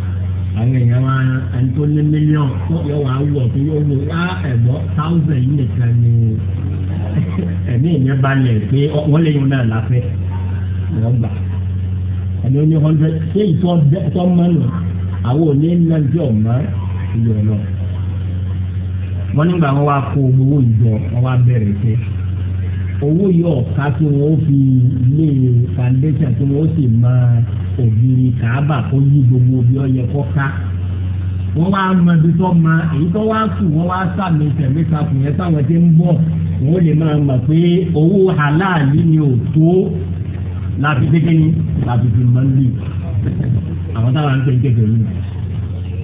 àwọn èèyàn wa ẹni tó lé mílíọ̀n yọ wà wọ̀ tó yọ wò wá ẹ̀gbọ́ táwùsàn yìí nìkan ni ẹ̀mí ìyẹn balẹ̀ pé wọ́n lè yún náà láfẹ́ wọ́n gbà ẹni ó ní hundred ṣé ìtọ́ tọ́ mọ́nù àwọn ò ní lọ́jọ́ mọ́ ìyọ̀ náà wọ́n nígbà wọn wá kó gbogbo ìjọ wọn wá bẹ̀rẹ̀ pé owó yóò ká kí wọn ó fi lé foundation kí wọn ó sì máa ògiri kàábà kó yí gbogbo bí ó yẹ kó ká wọ́n wá mọbi tó ma èyí tó wá kù wọ́n wá sàmì tẹ̀mí kakù yẹn táwọn ti ń bọ̀ wọ́n lè máa mọ̀ pé owó aláàlí ni ò tó láti dégbé ni láti fi máa ń àwọn táwọn ń pè ń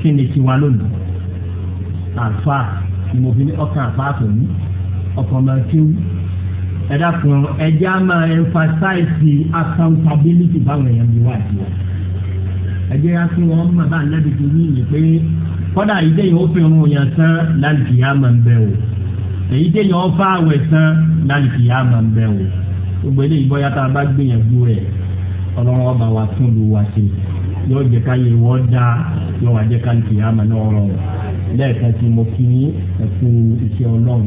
kí ni tiwa lónìí àfa ni ọkàn àfa àtòmí ọkàn máa kéwù. Eda dákun ẹjẹ́ á máa emphasize accountability báwọn èèyàn bí wà á tiwọn ẹjẹ́ á fún wọn mọ̀ bá anábì tó ní ìyè pé kọ́dà ìdè yẹn ó fi hàn yàn tán láti máa ń bẹ̀ o èyí dè yẹn ó fà tán láti máa ń o gbogbo a gbìyànjú rẹ̀ ọlọ́run ọba wa tún lu wa ṣe yóò ká yẹ wọ́n dá yóò wá ká máa náà rọrùn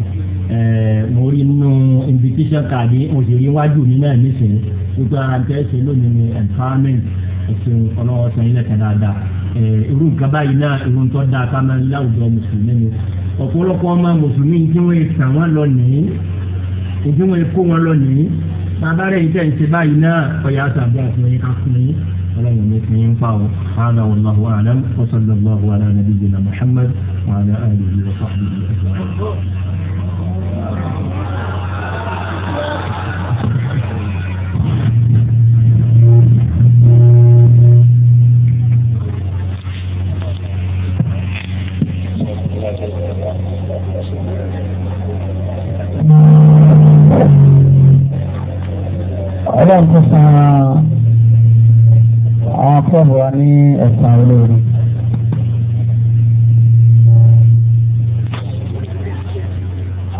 Eh, mo rí inú invitation card mo sì rí iwájú mi náà nísìnyí gbogbo ara ń tẹ́sí lónìí ni empowerment ẹ̀sìn ọlọ́wọ́ sàn yín lẹ́kàn dáadáa eh, irú nǹkan báyìí náà irú tó dáa ká máa ń láwùjọ mùsùlùmí ni ọ̀pọ̀lọpọ̀ ọmọ mùsùlùmí tí wọ́n sàn wọ́n lọ nìyí tí wọ́n kó wọn lọ nìyí bàbá rẹ̀ yìí tẹ̀sí báyìí náà ọ̀yà àtàbí àtúnyẹ̀ká fún yín. ولم يمكن ينفعه هذا والله اعلم وصلى الله على نبينا محمد وعلى اله وصحبه اجمعين ọlọ́run tó san àwọn akọ́bù wa ní ẹ̀sán olóore.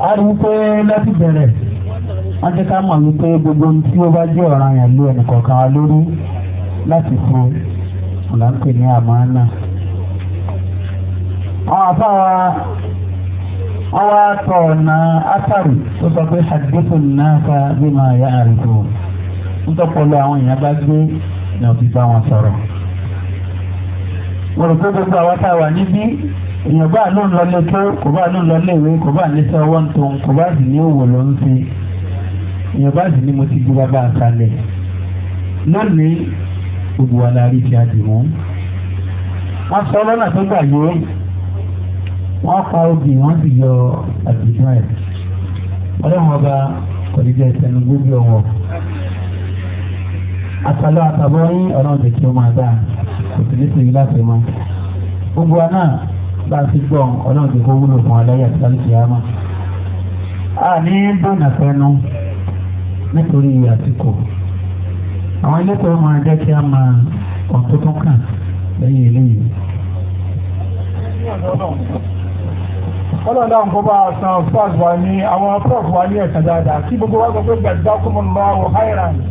a rí i pé láti bẹ̀rẹ̀ wọ́n ti ká mọ̀ wípé gbogbo ohun tí ó bá jẹ́ ọ̀ràn yẹn lé ẹnìkọ̀ọ̀kan wa lórí láti fún ọ̀làǹpè ní àmánà. àwọn àfáà wa wá tọ̀ ọ̀nà átàrí tó sọ pé hadithun náà fa bí máa yá àrùtò ńtọ́pọ̀lọ àwọn èèyàn bá gbé ní òbí bá wọn sọ̀rọ̀. mo rò pé gbogbo àwọn tá a wà níbí èèyàn bá ló ń lọlé tó kò bá ló ń lọlé ìwé kò bá ní sọ́wọ́ ń tó kò bá sì ní òwò ló ń ṣe èèyàn bá sì ní mo ti gbé bàbá àkàlẹ̀ lónìí gbogbo wa la rí ti àdìmú. wọ́n sọ lọ́nà tó gbà yé wọ́n pa obì wọ́n sì yọ àdìmú ẹ̀ ọlọ́run ọba kò ní bí ọwọ́ àtàlọ́ àtàbọ̀ yín ọ̀nà òjò kí ó máa dáa kò sì ní sí i láti mọ. gbogbo wa náà bá a ti gbọ́ ọ̀nà òjò kó wúlò fún aláyà tí wọ́n ti yá mọ́. a ní dùnà fẹ́nu nítorí àsìkò àwọn elétò máa jẹ́ kí a máa kàn tó tún kàn lẹ́yìn eléyìí. ọlọ́dà nǹkan bá a wa ní àwọn prof wa ní ẹ̀sán dáadáa kí gbogbo wa gbọ́ gbàdúrà kó mọ̀ nínú àwọn háìrán.